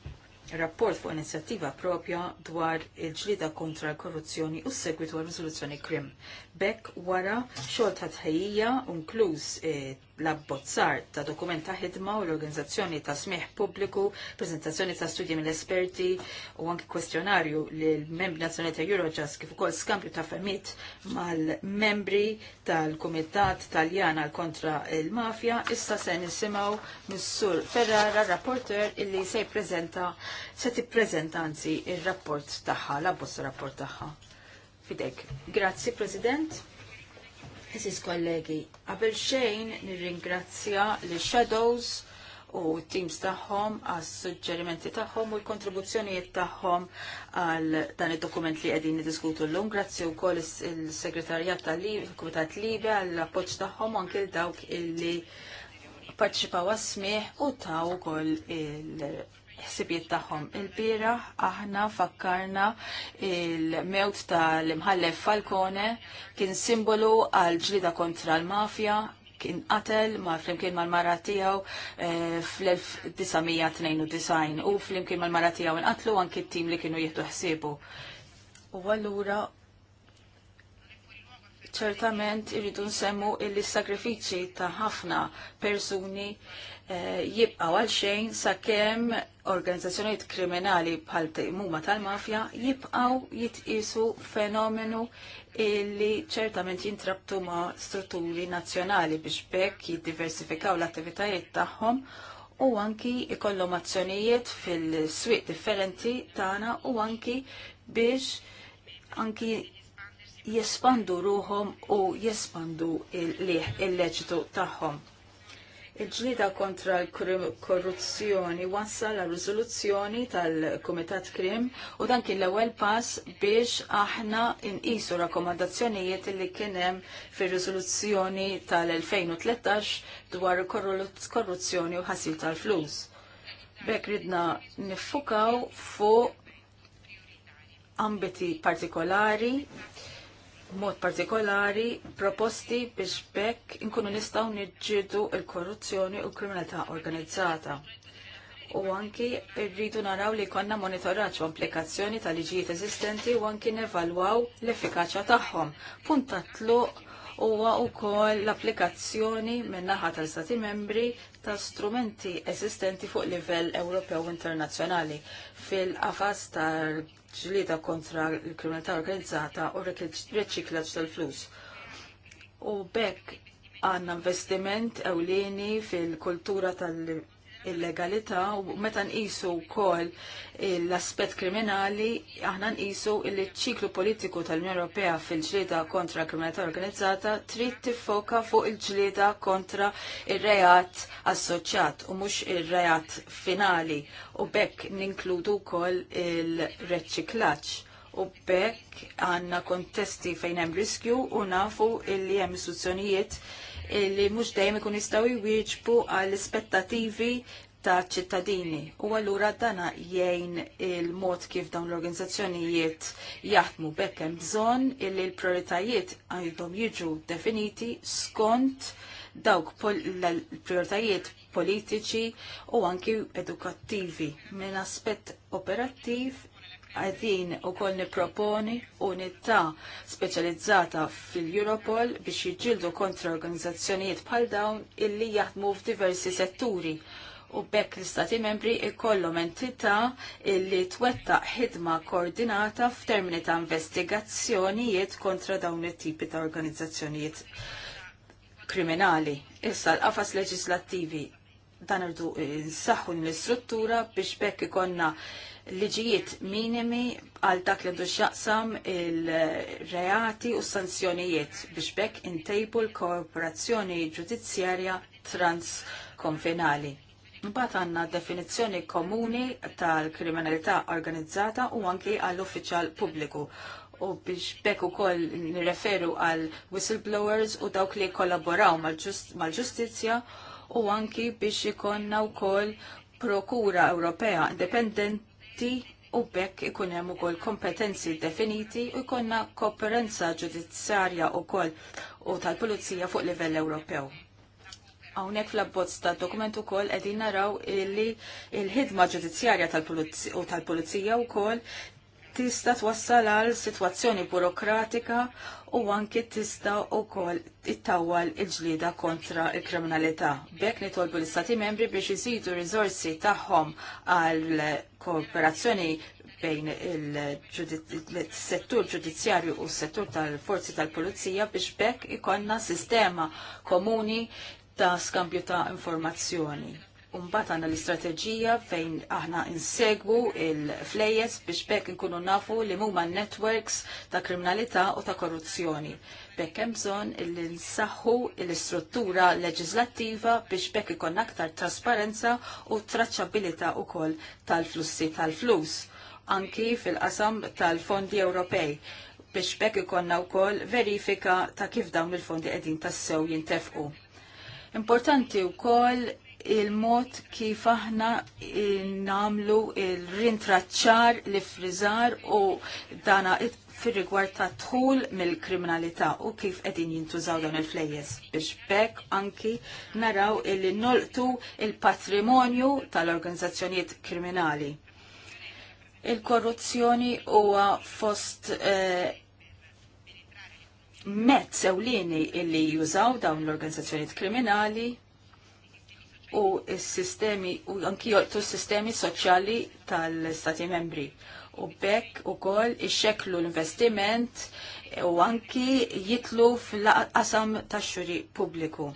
rapport fuq inizjattiva propja dwar il-ġlida kontra l-korruzzjoni u s-segwitu għal riżoluzzjoni krim bekk wara xogħol ta' tħejjija inkluż eh, l-abbozzar ta' dokument ta' ħidma u l-organizzazzjoni ta' smieħ pubbliku, prezentazzjoni ta' studji mill-esperti u anki kwestjonarju li l-membri nazzjonali ta' Eurojust kif ukoll skambju ta' femmit mal-membri tal-Kumitat Taljana kontra il-Mafja, issa se nisimgħu Missur Ferrara, rapporter illi se jippreżenta se tippreżenta anzi ir-rapport tagħha, l-abbozz rapport tagħha. Fidek. Grazzi, President. Eżis kollegi, qabel xejn nirringrazzja li Shadows u teams tagħhom għas suġġerimenti tagħhom u l-kontribuzzjonijiet tagħhom għal dan id-dokument li qegħdin niddiskutu llum. Grazzi wkoll il segretarjat tal-Kumitat Libe għall appoġġ tagħhom anke dawk illi parteċipaw għas u taw ukoll il- ħsibiet tagħhom. Il-bira aħna fakkarna il-mewt tal-imħallef Falcone kien simbolu għal ġlida kontra l-mafja, kien qatel ma flimkien mal-mara tiegħu eh, fl-1992 u flimkien mal-mara tiegħu inqatlu anki t-tim li kienu jieħdu ħsiebu. U allura ċertament irridu nsemmu il-sagrifiċi ta' ħafna persuni Eh, Jibqa' għal xejn sakemm organizzazzjonijiet kriminali bħal tejmuma tal-mafja jibqaw jitqisu fenomenu illi ċertament jintrabtu ma' strutturi nazzjonali biex bekk jiddiversifikaw l-attivitajiet tagħhom u anki ikollhom azzjonijiet fil-swieq differenti tagħna u anki biex anki jespandu ruhom u jespandu l leħ il-leġitu tagħhom. Il-ġlida kontra l-korruzzjoni wassal la riżoluzzjoni tal-Kumitat Krim u dan kien l-ewwel pass biex aħna inqisu rakkomandazzjonijiet li kien hemm fir-riżoluzzjoni tal-2013 dwar korruzzjoni u ħassil tal-flus. Bekk ridna niffukaw fuq ambiti partikolari mod partikolari proposti biex bekk inkunu nistaw nirġidu il-korruzzjoni u kriminalità organizzata. U anki rridu naraw li konna monitoraġġ u applikazzjoni tal-liġijiet eżistenti u anki nevalwaw l-effikaċja tagħhom. Punt tatlu huwa wkoll l-applikazzjoni min-naħa tal-Stati membri ta' strumenti eżistenti fuq livell Ewropew internazzjonali fil-qafas tal ġlieda kontra l-kriminalità organizzata u reċiklaġġ tal-flus. U bekk għanna investiment ewlieni fil-kultura tal il-legalità u meta nqisu wkoll l-aspett kriminali aħna nqisu li ċiklu politiku tal-Unjoni Ewropea fil-ġlieda kontra kriminalità organizzata trid tiffoka fuq il-ġlieda kontra ir-reat assoċjat u mhux ir-reat finali u bekk ninkludu wkoll il-reċiklaġġ u bekk għanna kontesti fejn hemm riskju u nafu li hemm istituzzjonijiet li mhux dejjem ikun jistgħu jwieġbu għall ispettattivi ta' ċittadini. U allura dana jgħin il-mod kif dawn l-organizzazzjonijiet jaħdmu bekk hemm bżonn illi l-prioritajiet għandhom jiġu definiti skont dawk l-prioritajiet politiċi u anki edukattivi minn aspett operattiv għadin u koll niproponi unità specializzata fil-Europol biex jġildu kontra organizzazzjonijiet bħal dawn illi jaħdmu f'diversi setturi u bekk l-Istati membri ikollhom entità illi twetta ħidma koordinata f'termini ta' investigazzjonijiet kontra dawn it-tipi ta' organizzazzjonijiet kriminali. Issa l-qafas leġislattivi dan irdu nsaħħu l-istruttura biex bekk ikonna liġijiet minimi għal dak li xaqsam il-reati u sanzjonijiet biex bekk intejbu l-kooperazzjoni ġudizzjarja transkonfinali. Mbagħad għandna definizzjoni komuni tal-kriminalità organizzata u anki għall-uffiċjal pubbliku u biex bekk ukoll nirreferu għal whistleblowers u dawk li kollaboraw mal-ġustizzja u anki biex ikonna wkoll Prokura Ewropea independent diritti u bekk ikun hemm ukoll kompetenzi definiti u jkollna kooperenza ġudizzarja wkoll u tal-Pulizija fuq livell Ewropew. Hawnhekk fl-abbozz tad dokument ukoll qegħdin naraw li l-ħidma ġudizzjarja tal-Pulizija u tal-Pulizija wkoll tista' twassal għal sitwazzjoni burokratika u anki tista' it ittawwal il-ġlida kontra il-kriminalità. Bekk nitolbu l-Istati membri biex jizidu rizorsi tagħhom għal kooperazzjoni bejn il-settur ġudizzjarju u s-settur tal-forzi tal-pulizija biex bekk ikonna sistema komuni ta' skambju ta' informazzjoni Umbat għanna l-istrateġija fejn aħna insegwu il-flejes biex bekk nkunu nafu li muma networks ta' kriminalità u ta' korruzzjoni. Bekk hemm bżonn li nsaħħu l-istruttura leġislattiva biex bekk ikon aktar trasparenza u traċċabilità ukoll tal-flussi tal-flus anki fil-qasam tal-fondi Ewropej biex bekk ikonna wkoll verifika ta' kif dawn il-fondi qegħdin tassew jintefqu. Importanti wkoll il-mod kif aħna namlu il-rintraċċar li frizar u dana fir rigward ta' tħul mill-kriminalità u kif qegħdin jintużaw dawn il-flejjes biex bekk anki naraw illi nolqtu il-patrimonju tal-organizzazzjonijiet kriminali. Il-korruzzjoni huwa fost eh, mezz ewlieni illi jużaw dawn l-organizzazzjonijiet kriminali u s-sistemi u anki joqtu s-sistemi soċjali tal-Stati membri. U bekk u kol iċeklu l-investiment u anki jitlu fl-qasam tax-xuri pubbliku.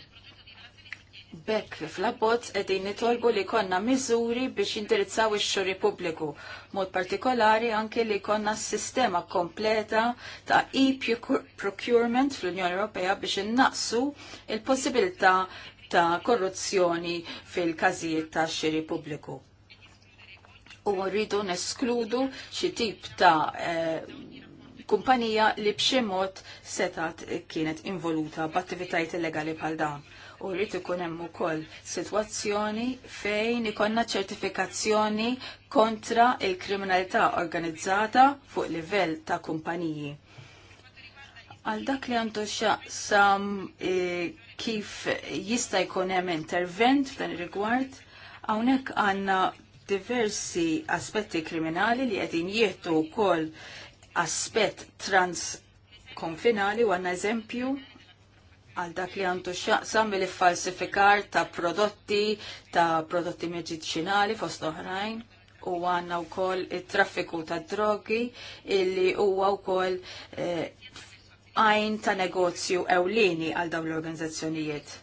Bekk fl-abbozz qegħdin nitolbu li konna miżuri biex jindirizzaw ix-xuri pubbliku, mod partikolari anke li konna sistema kompleta ta' e-procurement fl-Unjoni Ewropea biex innaqsu il-possibilità ta' korruzzjoni fil-każijiet ta' xiri pubbliku. U rridu neskludu xi tip ta' eh, kumpanija li b'xi mod setat kienet involuta b'attivitajiet illegali bħal dawn. U rrid ikun hemm ukoll sitwazzjoni fejn ikonna ċertifikazzjoni kontra il-kriminalità organizzata fuq livell ta' kumpaniji. Għal dak li għandu xaqsam eh, kif jista' jkun hemm intervent f'dan ir-rigward, hawnhekk għandna diversi aspetti kriminali li qegħdin jieħdu wkoll aspett transkonfinali u għandna eżempju għal dak li għandu xaqsam mill falsifikar ta' prodotti, ta' prodotti medicinali fost oħrajn u għanna u koll il-traffiku ta' drogi illi huwa għaw koll eh, għajn ta' negozju ewlieni għal dawn l-organizzazzjonijiet.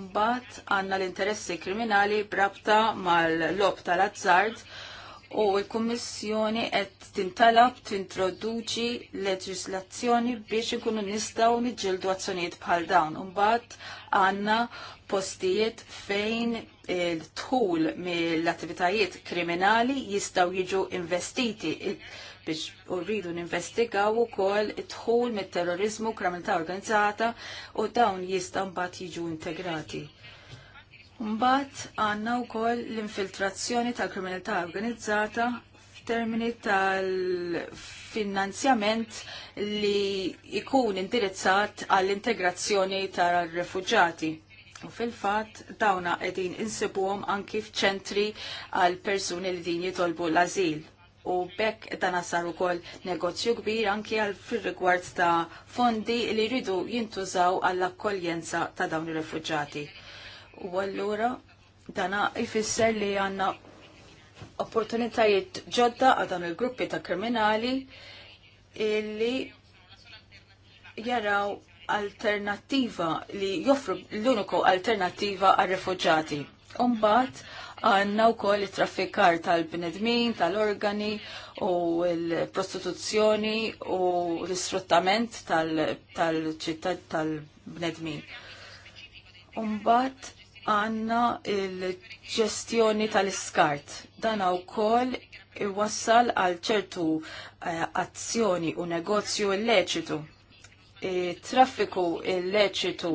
Mbagħad għandna l-interessi kriminali brabta mal-lob tal-azzard u l-Kummissjoni qed tintalab tintroduċi leġislazzjoni biex ikunu nistgħu niġġieldu azzjonijiet bħal dawn. Mbagħad għandna postijiet fejn il-tħul mill-attivitajiet kriminali jistgħu jiġu investiti biex u rridu ninvestigaw ukoll it dħul mit-terrorizmu kriminalità organizzata u dawn jistan mbagħad jiġu integrati. Mbagħad għandna wkoll l-infiltrazzjoni tal-kriminalità organizzata f'termini tal-finanzjament li ikun indirizzat għall-integrazzjoni tal-refuġati. U fil-fat dawna edin insibuhom anki f'ċentri għal persuni li din jitolbu l-azil u bekk dan sar ukoll negozju kbir anki għal fil-rigward ta' fondi li jridu jintużaw għall-akkoljenza ta' dawn ir-refuġati. U allura dana jfisser li għanna opportunitajiet ġodda għal dawn il-gruppi ta' kriminali illi jaraw alternativa li joffru l-uniku alternativa għal refuġati. Umbat, għanna u koll traffikar tal-bnedmin, tal-organi u l-prostituzzjoni u l-sfruttament tal-bnedmin. Tal Umbat għanna il-ġestjoni tal-iskart. Dan u koll iwassal għal ċertu eh, azzjoni u negozju illeċitu e-, traffiku illeċitu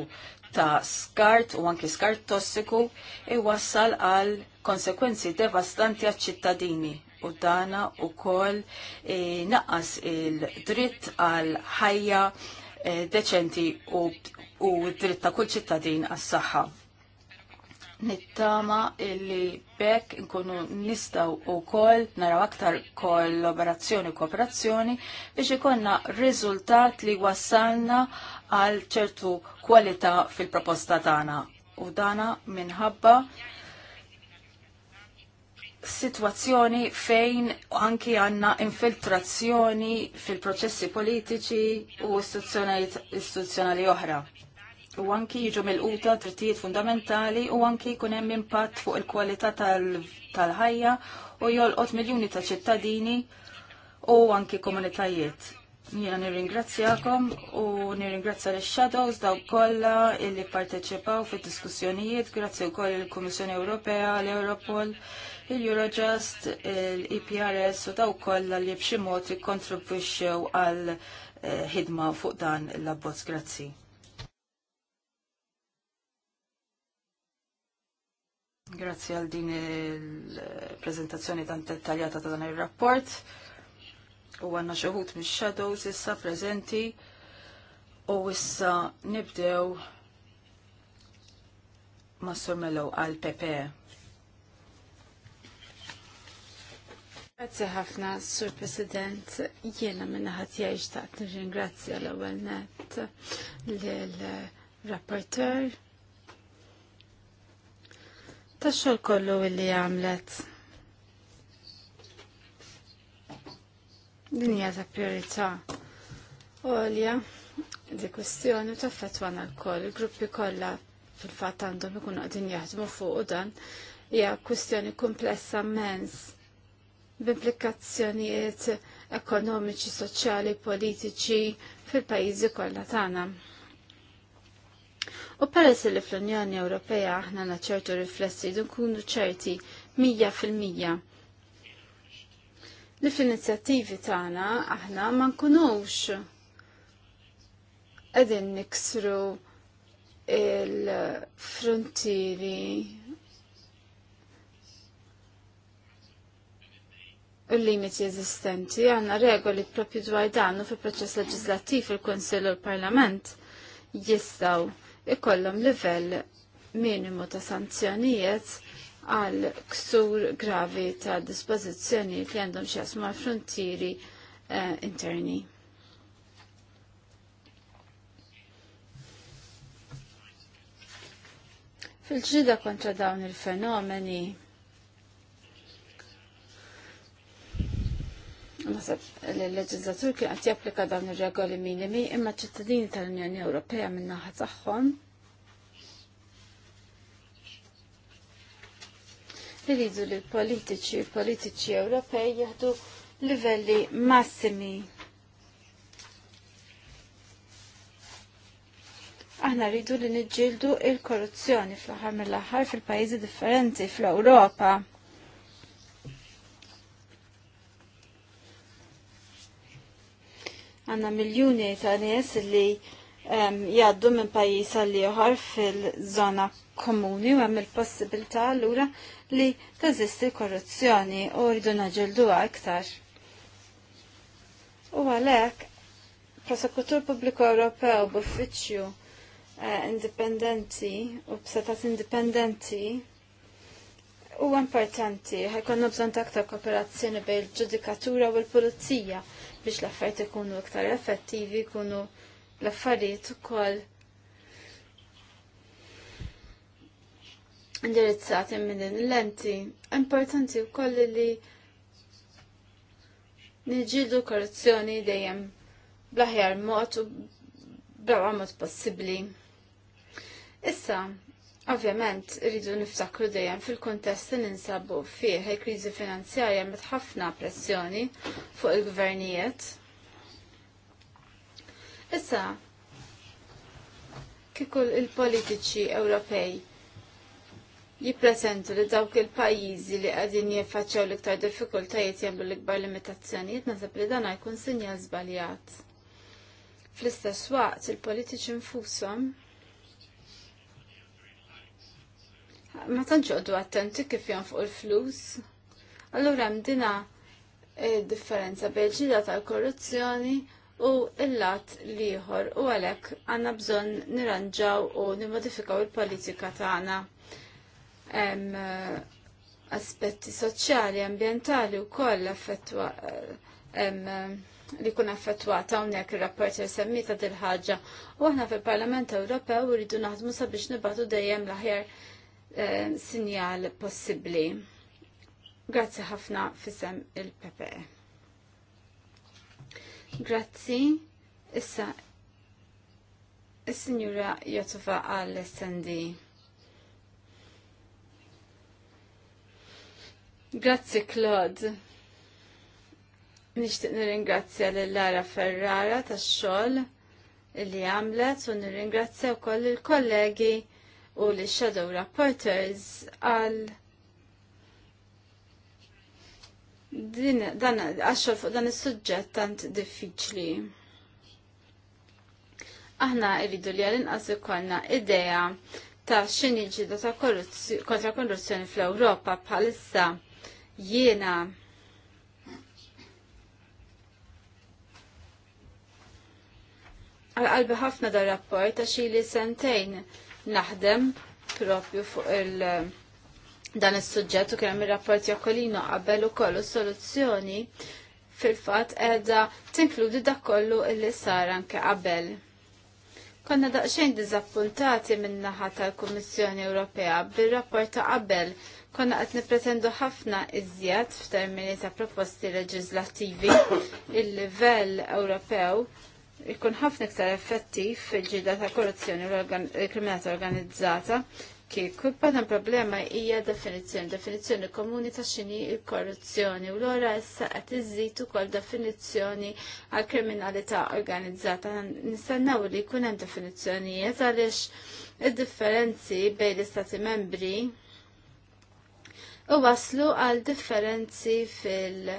ta' skart u anki skart tossiku iwassal għal konsekwenzi devastanti għal ċittadini u dana u kol e, naqas il-dritt għal ħajja e, deċenti u, u dritt ta' kull ċittadin għas saħħa Nittama illi bekk nkunu nistaw u kol naraw aktar kollaborazzjoni u kooperazzjoni biex ikonna rizultat li wassalna għal ċertu kwalità fil-proposta tagħna. U dana minħabba situazzjoni fejn anki għanna infiltrazzjoni fil-proċessi politiċi u istituzzjonali oħra. U anki jiġu mill-quta drittijiet fundamentali u anki kunem hemm impatt fuq il-kwalità tal-ħajja tal u jolqot miljuni ta' ċittadini u anki komunitajiet. Jena nirringrazzjakom u nirringrazzja l-Shadows daw kolla illi parteċipaw fit diskussjonijiet grazzi u koll il-Komissjoni Ewropea, l-Europol, il-Eurojust, l-EPRS u daw kolla li bximot kontribwixxew għal eh, ħidma fuq dan l-abbozz grazzi. Grazzi għal din il-prezentazzjoni eh, tan dettaljata ta' dan il-rapport u għanna xoħut mis shadows issa prezenti u issa nibdew ma' surmelo għal Pepe. Grazie ħafna, Sur President, jiena minna ħatijaj xtaqt nirringrazzja l-ewel net l rapporteur ta' xol kollu li għamlet dinja ta' priorità Olja, di kwestjoni ta' fetwan l-koll. Il-gruppi kollha fil-fatt għandhom ikunu għadin jaħdmu fuq u dan hija kwestjoni komplessa mens b'implikazzjonijiet ekonomiċi, soċjali, politiċi fil-pajjiżi kollha tagħna. U peress li fl-Unjoni Ewropea aħna naċertu riflessi dun kunu ċerti mija fil-mija li fl-inizjattivi tagħna aħna ma nkunux qegħdin niksru il-frontieri l limiti eżistenti, għanna regoli propju dwar dan fil proċess leġislattiv il kunsill u l-Parlament jistaw ikollhom livell minimu ta' sanzjonijiet għal ksur gravi ta' dispozizjoni li għandhom xasmu għal frontieri uh, interni. Fil-ġida kontra dawn il-fenomeni, Nasab l-leġizzatur kien qed japplika dawn ir-regoli minimi imma ċittadini tal-Unjoni Ewropea min-naħa tagħhom li li politiċi politiċi Ewropej jieħdu livelli massimi. Aħna rridu li niġġieldu il-korruzzjoni fl-aħħar mill-aħħar fil-pajjiżi differenti fl-Ewropa. Għanna miljuni ta' nies li jgħaddu minn pajjiż għal ieħor fil-żona komuni u hemm il-possibilità allura li teżisti korruzzjoni u rridu naġilduha iktar. U għalhekk prosekutur pubbliku Ewropew b'uffiċċju eh, indipendenti u b'setat indipendenti u importanti, ħajkonna bżon ta' aktar kooperazzjoni bejn il-ġudikatura u l-pulizija biex l-affarijiet ikunu iktar effettivi, ikunu l-affarijiet ukoll indirizzati minn din il-lenti. Importanti wkoll li niġġieldu korruzzjoni dejjem bl-aħjar mod u bl mod possibbli. Issa, Ovvjament, rridu niftakru dejjem fil-kontest li ninsabu fih il-kriżi finanzjarja met ħafna pressjoni fuq il-gvernijiet Issa, kikul il-politiċi Ewropej jipresentu li dawk il-pajjiżi li qegħdin jiffaċċew l-iktar diffikultajiet jemlu l-ikbar limitazzjonijiet naħseb li dan jkun sinjal żbaljat. Fl-istess waqt il-politiċi nfushom ma tanċoqdu attenti kif fuq il-flus. Allura mdina eh, differenza bejn tal-korruzzjoni u il-lat liħor u għalek għanna bżon niranġaw u nimodifikaw il-politika tagħna aspetti soċjali, ambientali u koll affettwa li kun affettwata unnek il-rapporter semmita dil-ħagġa u aħna fil-Parlament Ewropew rridu naħdmu sabiex nibatu dejjem l-aħjar sinjal possibli. Grazzi ħafna fisem il-PPE. Grazzi. Issa, il-Sinjura Jotova għall sendi Grazzi, Claude. Nishtiq nirringrazzja l-Lara Ferrara ta' xol li għamlet u nirringrazzja u koll il-kollegi u l-Shadow Rapporters għal Din, dan, għaxol fuq dan il-sujġet tant diffiċli. Aħna irridu li għal-inqas ikollna ideja ta' xini ġida ta' kontra korruzzjoni fl-Europa bħalissa jiena għalbi ħafna dar rapport ta' xili sentejn naħdem propju fuq il- dan is-suġġett u kien hemm ir-rapport Jakolino qabel ukoll kollu soluzzjoni fil-fatt qiegħda tinkludi dak kollu illi sar anke qabel. Konna daqsxejn diżappuntati min-naħa tal-Kummissjoni Ewropea bir-rapport ta' qabel konna qed nippretendu ħafna iżjed f'termini ta' proposti leġislattivi il-livell Ewropew ikun ħafna iktar effettiv fil-ġida ta' korruzzjoni u kriminata organizzata kull panna problema hija definizzjoni, definizzjoni komuni ta' xini il-korruzzjoni u l-ora issa qed iżid ukoll definizzjoni għal kriminalità organizzata. Nistennaw li jkun hemm definizzjonijiet għaliex id-differenzi bejn l-istati membri u waslu għal differenzi fil-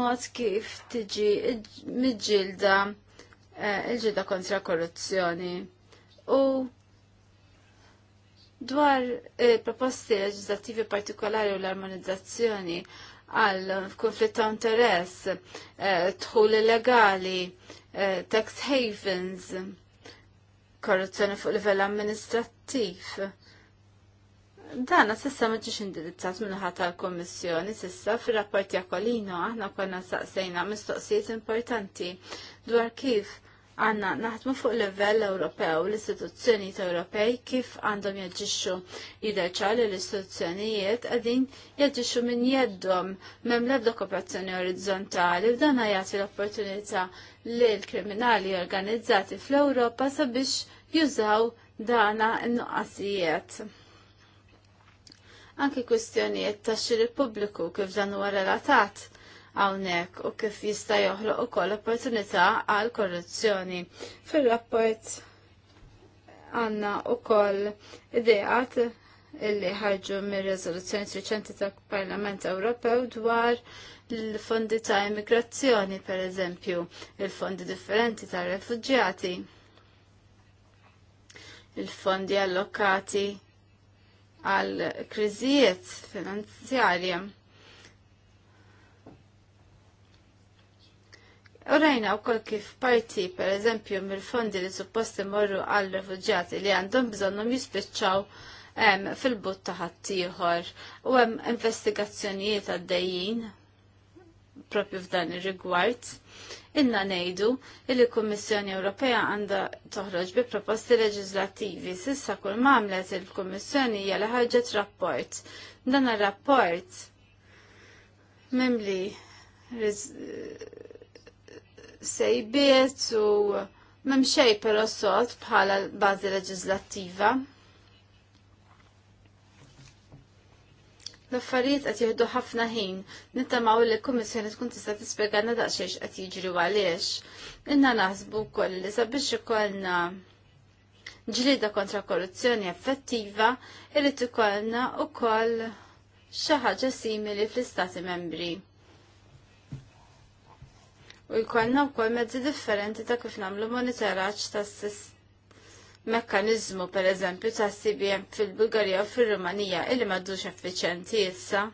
mod kif tiġi miġilda eh, il-ġilda kontra korruzzjoni u dwar eh, proposti leġislattivi partikolari u l-armonizzazzjoni għal konflitt ta' interess, eh, tħul illegali, eh, tax havens, korruzzjoni fuq livell amministrattiv. Dan sissa ma ġiex indirizzat minnaħat tal-Kommissjoni, sissa fir-rapporti għakolino aħna konna saqsejna mistoqsijiet importanti dwar kif għanna naħdmu fuq level Ewropew l-istituzzjoni Ewropej kif għandhom jaġġixxu jiderċa l-istituzzjonijiet qegħdin jaġġixxu minn jeddhom m'hemm l-ebda kooperazzjoni orizzontali f'dan jagħti l-opportunità lil kriminali organizzati fl-Ewropa sabiex jużaw dana n-nuqqasijiet. Anki kwistjonijiet tax-xiri pubbliku kif dan huwa relatat hawnhekk u kif jista' joħloq ukoll opportunità għal korruzzjoni. fil rapport għandna ukoll ideat illi ħarġu mir rezoluzzjoni riċenti tal-Parlament Ewropew dwar l-fondi ta' immigrazzjoni, per eżempju, il-fondi differenti ta' refugġjati, il-fondi allokati għal kriżijiet finanzjarja. U rajna u koll kif parti, per eżempju, mill-fondi li supposti morru għal refugġati li għandhom bżonnom jispiċċaw fil-but taħattijħor u hemm investigazzjonijiet għaddejjin propju f'dan ir-rigward. Inna nejdu il kummissjoni Ewropea għandha toħroġ bi proposti leġislattivi sissa kull mamlet il-Kummissjoni hija li ħarġet rapport. Dan ir-rapport mimli sejbiet u memxej per sot bħala bazi leġizlattiva. L-affarijiet qed jieħdu ħafna ħin, nittamaw li l-Kummissjoni tkun tista' tispjegana daqsxejn qed jġri għaliex. Inna naħsbu wkoll li sabiex ikollna ġlida kontra korruzzjoni effettiva irid ikollna wkoll xi ħaġa simili fl-Istati Membri u jkollna wkoll mezzi differenti ta' kif nagħmlu monitoraġġ tas mekkanizmu per eżempju ta' CBM fil-Bulgarija u fil-Rumanija illi m'għadux effiċjenti issa.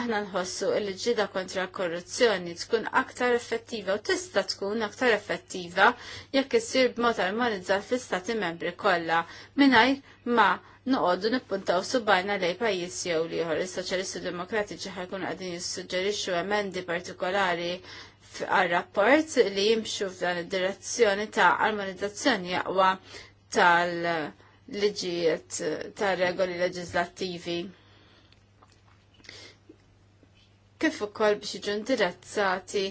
Aħna nħossu li ġida kontra korruzzjoni tkun aktar effettiva u tista' tkun aktar effettiva jekk issir b'mod armonizzat fl-istati membri kollha mingħajr ma' noqogħdu nippuntaw subajna lej pajjiż jew ieħor Is-Soċjalisti Demokratiċi ħajkun qegħdin jissuġġerixxu emendi partikolari għal-rapport li jimxu f'dan id-direzzjoni ta' armonizzazzjoni jaqwa tal-liġijiet tal-regoli leġislattivi. Kif ukoll biex iġu indirizzati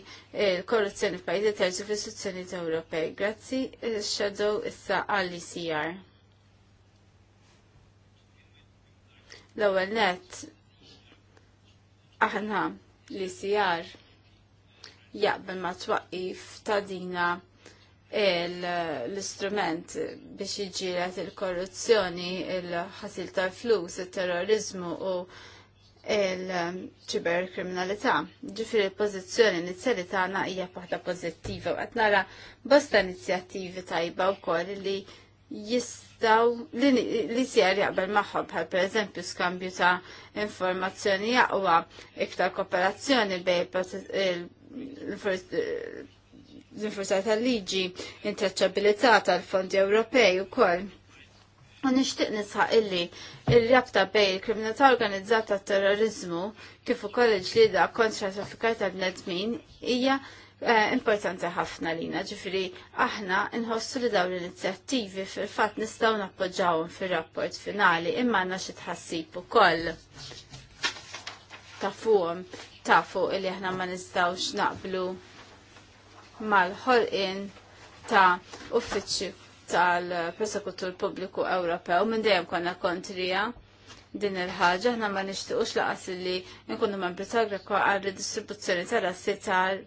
l-korruzzjoni f'pajjiżi terzi fl-istituzzjonijiet Ewropej. Grazzi, Shadow issa għall-ICR. L-ewwel net aħna l-ICR e jaqbel ma twaqif ta' dina l-istrument biex iġilet il-korruzzjoni, il-ħasil tal-flus, il-terrorizmu u il-ċiberkriminalità. Ġifir il-pozizjoni inizjali tagħna hija waħda pozittiva. u qed nara bosta inizjattivi tajba wkoll li jistaw li sjer jaqbel magħhom bħal pereżempju skambju ta' informazzjoni jaqwa iktar kooperazzjoni bej il l-infurzata tal-liġi, intraċabilità tal-fondi Ewropej u koll. U nishtiq nisħaq illi il-rabta bej il-kriminalità organizzata terrorizmu kif ukoll il-ġlida kontra traffikar ta' bnedmin hija eh, importanti ħafna lina, ġifiri aħna nħossu li dawn l-inizjattivi fil-fatt nistgħu nappoġġawhom fir-rapport finali imma għandna xi tħassib ukoll ta' fuqhom tafu illi aħna ma nistawx naqblu mal-ħolqin ta' uffiċċju tal-persekutur pubbliku Ewropew minn dejjem konna kontrija din il-ħaġa aħna ma nixtiequx laqas li nkunu membri tal-Grekwa għal redistribuzzjoni tal-assi tal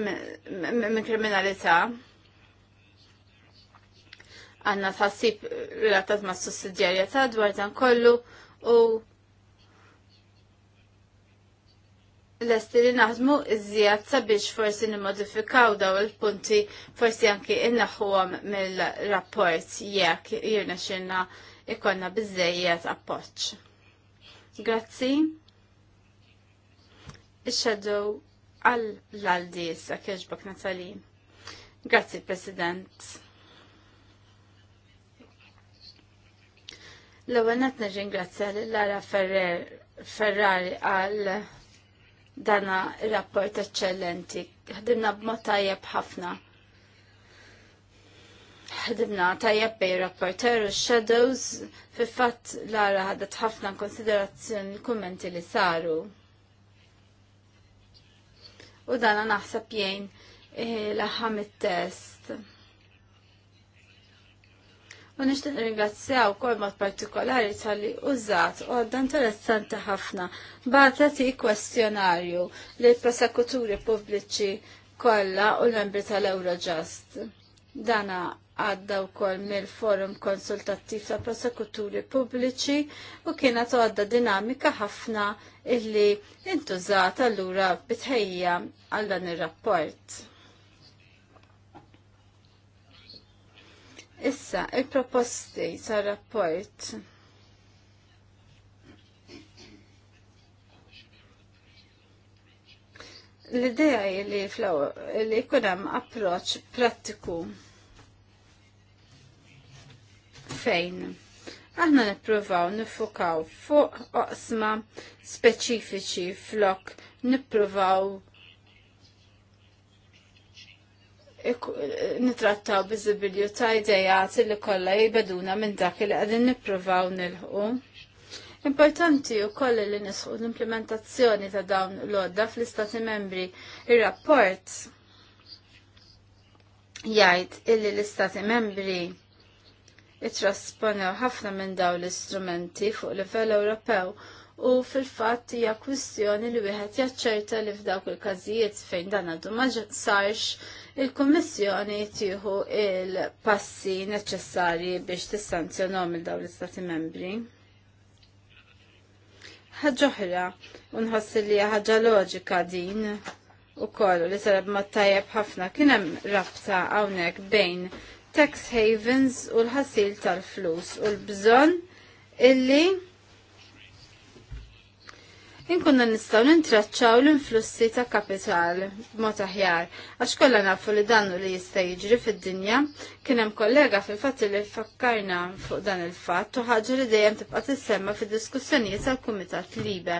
minn kriminalità għanna tħassib relatat ma' ta' dwar dan kollu u lesti li naħdmu iżjed sabiex forsi nimmodifikaw daw il-punti forsi anki innaħħuhom mill-rapport jekk jirna xinna ikonna biżejjed appoġġ. Grazzi. Ix-shadow għall-għaldi issa kieġbok Natali. Grazzi, President. L-ewwel qed nirringrazzja lil Lara Ferrari għal dana rapport eccellenti. Ħdimna b'mod tajjeb ħafna. Ħdimna tajjeb bej rapporter u shadows fi fatt Lara ħadet ħafna konsiderazzjoni l-kummenti li saru. U dana naħseb jgħin eh, l-aħħam test U nishtiq ringrazzjaw kol mod partikolari tal-li użat u għadda interessanti ħafna. Bata ti kwestjonarju li prosekuturi pubbliċi kolla u l-membri tal-Eurojust. Dana għadda u kol mill-forum konsultattiv ta' prosekuturi pubbliċi u kienet għadda dinamika ħafna illi intużata l-ura bitħejja għal dan ir-rapport. Issa, il-proposti sa' rapport L-idea li li jkun hemm approċċ prattiku fejn. Aħna nippruvaw nifukaw fuq oqsma speċifiċi flok nippruvaw nitrattaw biżibilju ta' idejat li kollha jibeduna minn dak li qegħdin nippruvaw nilħu. Importanti u koll li nisħu l-implementazzjoni ta' dawn l-odda fl-istati membri. Il-rapport jgħid illi l-istati membri it-trasponew ħafna minn dawn l-istrumenti fuq livell Ewropew u fil-fatt hija kwistjoni li wieħed jaċċerta li f'dawk il-każijiet fejn dan għadu ma sarx il-Kommissjoni tieħu il-passi neċessarji biex tissanzjonhom il dawn l-Istati membri. Ħaġoħra, unħossi li ħaġa loġika din u kollu li sarab ma tajjeb ħafna kien hemm rabta hawnhekk bejn tax havens u l-ħasil tal-flus u l-bżonn illi inkunna nistaw nintraċċaw l-influssi ta' kapital b'mod aħjar, għax kollha nafu li dannu li jista' jiġri fid-dinja, kien hemm kollega fil-fatt li fakkarna fuq dan il-fatt u ħaġa li dejjem tibqa' tissemma fid-diskussjonijiet tal-Kumitat Libe.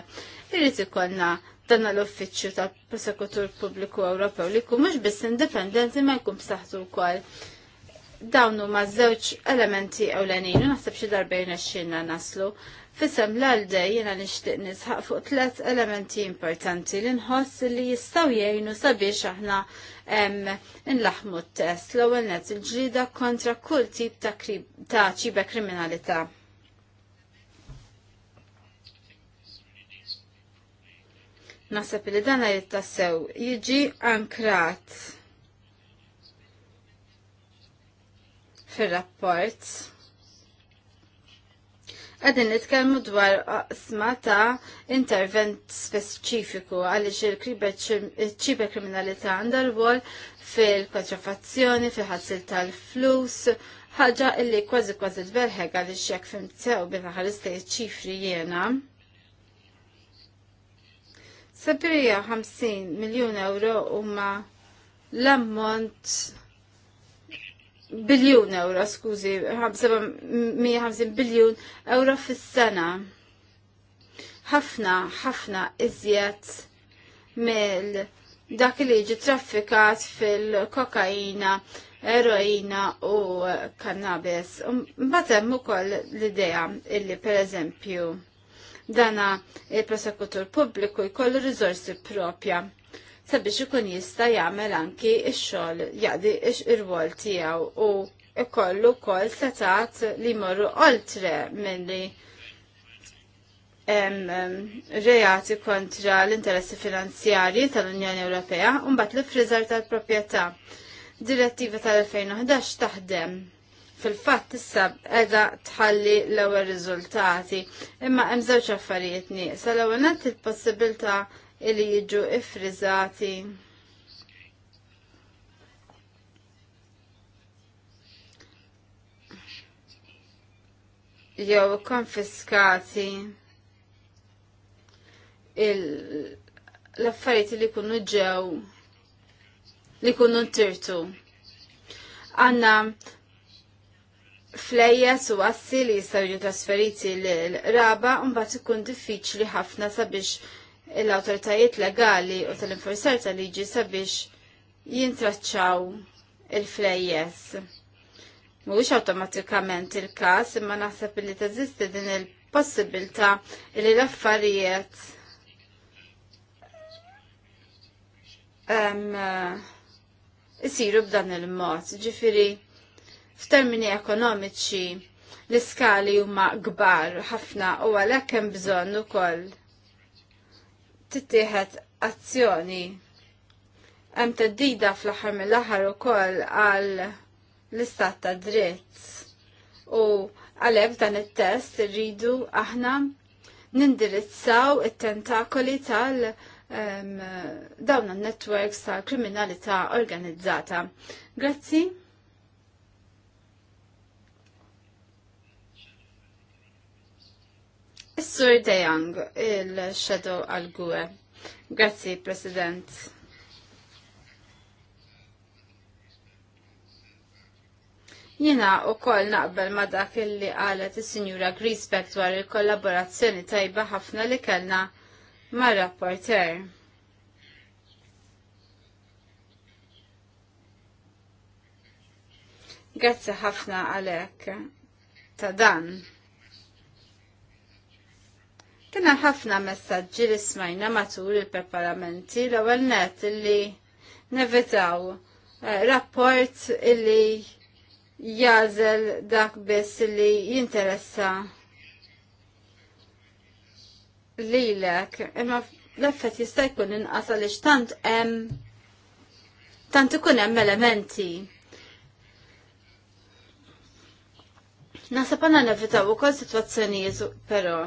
Irid ikollna dan l-uffiċċju tal-Prosekutur Pubbliku Ewropew li jkun mhux biss indipendenti ma jkun b'saħħtu wkoll. Dawn huma żewġ elementi ewlenin u naħseb xi darbejn għaxxinna naslu Fisem l-għalde jena nishtiq nisħaq fuq tlet elementi importanti li nħoss li jistaw jgħinu sabiex aħna nlaħmu t-test l ewwel net il-ġrida kontra kull tip ta' ċiba kriminalità. Nasab li dana jittassew jiġi ankrat fil-rapport Għadin nitkellmu dwar sma' ta' intervent speċifiku għaliex il-ċiber kriminalità għandha rwol fil-kontrafazzjoni, fil-ħassil tal-flus, ħaġa illi kważi kważi tberħeg għaliex jekk fimtew bil ħaristej ċifri jiena. Sabrija 50 miljun euro huma l-ammont biljun euro, skużi, 150 biljun euro fis-sena. Ħafna, ħafna iżjed mill dak li jiġi traffikat fil-kokaina, eroina u kannabis. Um, mbagħad hemm ukoll l-idea illi pereżempju dana il-prosekutur pubbliku jkollu rizorsi propja sabiex ikun jista' jagħmel anki x-xogħol jaqdi x-irwol tiegħu u kollu kol setat li morru oltre milli li reati kontra l-interessi finanzjari tal-Unjoni Ewropea mbagħad l-friżar tal-proprjetà. Direttiva tal-2011 taħdem fil-fatt issa qiegħda tħalli l-ewwel riżultati, imma hemm żewġ affarijiet nieqsa l-ewwel il-possibilità illi jiġu ifrizzati. jew konfiskati l-affarijiet li kunu ġew li kunu ntirtu. Għanna flejjes u għassi li jistaw trasferiti l-raba un bat ikun diffiċli ħafna sabiex l-autoritajiet legali u tal-infurzar tal-liġi sabiex jintraċċaw il-flejjes. Mhuwiex awtomatikament il-każ imma naħseb li teżisti din il-possibilità li l-affarijiet isiru b'dan il-mod. Ġifiri, f'termini ekonomiċi l-iskali huma kbar ħafna u għalhekk hemm bżonn ukoll tittieħed azzjoni. Hemm teddida fl-aħħar mill-aħħar ukoll għal l-istat ta' dritt u għalhekk dan it-test irridu aħna nindirizzaw it-tentakoli tal- ehm, dawn dawn networks tal kriminalità organizzata. Grazzi. Is-Sur Dejang, il-Shadow al gwe Grazie, President. Jina u kol naqbel ma dak li għalet il-Sinjura Griesbeck dwar il-kollaborazzjoni tajba ħafna li kellna ma' rapporter. Grazzi ħafna għalek ta' dan. Kena ħafna messaġġi li smajna matul il-preparamenti l ewwel net illi nevitaw eh, rapport illi jazel dak biss illi jinteressa lilek, imma l-effett jista' jkun inqas għaliex tant hemm tant ikun hemm elementi. Nasab għandna nevitaw ukoll sitwazzjonijiet però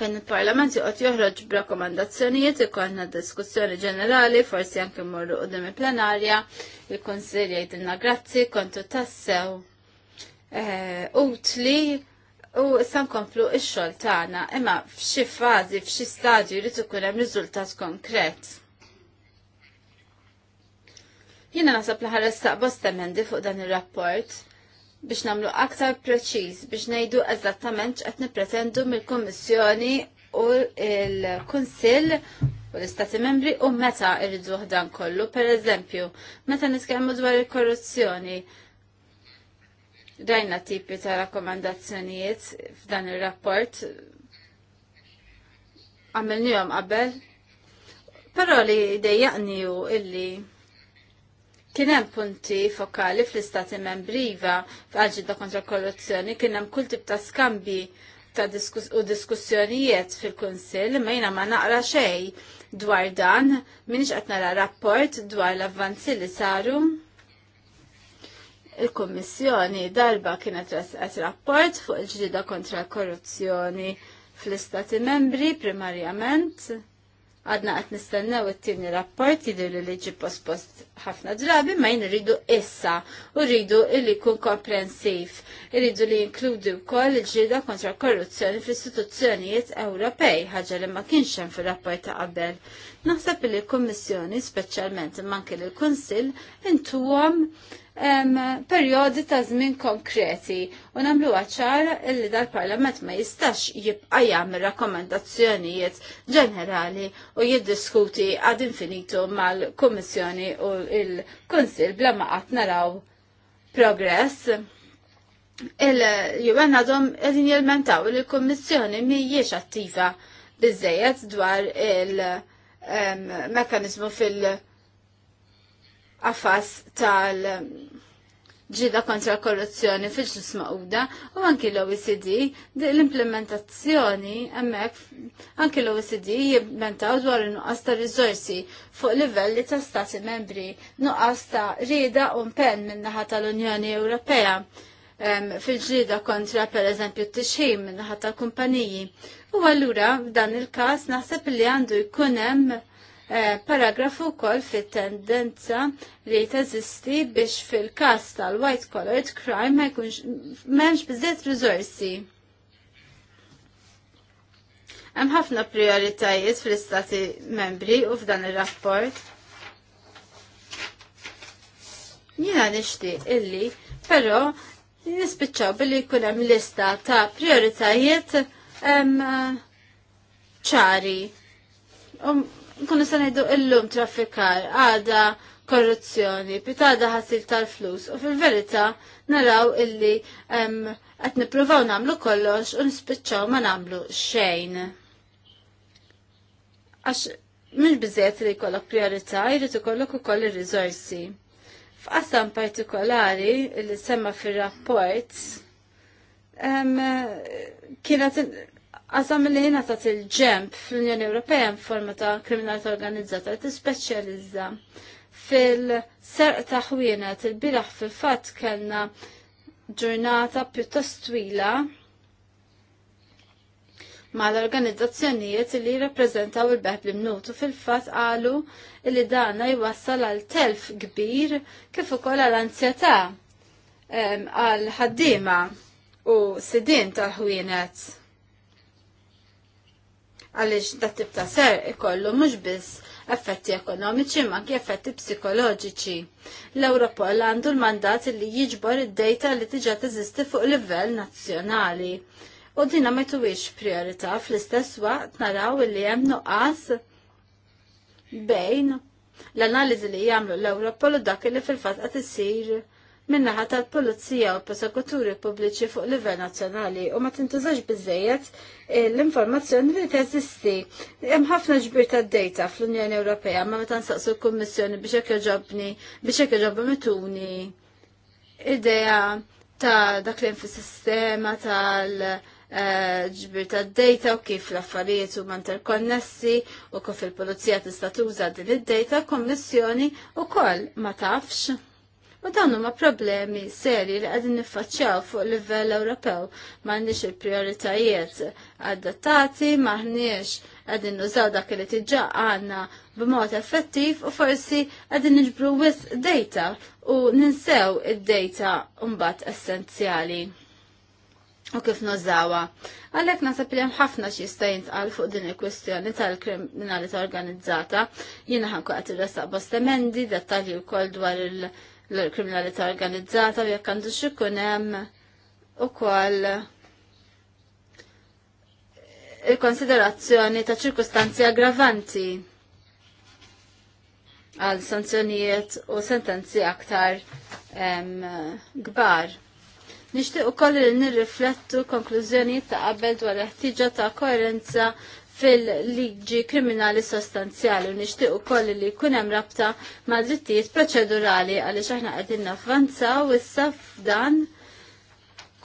fejn il-Parlament joqgħod joħroġ b'rakkomandazzjonijiet ikollna diskussjoni ġenerali, forsi anke mmorru qudiem il-plenarja, il-Kunsill jgħidilna grazzi, kontu tassew eh, utli u issa nkomplu x-xogħol tagħna, imma f'xi fażi, f'xi stadju jrid ikun hemm riżultat konkret. Jiena nasab l-ħares taqbos temendi fuq dan ir-rapport biex namlu aktar preċiż biex najdu eżattament x'qed nippretendu mill-Kummissjoni u l-Kunsill u l-Istati Membri u meta irridu dan kollu. Per eżempju, meta niskemmu dwar il-korruzzjoni, rajna tipi ta' rakkomandazzjonijiet f'dan ir-rapport għamilnijom qabel. Però li dejjaqni u illi Kien hemm punti fokali fl-istati membriva f'aġenda kontra korruzzjoni, kien hemm kull tip ta' skambi ta' diskus u diskussjonijiet fil-Kunsill, ma jiena ma naqra xejn dwar dan, minix qed nara rapport dwar l-avvanzi li saru. il kummissjoni darba kienet resqet rapport fuq il-ġdida kontra l-korruzzjoni fl-Istati membri primarjament Għadna għat nistennew it-tieni rapport jidir li liġi post-post ħafna drabi ma jien rridu issa u rridu illi kun komprensiv. Rridu li jinkludi wkoll il-ġrida kontra korruzzjoni fl-istituzzjonijiet Ewropej, ħaġa li ma kienx hemm fir-rapport ta' qabel. Naħseb li l-Kummissjoni speċjalment manke l kunsill intuhom periodi ta' żmien konkreti u nagħmlu ċar li dal-Parlament ma jistax jibqa' jagħmel rakkomandazzjonijiet ġenerali u jiddiskuti għad infinitu mal-Kummissjoni u l-Kunsill bla ma qatt naraw progress. Il-UN għadhom qegħdin jelmentaw li l mi mhijiex attiva biżejjed dwar il-mekanizmu fil- qafas tal ġida kontra korruzzjoni fil-ġus maquda u anki l-OECD l-implementazzjoni emmek anki l-OECD jibbentaw dwar nuqqas ta' rizorsi fuq livelli ta' stati membri nuqqas ta' rida un pen minnaħat tal-Unjoni Ewropea fil-ġrida kontra per eżempju t-tixħim minnaħat tal-kumpaniji. U għallura f'dan il-kas naħseb li għandu jkunem Eh, paragrafu kol fit tendenza li teżisti biex fil-kas tal-white collared crime ma jkunx menx bizzet rizorsi. Hemm ħafna prioritajiet fl-istati membri u f'dan ir-rapport. Jiena nixtieq illi, però nispiċċaw billi jkun hemm lista ta' prioritajiet ċari. Um, nkunu se ngħidu illum traffikar għada korruzzjoni, pitada ħasil tal-flus u fil-verità naraw illi qed nippruvaw nagħmlu kollox u nispiċċaw ma nagħmlu xejn. Għax mhux biżejjed li jkollok priorità, jrid ikollok ukoll ir-riżorsi. F'qasam partikolari li semma fir-rapport kienet Għazam li jena ta' il-ġemp fl-Unjoni Ewropea forma ta' kriminalità organizzata tispeċjalizza fil-serq ta' ħwienet il bilaħ fil-fat kellna ġurnata pjuttost twila ma' l-organizzazzjonijiet li jirrappreżentaw il-beħb li mnutu fil-fat għalu li dana jwassal għal telf kbir kif ukoll għal ansjetà għal ħaddiema u sidin tal-ħwienet għaliex ta' tip ta' ser ikollu mhux biss effetti ekonomiċi ma anke effetti psikoloġiċi. L-Europol għandu l-mandat li jiġbor id-data li tiġa teżisti fuq livell nazzjonali. U dina ma tuwix priorita fl-istess waqt naraw li hemm nuqqas bejn l-analiżi li jagħmlu l-Europol u dak li fil-fatt qed isir minnaħa tal-Polizija u l-Prosekuturi Pubbliċi fuq livell nazzjonali u ma tintużax biżejjed eh, l-informazzjoni li teżisti. Hemm ħafna ġbir tad-data fl-Unjoni Ewropea ma meta nsaqsu l-Kummissjoni biex hekk joġobni biex hekk joġobhom ituni idea ta' dak li fis-sistema tal eh, ġbir ta' data u kif l-affarijiet huma terkonnessi u kif il-pulizija tista' tuża din id-data kommissjoni u koll ma tafx. Ma dawn huma problemi seri li qegħdin niffaċċjaw fuq livell Ewropew. M'għandniex il-prijoritajiet adattati, m'aħniex qegħdin nużaw dak li tiġà għandna b'mod effettiv u forsi qegħdin niġbru wis data u ninsew id-data mbagħad essenzjali u kif nużawa. Għalek nasab li ħafna xi stajnt għal fuq din il-kwistjoni tal-kriminalità organizzata. Jiena ħanku il-resa bostemendi, dettalji wkoll dwar il- l-kriminalità organizzata jekk għandu xikun hemm ukoll il-konsiderazzjoni ta' ċirkustanzi aggravanti għal sanzjonijiet u sentenzi aktar gbar. Nishtiq u koll li nirriflettu konklużjoni ta' qabel dwar l-ħtiġa ta' koerenza fil-liġi kriminali sostanzjali u nixtieq ukoll li jkun hemm rabta ma' drittijiet proċedurali għaliex aħna qegħdin s issa f'dan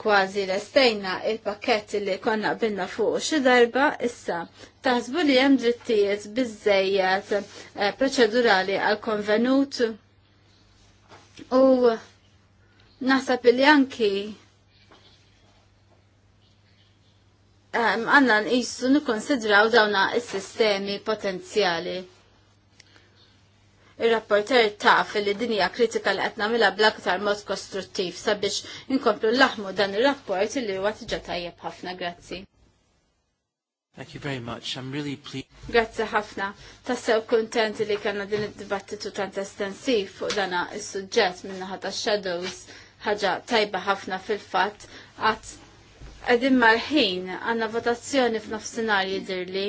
kważi l-estejna il-pakket li konna binna fuq xi darba issa taħsbu li hemm drittijiet biżejjed eh, proċedurali għal konvenut u naħseb li anki għanna nqisu nikkonsidraw dawna s-sistemi potenzjali. Il-rapporter taf li dinja kritika li għetna mela bl-aktar mod kostruttiv sabiex inkomplu laħmu dan il-rapport li huwa tiġa tajjeb ħafna grazzi. Thank you very much. I'm really pleased. Grazzi ħafna. Tassew kontent li kanna din id-dibattitu tant estensiv fuq dana is-suġġett minna ħata shadows ħaġa tajba ħafna fil-fatt għat Għedin marħin, għanna votazzjoni f'nofsinar jidirli,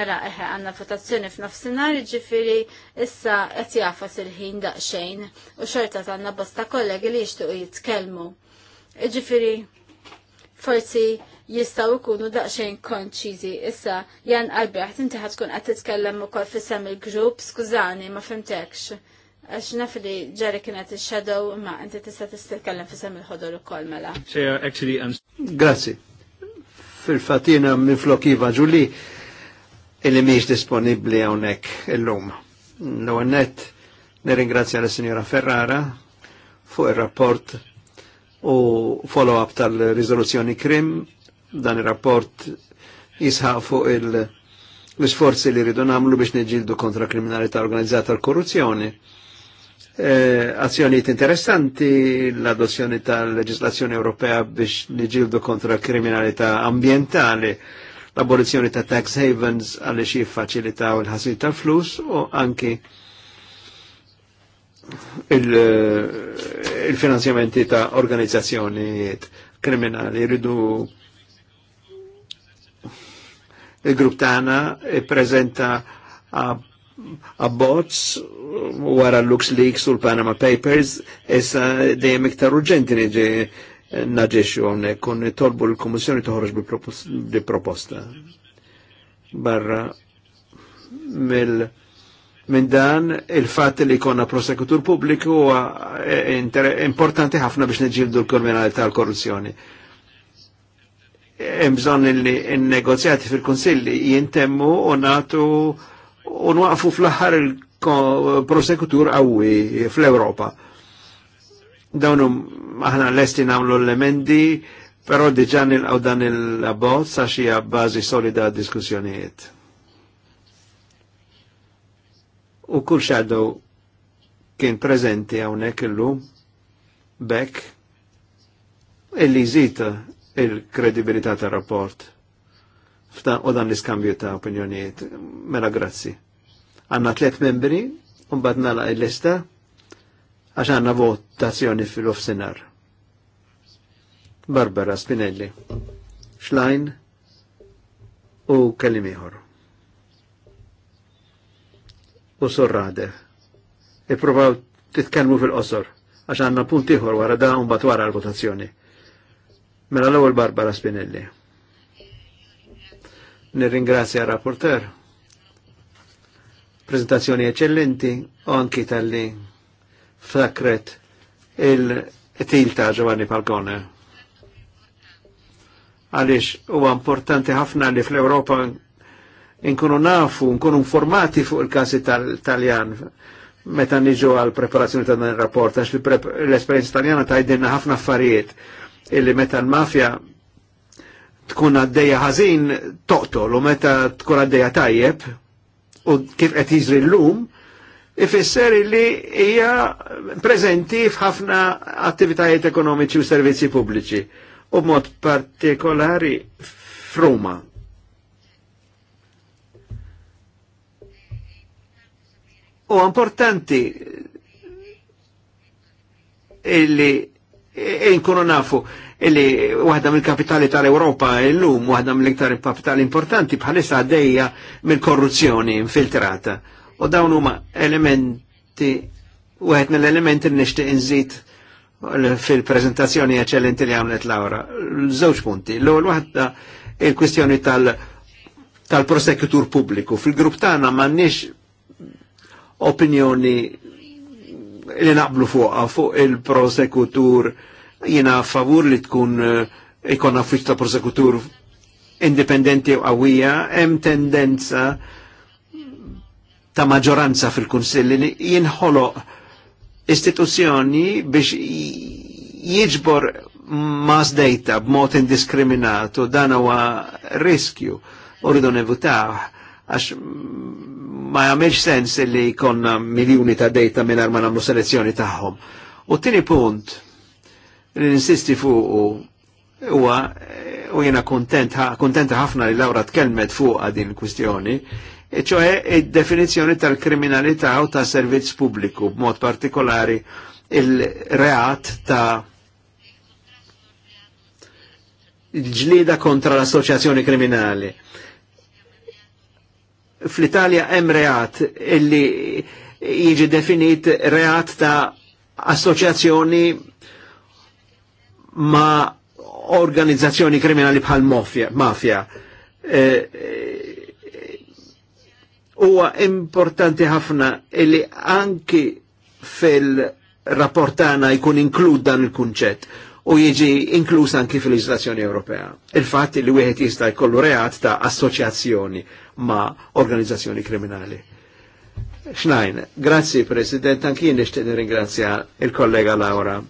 mela eħe għanna votazzjoni f'nofsinar ġifiri, issa qed jafas il-ħin daqxejn, u xorta għanna bosta kollegi li jishtuqu jitkelmu. Ġifiri, forsi jistaw ikunu daqxejn konċizi, issa jan għalbi, għat inti ħatkun għat titkellem u kol fissam il-grupp, skużani, ma fimtekx għax li ġari kienet il-shadow ma inti tista tistilkellem fisem il-ħodor u kol mela. Grazzi. Fil-fatina minn iva ġulli ġuli illi miex disponibli għonek il-lum. L-għonnet nirringrazzja l-Signora Ferrara fuq il-rapport u follow-up tal rizoluzjoni krim dan il-rapport jisħaq fuq il- sforzi li rridu namlu biex neġildu kontra kriminalità organizzata l korruzzjoni eh, azzjonijiet interessanti, l-adozzjoni tal-leġislazzjoni Ewropea biex niġildu kontra kriminalità ambientali, l-abolizzjoni ta' tax havens facilita u il-ħasil tal-flus u anki eh, il-finanzjamenti il ta' organizzazzjoni kriminali ridu il-grupp tagħna ppreżenta abbozz wara l Leaks u l-Panama Papers issa dejjem iktar urġenti niġi naġeċu għonek, kun tolbu l-Komissjoni toħroġ bi proposta. Barra minn dan il-fat li konna prosekutur publiku huwa e, e, importanti ħafna biex neġildu l-kriminalità tal korruzzjoni Hemm bżonn li n-negozjati fil konsilli jintemmu u natu u nwaqfu fl ħar il-prosekutur għawi fl-Ewropa. Dawnum l-esti namlu l-emendi, pero diġan il-għaw il-abbozz għax hija bażi solida diskussjonijiet. U kull xaddu kien prezenti hawnhekk illum bekk illi zita il-kredibilità tar-rapport Fta u dan l-iskambju ta' opinjonijiet. Mela grazzi. Għanna tliet membri, un bad nala il-lista, għax għanna votazzjoni fil-ofsenar. Barbara Spinelli, Schlein u Kalimiħor. U sorrade. Iprovaw titkelmu fil-qosor, għax għanna puntiħor wara da un bat wara l-votazzjoni. Mela l ewel Barbara Spinelli. Nirringrazzja rapporter. Prezentazzjoni eccellenti, anki tal-li flakret il-til ta' Giovanni Palgone. Għalix, huwa importanti ħafna li fl-Europa nkunu nafu, nkunu informati fuq il-kasi tal-Taljan meta niġu għal preparazzjoni ta' dan il-rapport, għax l-esperienza taljana ta' ħafna affarijiet illi meta l-mafja tkun għaddeja ħażin toqtol u meta tkun għaddeja tajjeb u kif qed l-lum ifisser li hija preżenti f'ħafna attivitajiet ekonomiċi u servizzi pubbliċi u mod partikolari f'Ruma. U importanti illi inkunu e-, e-, e-, nafu illi waħda mill-kapitali tal-Europa illum waħda mill-iktar kapitali importanti bħalissa għaddejja mill-korruzzjoni infiltrata. U dawn huma elementi waħed mill-elementi li nixtieq inżid fil-prezentazzjoni eċellenti li għamlet Laura. Żewġ punti. l waħda il-kwistjoni tal-prosekutur tal pubbliku. Fil-grupp tagħna m'għandniex opinjoni li naqblu fuqha fuq il-prosekutur pubbliku Jina favur li tkun eh, ikon uffiċ ta' prosekutur indipendenti u għawija, hemm tendenza ta' maġoranza fil-Kunsill li jinħoloq istituzzjoni biex jiġbor mass data b'mod indiskriminatu dan huwa riskju u rridu nevutaw għax ma jagħmilx sens li jkollna miljuni ta' data mingħajr ma nagħmlu selezzjoni tagħhom. U tieni punt, Ninsisti fuq huwa u jena kontenta ħafna li Laura tkellmet fuq din il-kwistjoni, e ċoħe id-definizjoni tal-kriminalità u ta' servizz pubbliku, b'mod partikolari il-reat ta' ġlida kontra l-assoċjazzjoni kriminali. Fl-Italja hemm reat illi jiġi definit reat ta' assoċjazzjoni ma organizzazzjoni kriminali bħal mafja. Huwa e, e, importanti ħafna li anki fil-rapportana jkun inklud dan il-kunċett u jiġi inkluż anki fil legislazzjoni Ewropea. Il-fatt li wieħed jista' jkollu reat ta' assoċjazzjoni ma' organizzazzjoni kriminali. Xnajn, grazzi President, anki nixtieq nirringrazzja il-kollega Laura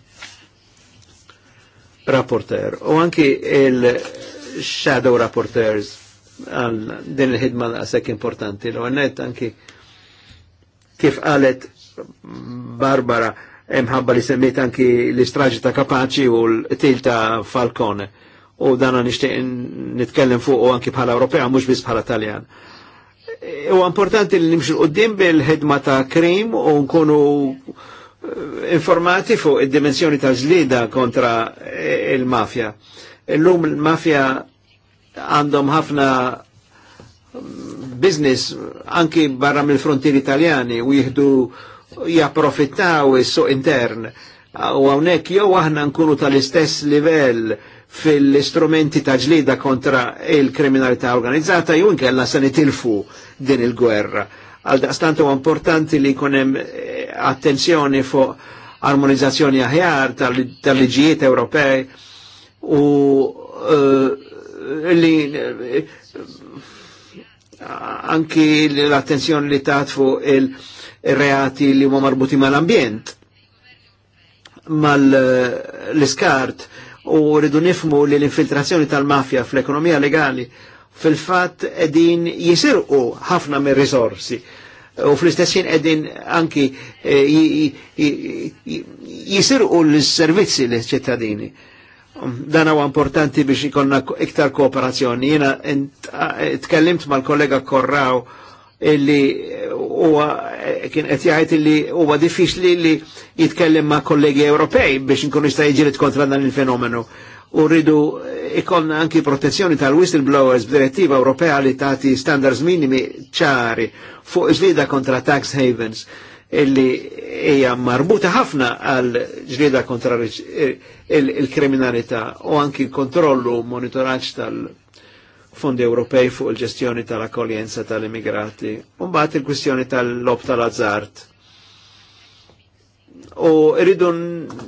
rapporter u anki il-shadow rapporters għal din il-ħidma għasek importanti l għannet anki kif għalet Barbara imħabba li semmit anki l-istraġi ta' Kapaċi u l-til ta' Falcone u dana nishtiq nitkellem fuq u anki bħala Ewropea mux bis bħala Taljan. E, u importanti li nimxu l-qoddim bil-ħidma ta' Krim u nkunu informati fuq id-dimensjoni ta' ġlida kontra e, il-mafja. Illum il-mafja għandhom ħafna mm, business anki barra mill frontieri italjani u jihdu japprofittaw is-suq intern. U għawnek jew aħna nkunu tal-istess livell fil-istrumenti ta' ġlida kontra il-kriminalità organizzata jew inkella se nitilfu din il-gwerra għal daqstantu importanti li kunem eh, attenzjoni fu armonizzazzjoni aħjar tal-liġijiet Ewropej u eh, li eh, anki l-attenzjoni li taħt fu il-reati li huma marbuti mal-ambjent mal-iskart u ridu nifmu li l-infiltrazzjoni tal-mafja fl-ekonomija legali fil-fat edin jisirqu ħafna mir risorsi u fl-istessin edin anki eh, jisirqu l-servizzi l-ċittadini. Um, dan huwa importanti biex ikonna iktar kooperazzjoni. Jena eh, tkellimt mal-kollega Korraw illi huwa eh, kien qed jgħid illi huwa diffiċli li jitkellem ma' kollegi Ewropej biex inkun jista' jiġri kontra dan il-fenomenu. il fenomenu u rridu ikonna anki protezzjoni tal-whistleblowers b'direttiva Ewropea li tagħti standards minimi ċari fuq iżlida kontra tax havens illi hija marbuta ħafna għal ġlieda kontra il-kriminalità u anki kontrollu monitoraġġ tal-fondi Ewropej fuq il-ġestjoni tal-akkoljenza tal-immigrati. Umbagħad il-kwistjoni tal-lob tal-azzart u rridu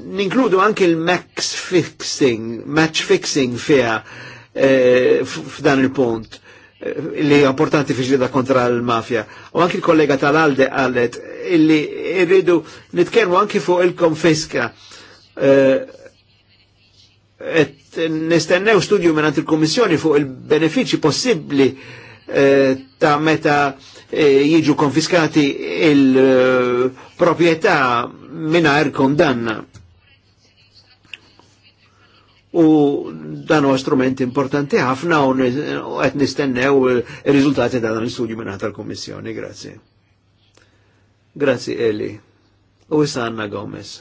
ninkludu anke il-max fixing, match fixing fija eh, f'dan il-punt eh, li importanti fiġi da kontra l-mafja. U anke il-kollega tal-Alde għallet illi rridu nitkermu anke fuq il-konfiska. Eh, et nistennew studju minn il-Kommissjoni fuq il-benefici possibli ta' meta E, jiġu konfiskati il-propieta minar kondanna. U dan huwa strument importanti ħafna u għet nistennew il-rizultati ta' dan l-istudju minn tal komissjoni Grazie. Grazie Eli. U issa Anna Gomez.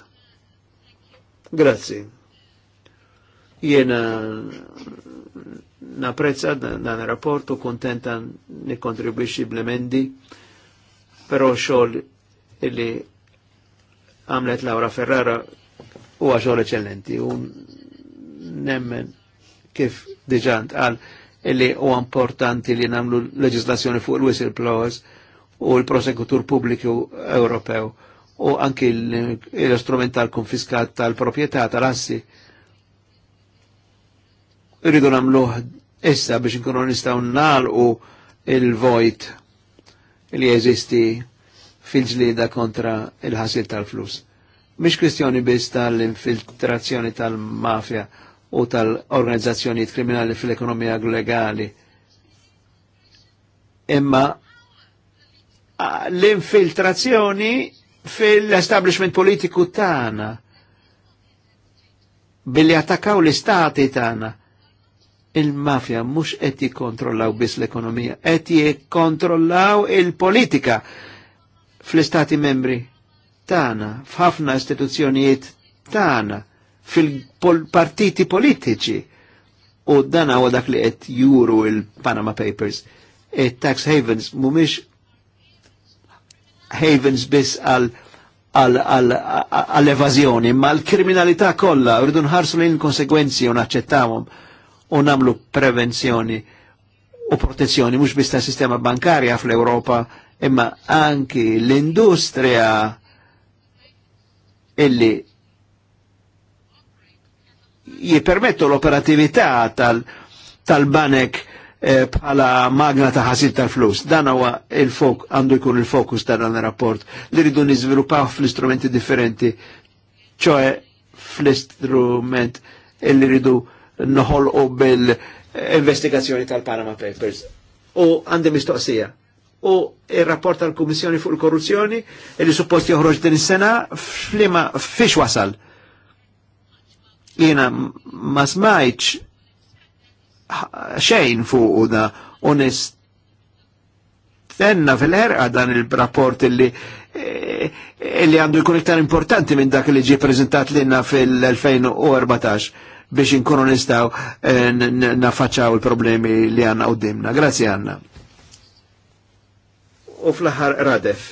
Grazie. Jena Naprezza dan il-rapport u kontenta nikontribwixi blemendi, però pero xol illi għamlet Laura Ferrara u għaxol eccellenti u nemmen kif diġant għal illi u importanti li namlu leġislazzjoni fuq il-whistleblowers u l-prosekutur pubbliku Ewropew u anki l-istrument tal-konfiskat tal-propietà tal-assi. tal konfiskat tal propietà tal assi tal konfiskat rridu namluħ issa biex nkunu nistaw nalqu il-vojt li jeżisti fil-ġlida kontra il-ħasil tal-flus. Mish kwestjoni biss tal-infiltrazzjoni tal-mafja u tal organizzazzjonijiet kriminali fil-ekonomija legali. Imma l-infiltrazzjoni fil-establishment politiku tana billi attakaw l-istati tana il-mafja mhux qed jikkontrollaw biss l-ekonomija, qed jikkontrollaw il-politika fl-istati membri Tana, f'ħafna istituzzjonijiet tagħna, fil-partiti politiċi. U dan huwa dak li qed juru il-Panama Papers. Il-tax e havens mhumiex havens biss għal għall-evazjoni, ma l-kriminalità kollha rridu nħarsu lejn konsegwenzi u naċċettawhom u namlu prevenzjoni u protezzjoni mhux biss sistema bankarja fl-Ewropa imma anki l-industrija illi jipermettu l-operatività tal-banek tal eh, bħala magna ta' ħasib tal-flus. Dan huwa il-fok għandu jkun il-fokus ta' dan il-rapport li rridu niżviluppaw fl-istrumenti differenti, ċoe fl-istrument illi rridu noħolqu bil-investigazzjoni tal-Panama Papers. U għandi mistoqsija. U il-rapport tal-Kummissjoni fuq il-Korruzzjoni li supposti joħroġ din is-sena flima fiex wasal. Jiena ma smajċ xejn fuq da Tenna fil-ħerqa dan il-rapport li eh, li għandu jkun iktar importanti minn dak li ġi prezentat l fil-2014 biex inkunu nistaw eh, nafaċaw il-problemi li għanna u dimna. Grazie għanna. U fl-ħar Radef.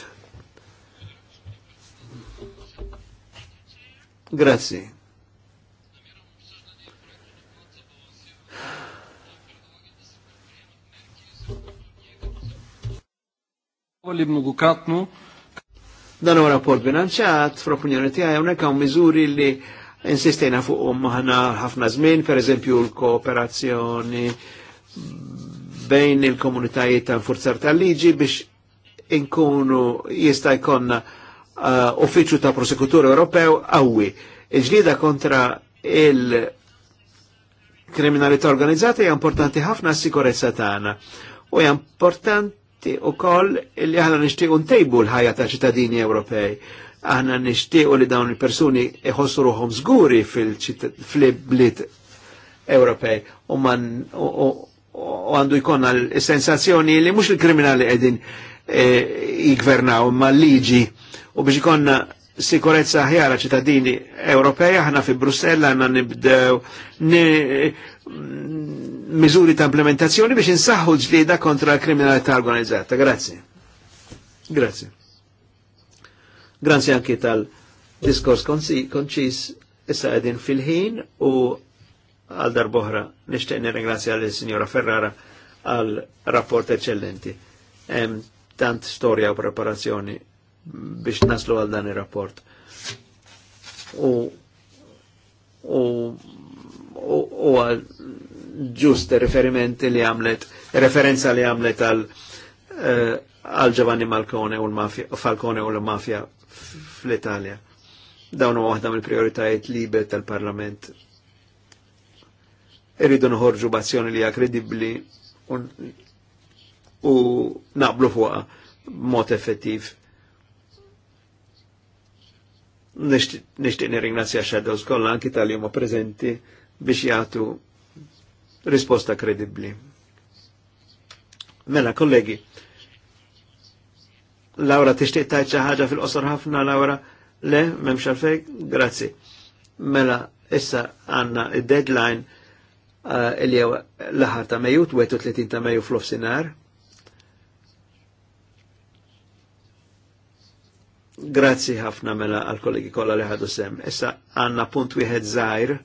Grazie. Dan u rapport bilanċat, fl-opinjoni tiegħi hawnhekk hawn miżuri li insistejna fuqhom um maħna ħafna żmien, pereżempju l-kooperazzjoni bejn il-komunitajiet ta' forzar tal-liġi biex inkunu jista' jkollna uh, uffiċċju ta' prosekutur Ewropew qawwi. Il-ġlida kontra il- kriminalità organizzata hija importanti ħafna s-sikurezza tagħna. U hija importanti wkoll li aħna nixtiequ ntejbu l-ħajja ta' ċittadini Ewropej. Aħna nixtiequ li dawn il-persuni iħossu ruhom żguri fil-bliet Ewropej u għandu jkollna l-sensazzjoni li mhux il-kriminali qegħdin e, jgvernaw ma liġi u biex ikonna sikurezza ħjara ċittadini Ewropej aħna fi Brussella għanna nibdew miżuri ta' implementazzjoni biex insaħħu ġlieda kontra l-kriminalità organizzata. Grazie. Grazie. Grazie anche tal-diskors konċis issa għedin fil-ħin u għal darboħra nishtiq nirringrazzja għal signora Ferrara għal rapport eccellenti. Hemm tant storja u preparazzjoni biex naslu għal dan ir-rapport. U u u, u għal ġust riferimenti li għamlet, referenza li għamlet għal eh, għal Giovanni Malcone u l-mafja, Falcone u l-mafja fl-Italja. Dawn huwa waħda mill-prioritajiet libe tal-Parlament. Irridu nħorġu b'azzjoni li hija kredibbli u naqblu fuqha mod effettiv. Nixtieq nirringrazzja Shadows kollha anki tal-li huma preżenti biex jagħtu risposta kredibbli. Mela, kollegi, Laura tixtieq tajt xi ħaġa fil-qosor ħafna Laura? Le, m'hemmx għalfejn? Grazzi. Mela, issa għandna id-deadline uh, li jew l-aħħar ta' Mejju, 30 ta' Mejju fl-ofsinhar. Grazzi ħafna mela għal kollegi kollha li ħadu sem. Issa għandna punt wieħed żgħir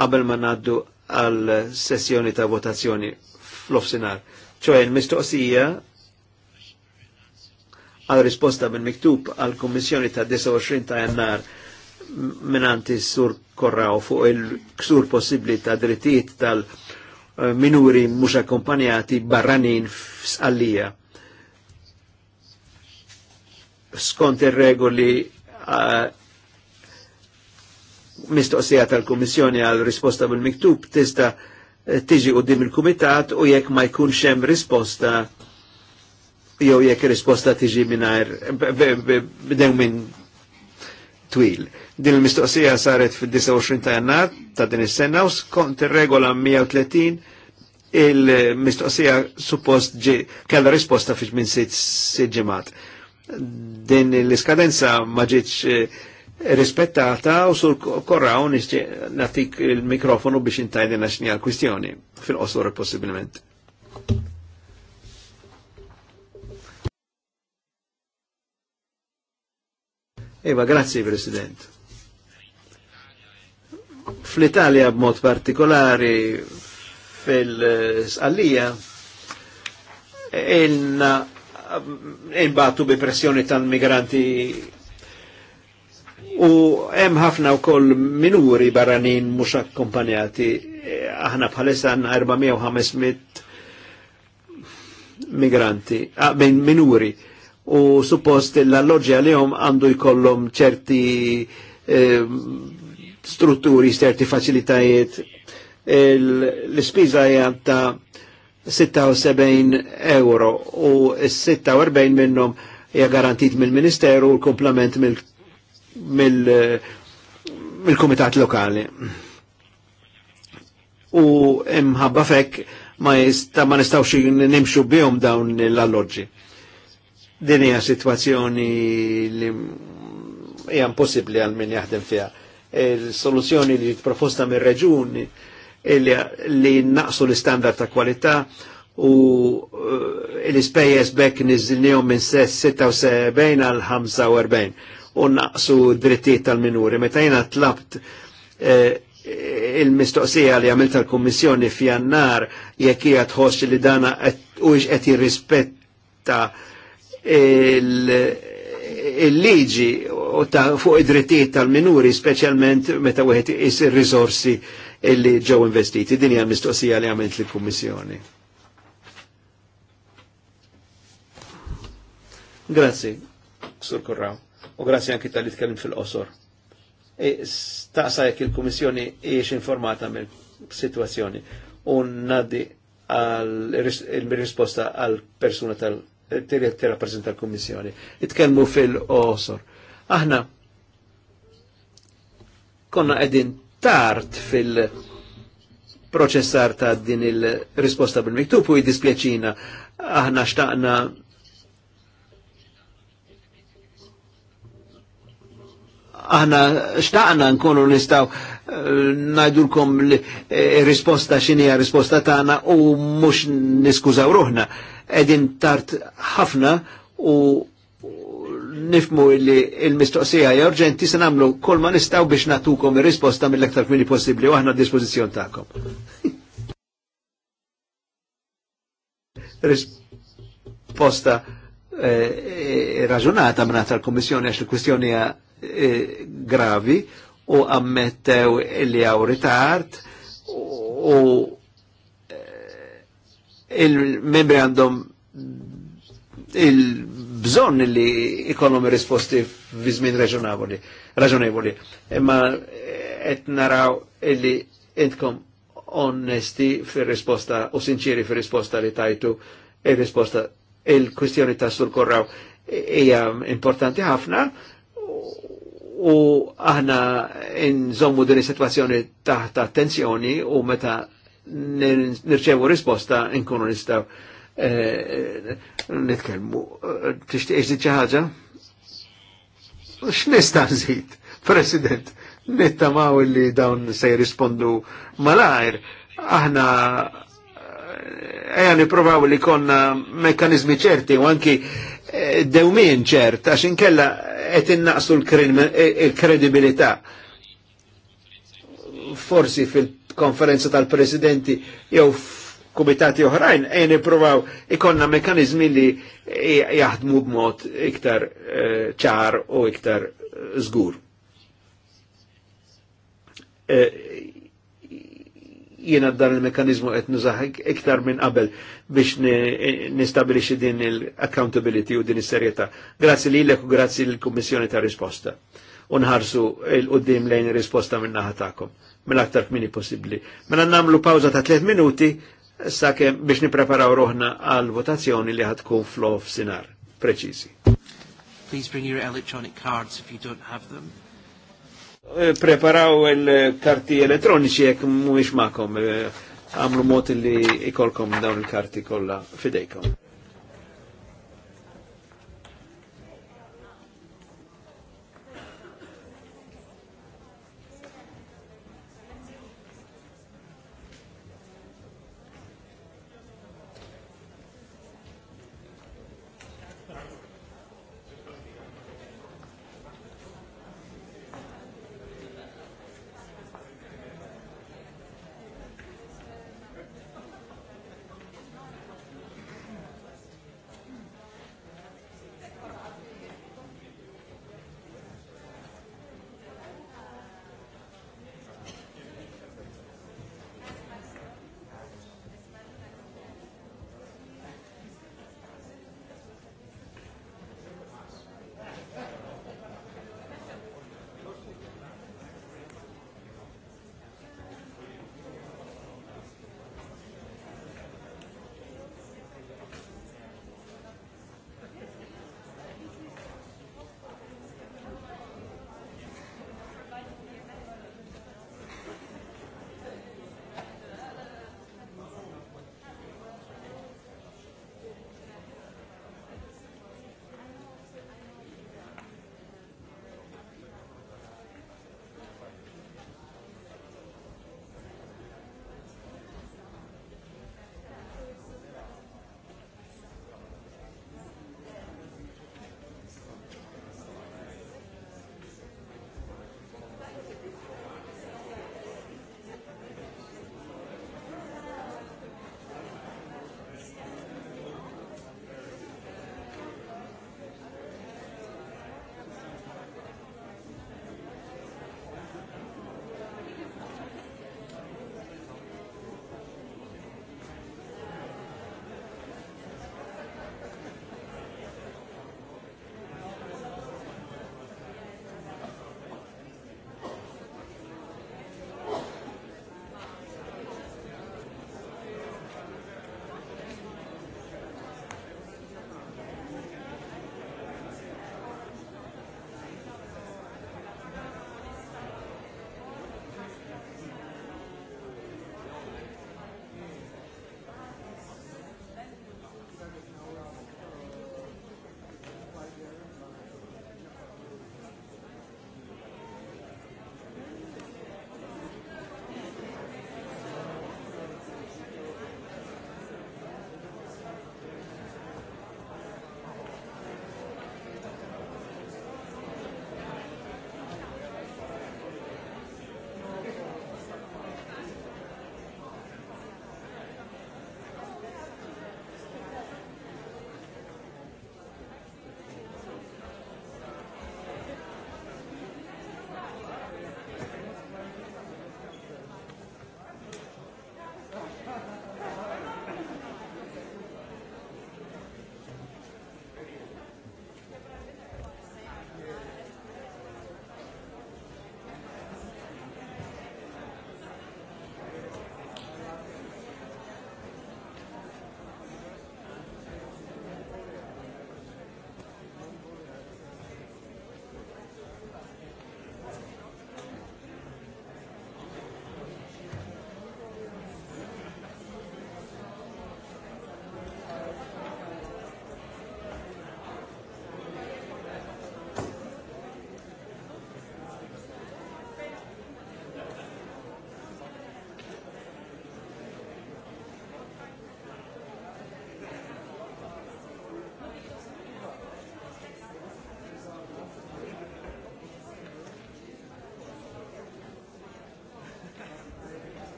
qabel ma ngħaddu għal sessjoni ta' votazzjoni fl-ofsinhar ċoħe mistoqsija għal risposta minn miktub għal kommissjoni ta' 29 ta' jannar minanti sur korraw fuq il-ksur possibli ta' drittijiet tal-minuri mux akkompanjati barranin f'sqallija. Skont ir-regoli uh, mistoqsija tal kommissjoni għal risposta bil-miktub tista tiġi u dim il-Kumitat u jekk ma jkunx hemm risposta jew jekk risposta tiġi mingħajr b'dew minn twil. Din il-mistoqsija saret fil 29 ta' jannar ta' din is-sena u skont ir-regola 130 il-mistoqsija suppost kellha risposta fi minn sit ġemat. Din l-iskadenza ma ġietx eh, rispettata u sur korraw natik il-mikrofonu biex intajdina xnija l-kwistjoni fil-qosor possibilment. Iva, grazzi President. Fl-Italja b'mod partikolari fil-sqallija ilna inbatu bi pressjoni tal-migranti u hemm ħafna wkoll minuri barranin mhux akkompanjati. E, aħna bħalissa għandna 400 500 migranti, minn minuri u suppost l-alloġi għalihom għandu jkollhom ċerti ehm, strutturi, ċerti faċilitajiet. L-ispiża hija ta' 76 euro u s-46 minnhom hija garantit mill-Ministeru u l-komplement mill-Kumitat Lokali. U imħabba fekk ma, ma nistawx nimxu bihom dawn l-alloġi Din hija sitwazzjoni li hija impossibbli għal min jaħdem fiha. Il-soluzzjoni li proposta mir-reġuni li naqsu l-istandard ta' kwalità u eh, l-ispejjeż bekk niżilnihom minn 76 għal 45 u naqsu drittijiet tal-minuri. Meta jiena tlabt eh, il-mistoqsija li għamilt tal-Kommissjoni f'jannar jekk hija tħoss li dana u qed jirrispetta il-liġi fuq id-drittijiet tal-minuri, specialment meta wieħed is il-rizorsi illi ġew investiti. Din hija mistoqsija li għamilt lill-Kummissjoni. Grazzi, Sur Kurraw, u grazzi anki tal-li tkellim fil-qosor. E, staqsa jekk il-Kummissjoni hiex informata mill-sitwazzjoni u naddi għal-risposta għal-persuna tal-Kummissjoni tirrappreżenta l kommissjoni Itkellmu fil-qosor. Aħna konna qegħdin tard fil- proċessar ta' din il-risposta bil-miktub u jidispieċina. aħna xtaqna aħna xtaqna nkunu nistaw eh, najdulkom eh, risposta xinija risposta tana u mux niskużaw ruħna edin tart ħafna u nifmu li il-mistoqsija jorġenti se namlu kol ma nistaw biex natukom il-risposta mill ektar kmini possibli u għahna dispozizjon ta'kom. Risposta eh, raġunata minna tal-Komissjoni għax il-kwistjoni eh, gravi u ammettew li għaw ritard u il-membri għandhom il-bżon li ikonomi risposti f-vizmin raġonabli, raġonevoli. Imma eh, qed naraw illi intkom onesti fil risposta u sinċiri fil risposta li tajtu il-risposta il-kwistjoni ta' sur korraw hija importanti ħafna u aħna nżommu din is-sitwazzjoni taħt attenzjoni u meta nirċevu risposta nkunu nistaw eh, nitkelmu. Tixtieq iżid xi X'nista' nżid, President, nittamaw li dawn se jirrispondu malajr. Aħna eh, eja niprovaw li konna mekanizmi ċerti u anki eh, dewmien ċert, għax inkella qed innaqsu l-kredibilità. Forsi fil konferenza tal-presidenti jew komitati oħrajn e nipruvaw ikonna mekanizmi li e- jaħdmu b'mod iktar e, ċar u iktar żgur. E, jiena dan il-mekanizmu qed nużaħ iktar minn qabel biex nistabilixi din il-accountability u din is-serjetà. Grazzi lilek u grazzi lill-Kummissjoni ta' risposta. Unħarsu il-qudiem lejn risposta minn naħatakom mill-aktar kmini possibli. Mela namlu pawza ta' 3 minuti sakke biex nipreparaw roħna għal votazzjoni li ħatkun flof sinar. Preċisi. Please bring your electronic cards if you don't have them. Eh, preparaw il-karti elettroniċi jek mux makom, eh, għamlu mot li ikolkom dawn il-karti kolla fidejkom.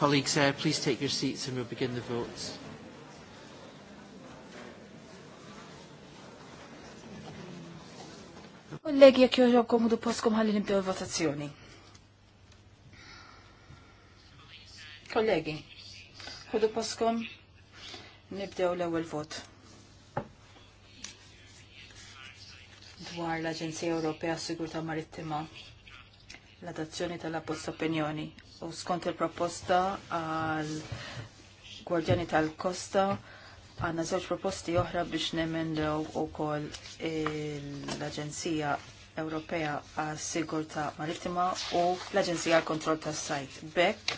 Colleagues, uh, please take your seats and we'll begin the votes. Kollegi, jek joġobkom u postkom ħalli nibdew il-votazzjoni. Kollegi, ħudu postkom nibdew l-ewwel vot. Dwar l-Aġenzija Ewropea Sigurtà Marittima l-adazzjoni tal-abbozz opinjoni u skont il-proposta għal Gwardjani tal-Kosta għanna żewġ proposti oħra biex nemendew ukoll l-Aġenzija Ewropea għas sigurta Marittima u l-Aġenzija għal Kontroll tas sajt Bekk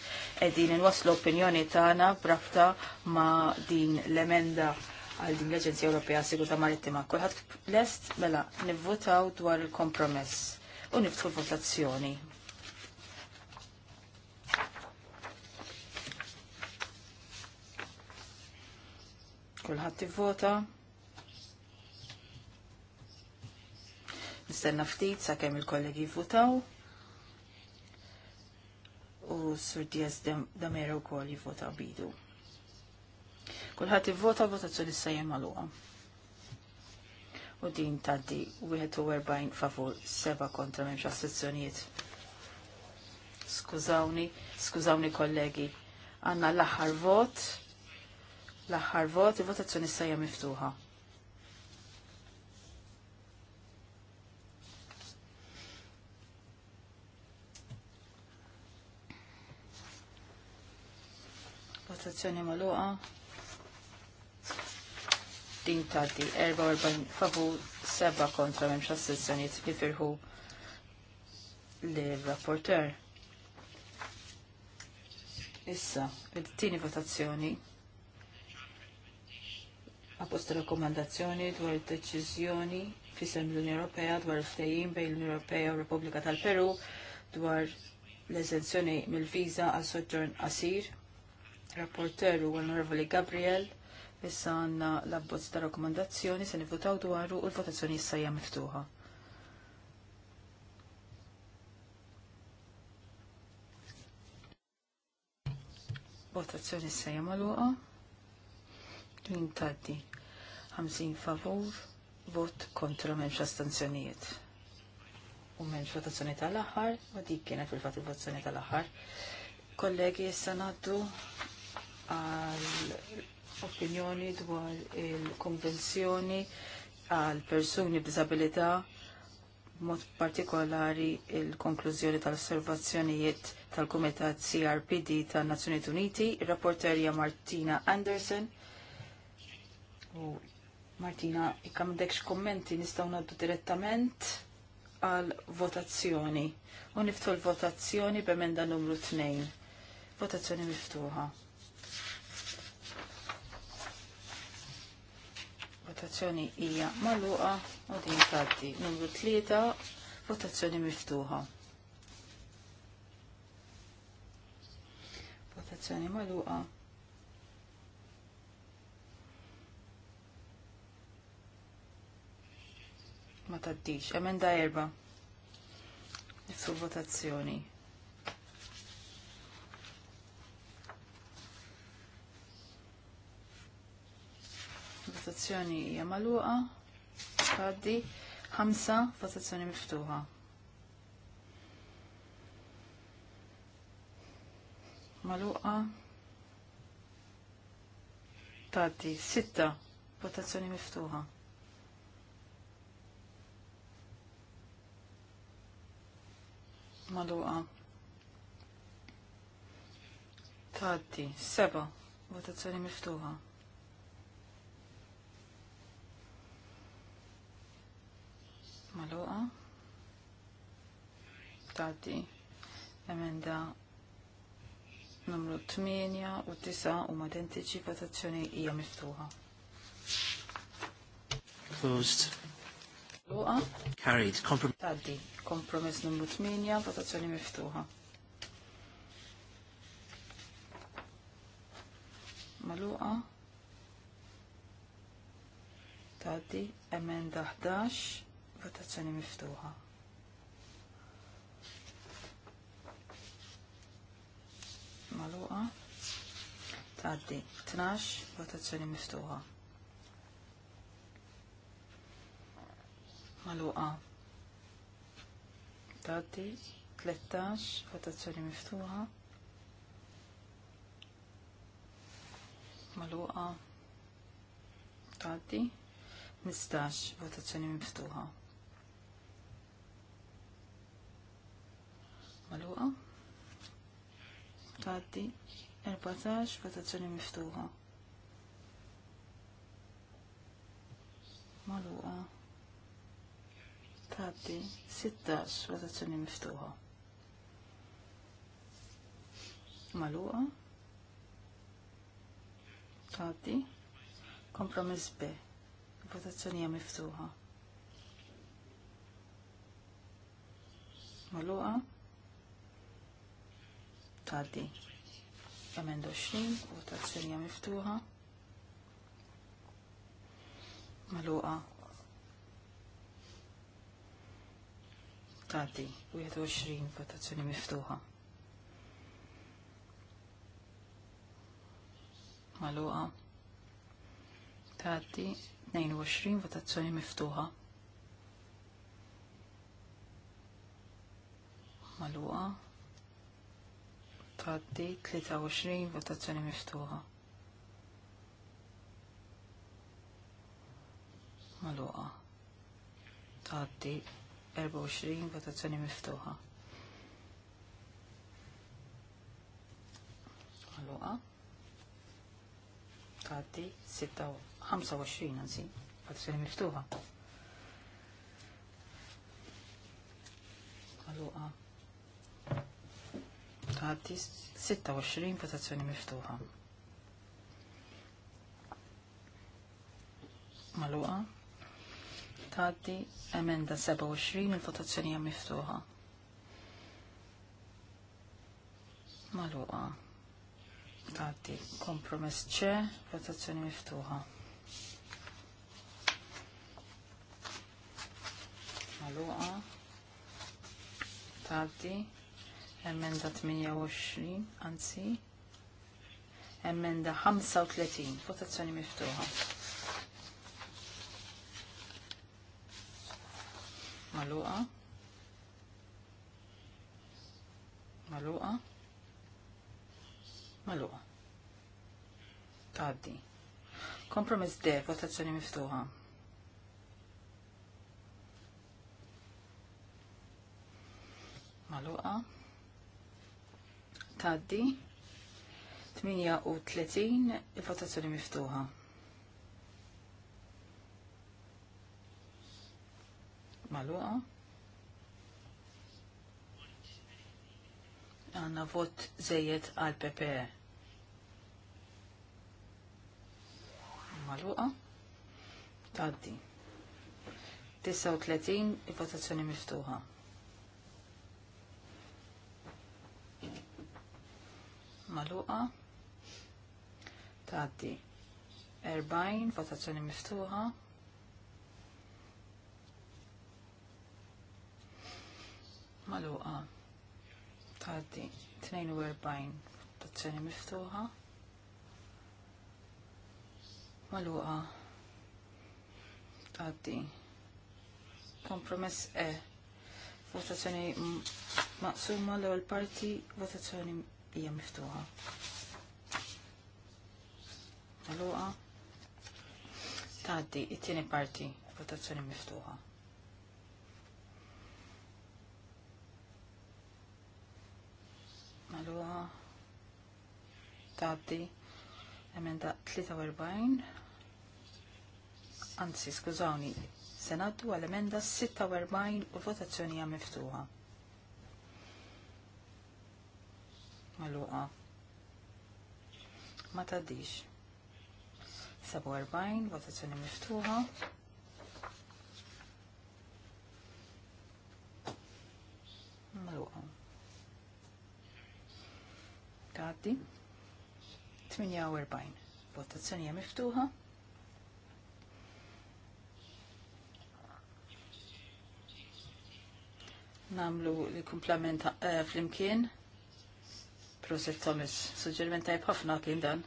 edin n-waslu opinjoni tagħna brafta ma' din l-emenda għal din l-Aġenzija Ewropea Sigurta Marittima. Kulħadd lest mela nivvutaw dwar il-kompromess u niftħu votazzjoni. tivvota. Nistenna ftit sakemm il-kollegi votaw. U Sur Diaz Damero wkoll jivvota bidu. Kulħadd ivvota votazzjoni sajjem magħluqa. U din u 41 favur 7 kontra m'hemmx assizzjonijiet. Skużawni, skużawni kollegi, għandna l-aħħar vot L-aħħar vot, il-votazzjoni sajja miftuħa. Votazzjoni maluqa. Din taddi 44 favur, 7 kontra memx assessjoniet li firħu l-rapporter. Issa, il tini votazzjoni apposta rakkomandazzjoni dwar deċiżjoni fisem l-Unjoni Ewropea dwar il-ftehim bejn l-Unjoni Ewropea u Repubblika tal-Peru dwar l-eżenzjoni mill-viża għal soġġorn qasir. Rapporteru l-Onorevoli Gabriel issa għandna l-abbozz ta' rakkomandazzjoni se nivvotaw dwaru u l-votazzjoni issa hija miftuħa. Votazzjoni issa hija magħluqa. Din tgħaddi. 50 favur, vot kontra menx astanzjonijiet. U menx votazzjoni tal-aħħar, u dik kienet fil-fat il votazzjoniet tal-aħħar. Kollegi, issa naddu għal-opinjoni dwar il-konvenzjoni għal persuni b'disabilità mod partikolari il-konklużjoni tal-osservazzjonijiet tal-Kumitat CRPD tan-Nazzjonijiet Uniti, rapporterja Martina Anderson, u Martina, ikka m'dekx kommenti nistaw naddu direttament għal votazzjoni. U niftu l-votazzjoni b'emenda numru 2. Votazzjoni miftuħa. Votazzjoni hija maluqa u din tgħaddi. Numru 3, votazzjoni miftuħa. Votazzjoni maluqa ma taddix. Emenda erba. Nissu votazzjoni. Votazzjoni hija magħluqa. Tgħaddi. Ħamsa votazzjoni miftuħa. Maluqa. Taddi. Sitta votazzjoni miftuħa. maluqa. Tati, seba, votazzjoni miftuħa. Maluqa. Tati, emenda numru 8 u 9 u madentiċi votazzjoni hija miftuħa. Closed. Carried. Taddi. Compromise numru 8, votazzjoni miftuħa. Maluqa. Taddi. Emenda 11, votazzjoni miftuħa. Maluqa. Taddi. 12, votazzjoni miftuħa. maluqa. Tati, 13, votazzjoni miftuħa. Maluqa. Tati, 15, votazzjoni miftuħa. Maluqa. Tati, 14, votazzjoni miftuħa. Maluqa taddi 16 votazzjoni miftuħa. Maluqa. Taddi. Kompromiss B. Votazzjoni miftuħa. Maluqa. Taddi. Emendo 20, votazzjoni miftuħa. Maluqa. tgħaddi. 21 votazzjoni miftuħa. Maluqa. Tgħaddi 22 votazzjoni miftuħa. Maluqa. Tgħaddi 23 votazzjoni miftuħa. Maluqa. Tgħaddi 24 votazzjoni miftuħa. Allora, taddi 25 anzi, votazzjoni miftuħa. Allora, taddi 26 votazzjoni miftuħa. Allora, tgħaddi emenda 27 il-votazzjoni hija miftuħa. Maluqa. Tgħaddi kompromess ċe, votazzjoni miftuħa. Maluqa. Tgħaddi emenda 28, anzi emenda 35, votazzjoni miftuħa. maluqa maluqa maluqa taddi kompromiss D votazzjoni miftuħa maluqa taddi 38 il-votazzjoni miftuħa maluqa. Għanna vot zejiet għal PPE. Maluqa. Taddi. 39 il-votazzjoni miftuħa. Maluqa. Taddi. 40 votazzjoni miftuħa. maluqa tgħaddi 42 votazzjoni miftuħa maluqa tgħaddi kompromess E votazzjoni maqsuma l-ewwel parti votazzjoni hija miftuħa maluqa tgħaddi it-tieni parti votazzjoni miftuħa nagħluha tgħaddi emenda 43 anzi skużawni se ngħaddu għal emenda 46 u votazzjoni għam miftuħa. Magħluqa. Ma tgħaddix. 47 votazzjoni miftuħa. Magħluqa. Taddi. 48. Votazzjoni hija miftuħa. Namlu li kumplamenta uh, eh, fl Thomas, suġġeriment jibħafna ħafna kien dan.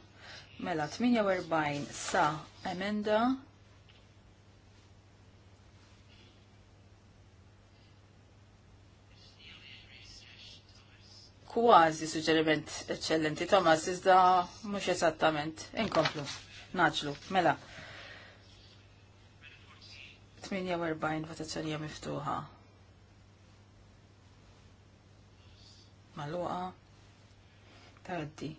Mela 48 sa emenda kważi suġġeriment eccellenti. Thomas, iżda mhux esattament. Inkomplu. Naġlu. Mela. 48 votazzjonija miftuħa. Maluqa. Taddi.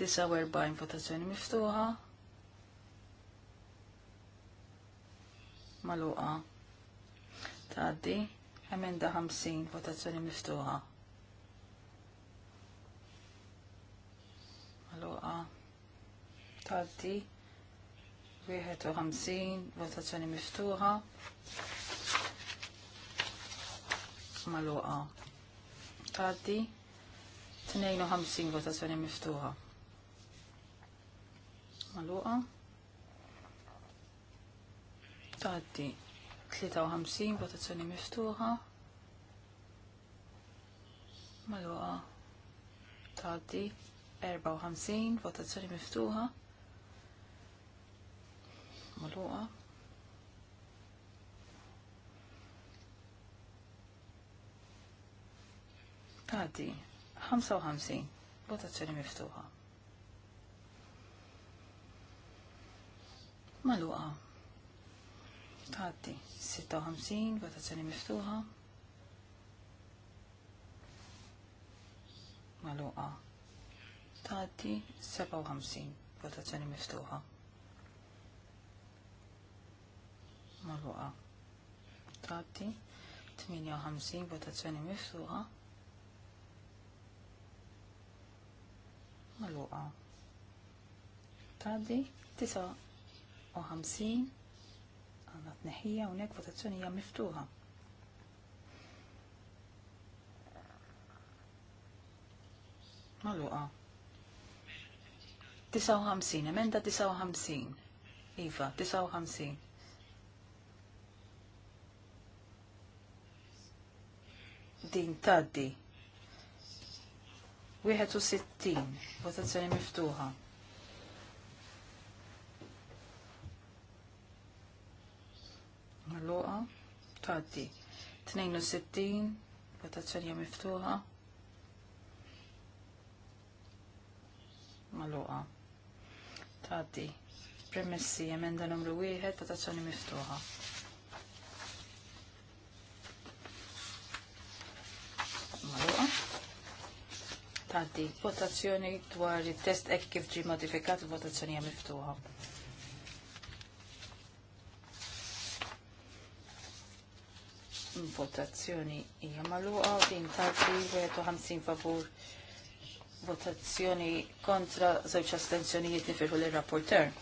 49 votazzjoni miftuħa. Maluqa. Taddi. Emenda 50 votazzjoni miftuħa. maluqa taddi 51 votazzjoni miftuħa maluqa taddi 52 votazzjoni miftuħa maluqa taddi 53 votazzjoni miftuħa maluqa taddi 54, votazzjoni miftuħa. Maluqa. Tadi, 55, votazzjoni miftuħa. Maluqa. Tadi, 56, votazzjoni miftuħa. Maluqa tati 57 votazzjoni miftuħa marruqa tati 58 votazzjoni miftuħa marruqa tati 59 għanna t-neħija unek votazzjoni jgħam miftuħa Maluqa. 59, emenda 59. Iva, 59. Din taddi. 61, votazzjoni miftuħa. Malluqa, taddi. 62, votazzjoni miftuħa. Malluqa. Taddi. Premessi, emenda numru 1, votazzjoni miftuħa. Maluqa. Taddi. Votazzjoni dwar il-test ek kif ġi modifikat, votazzjoni miftuħa. votazzjoni hija magħluqa din tardi 51 favur votazzjoni kontra żewġ astenzjonijiet nifirħu l-rapporter.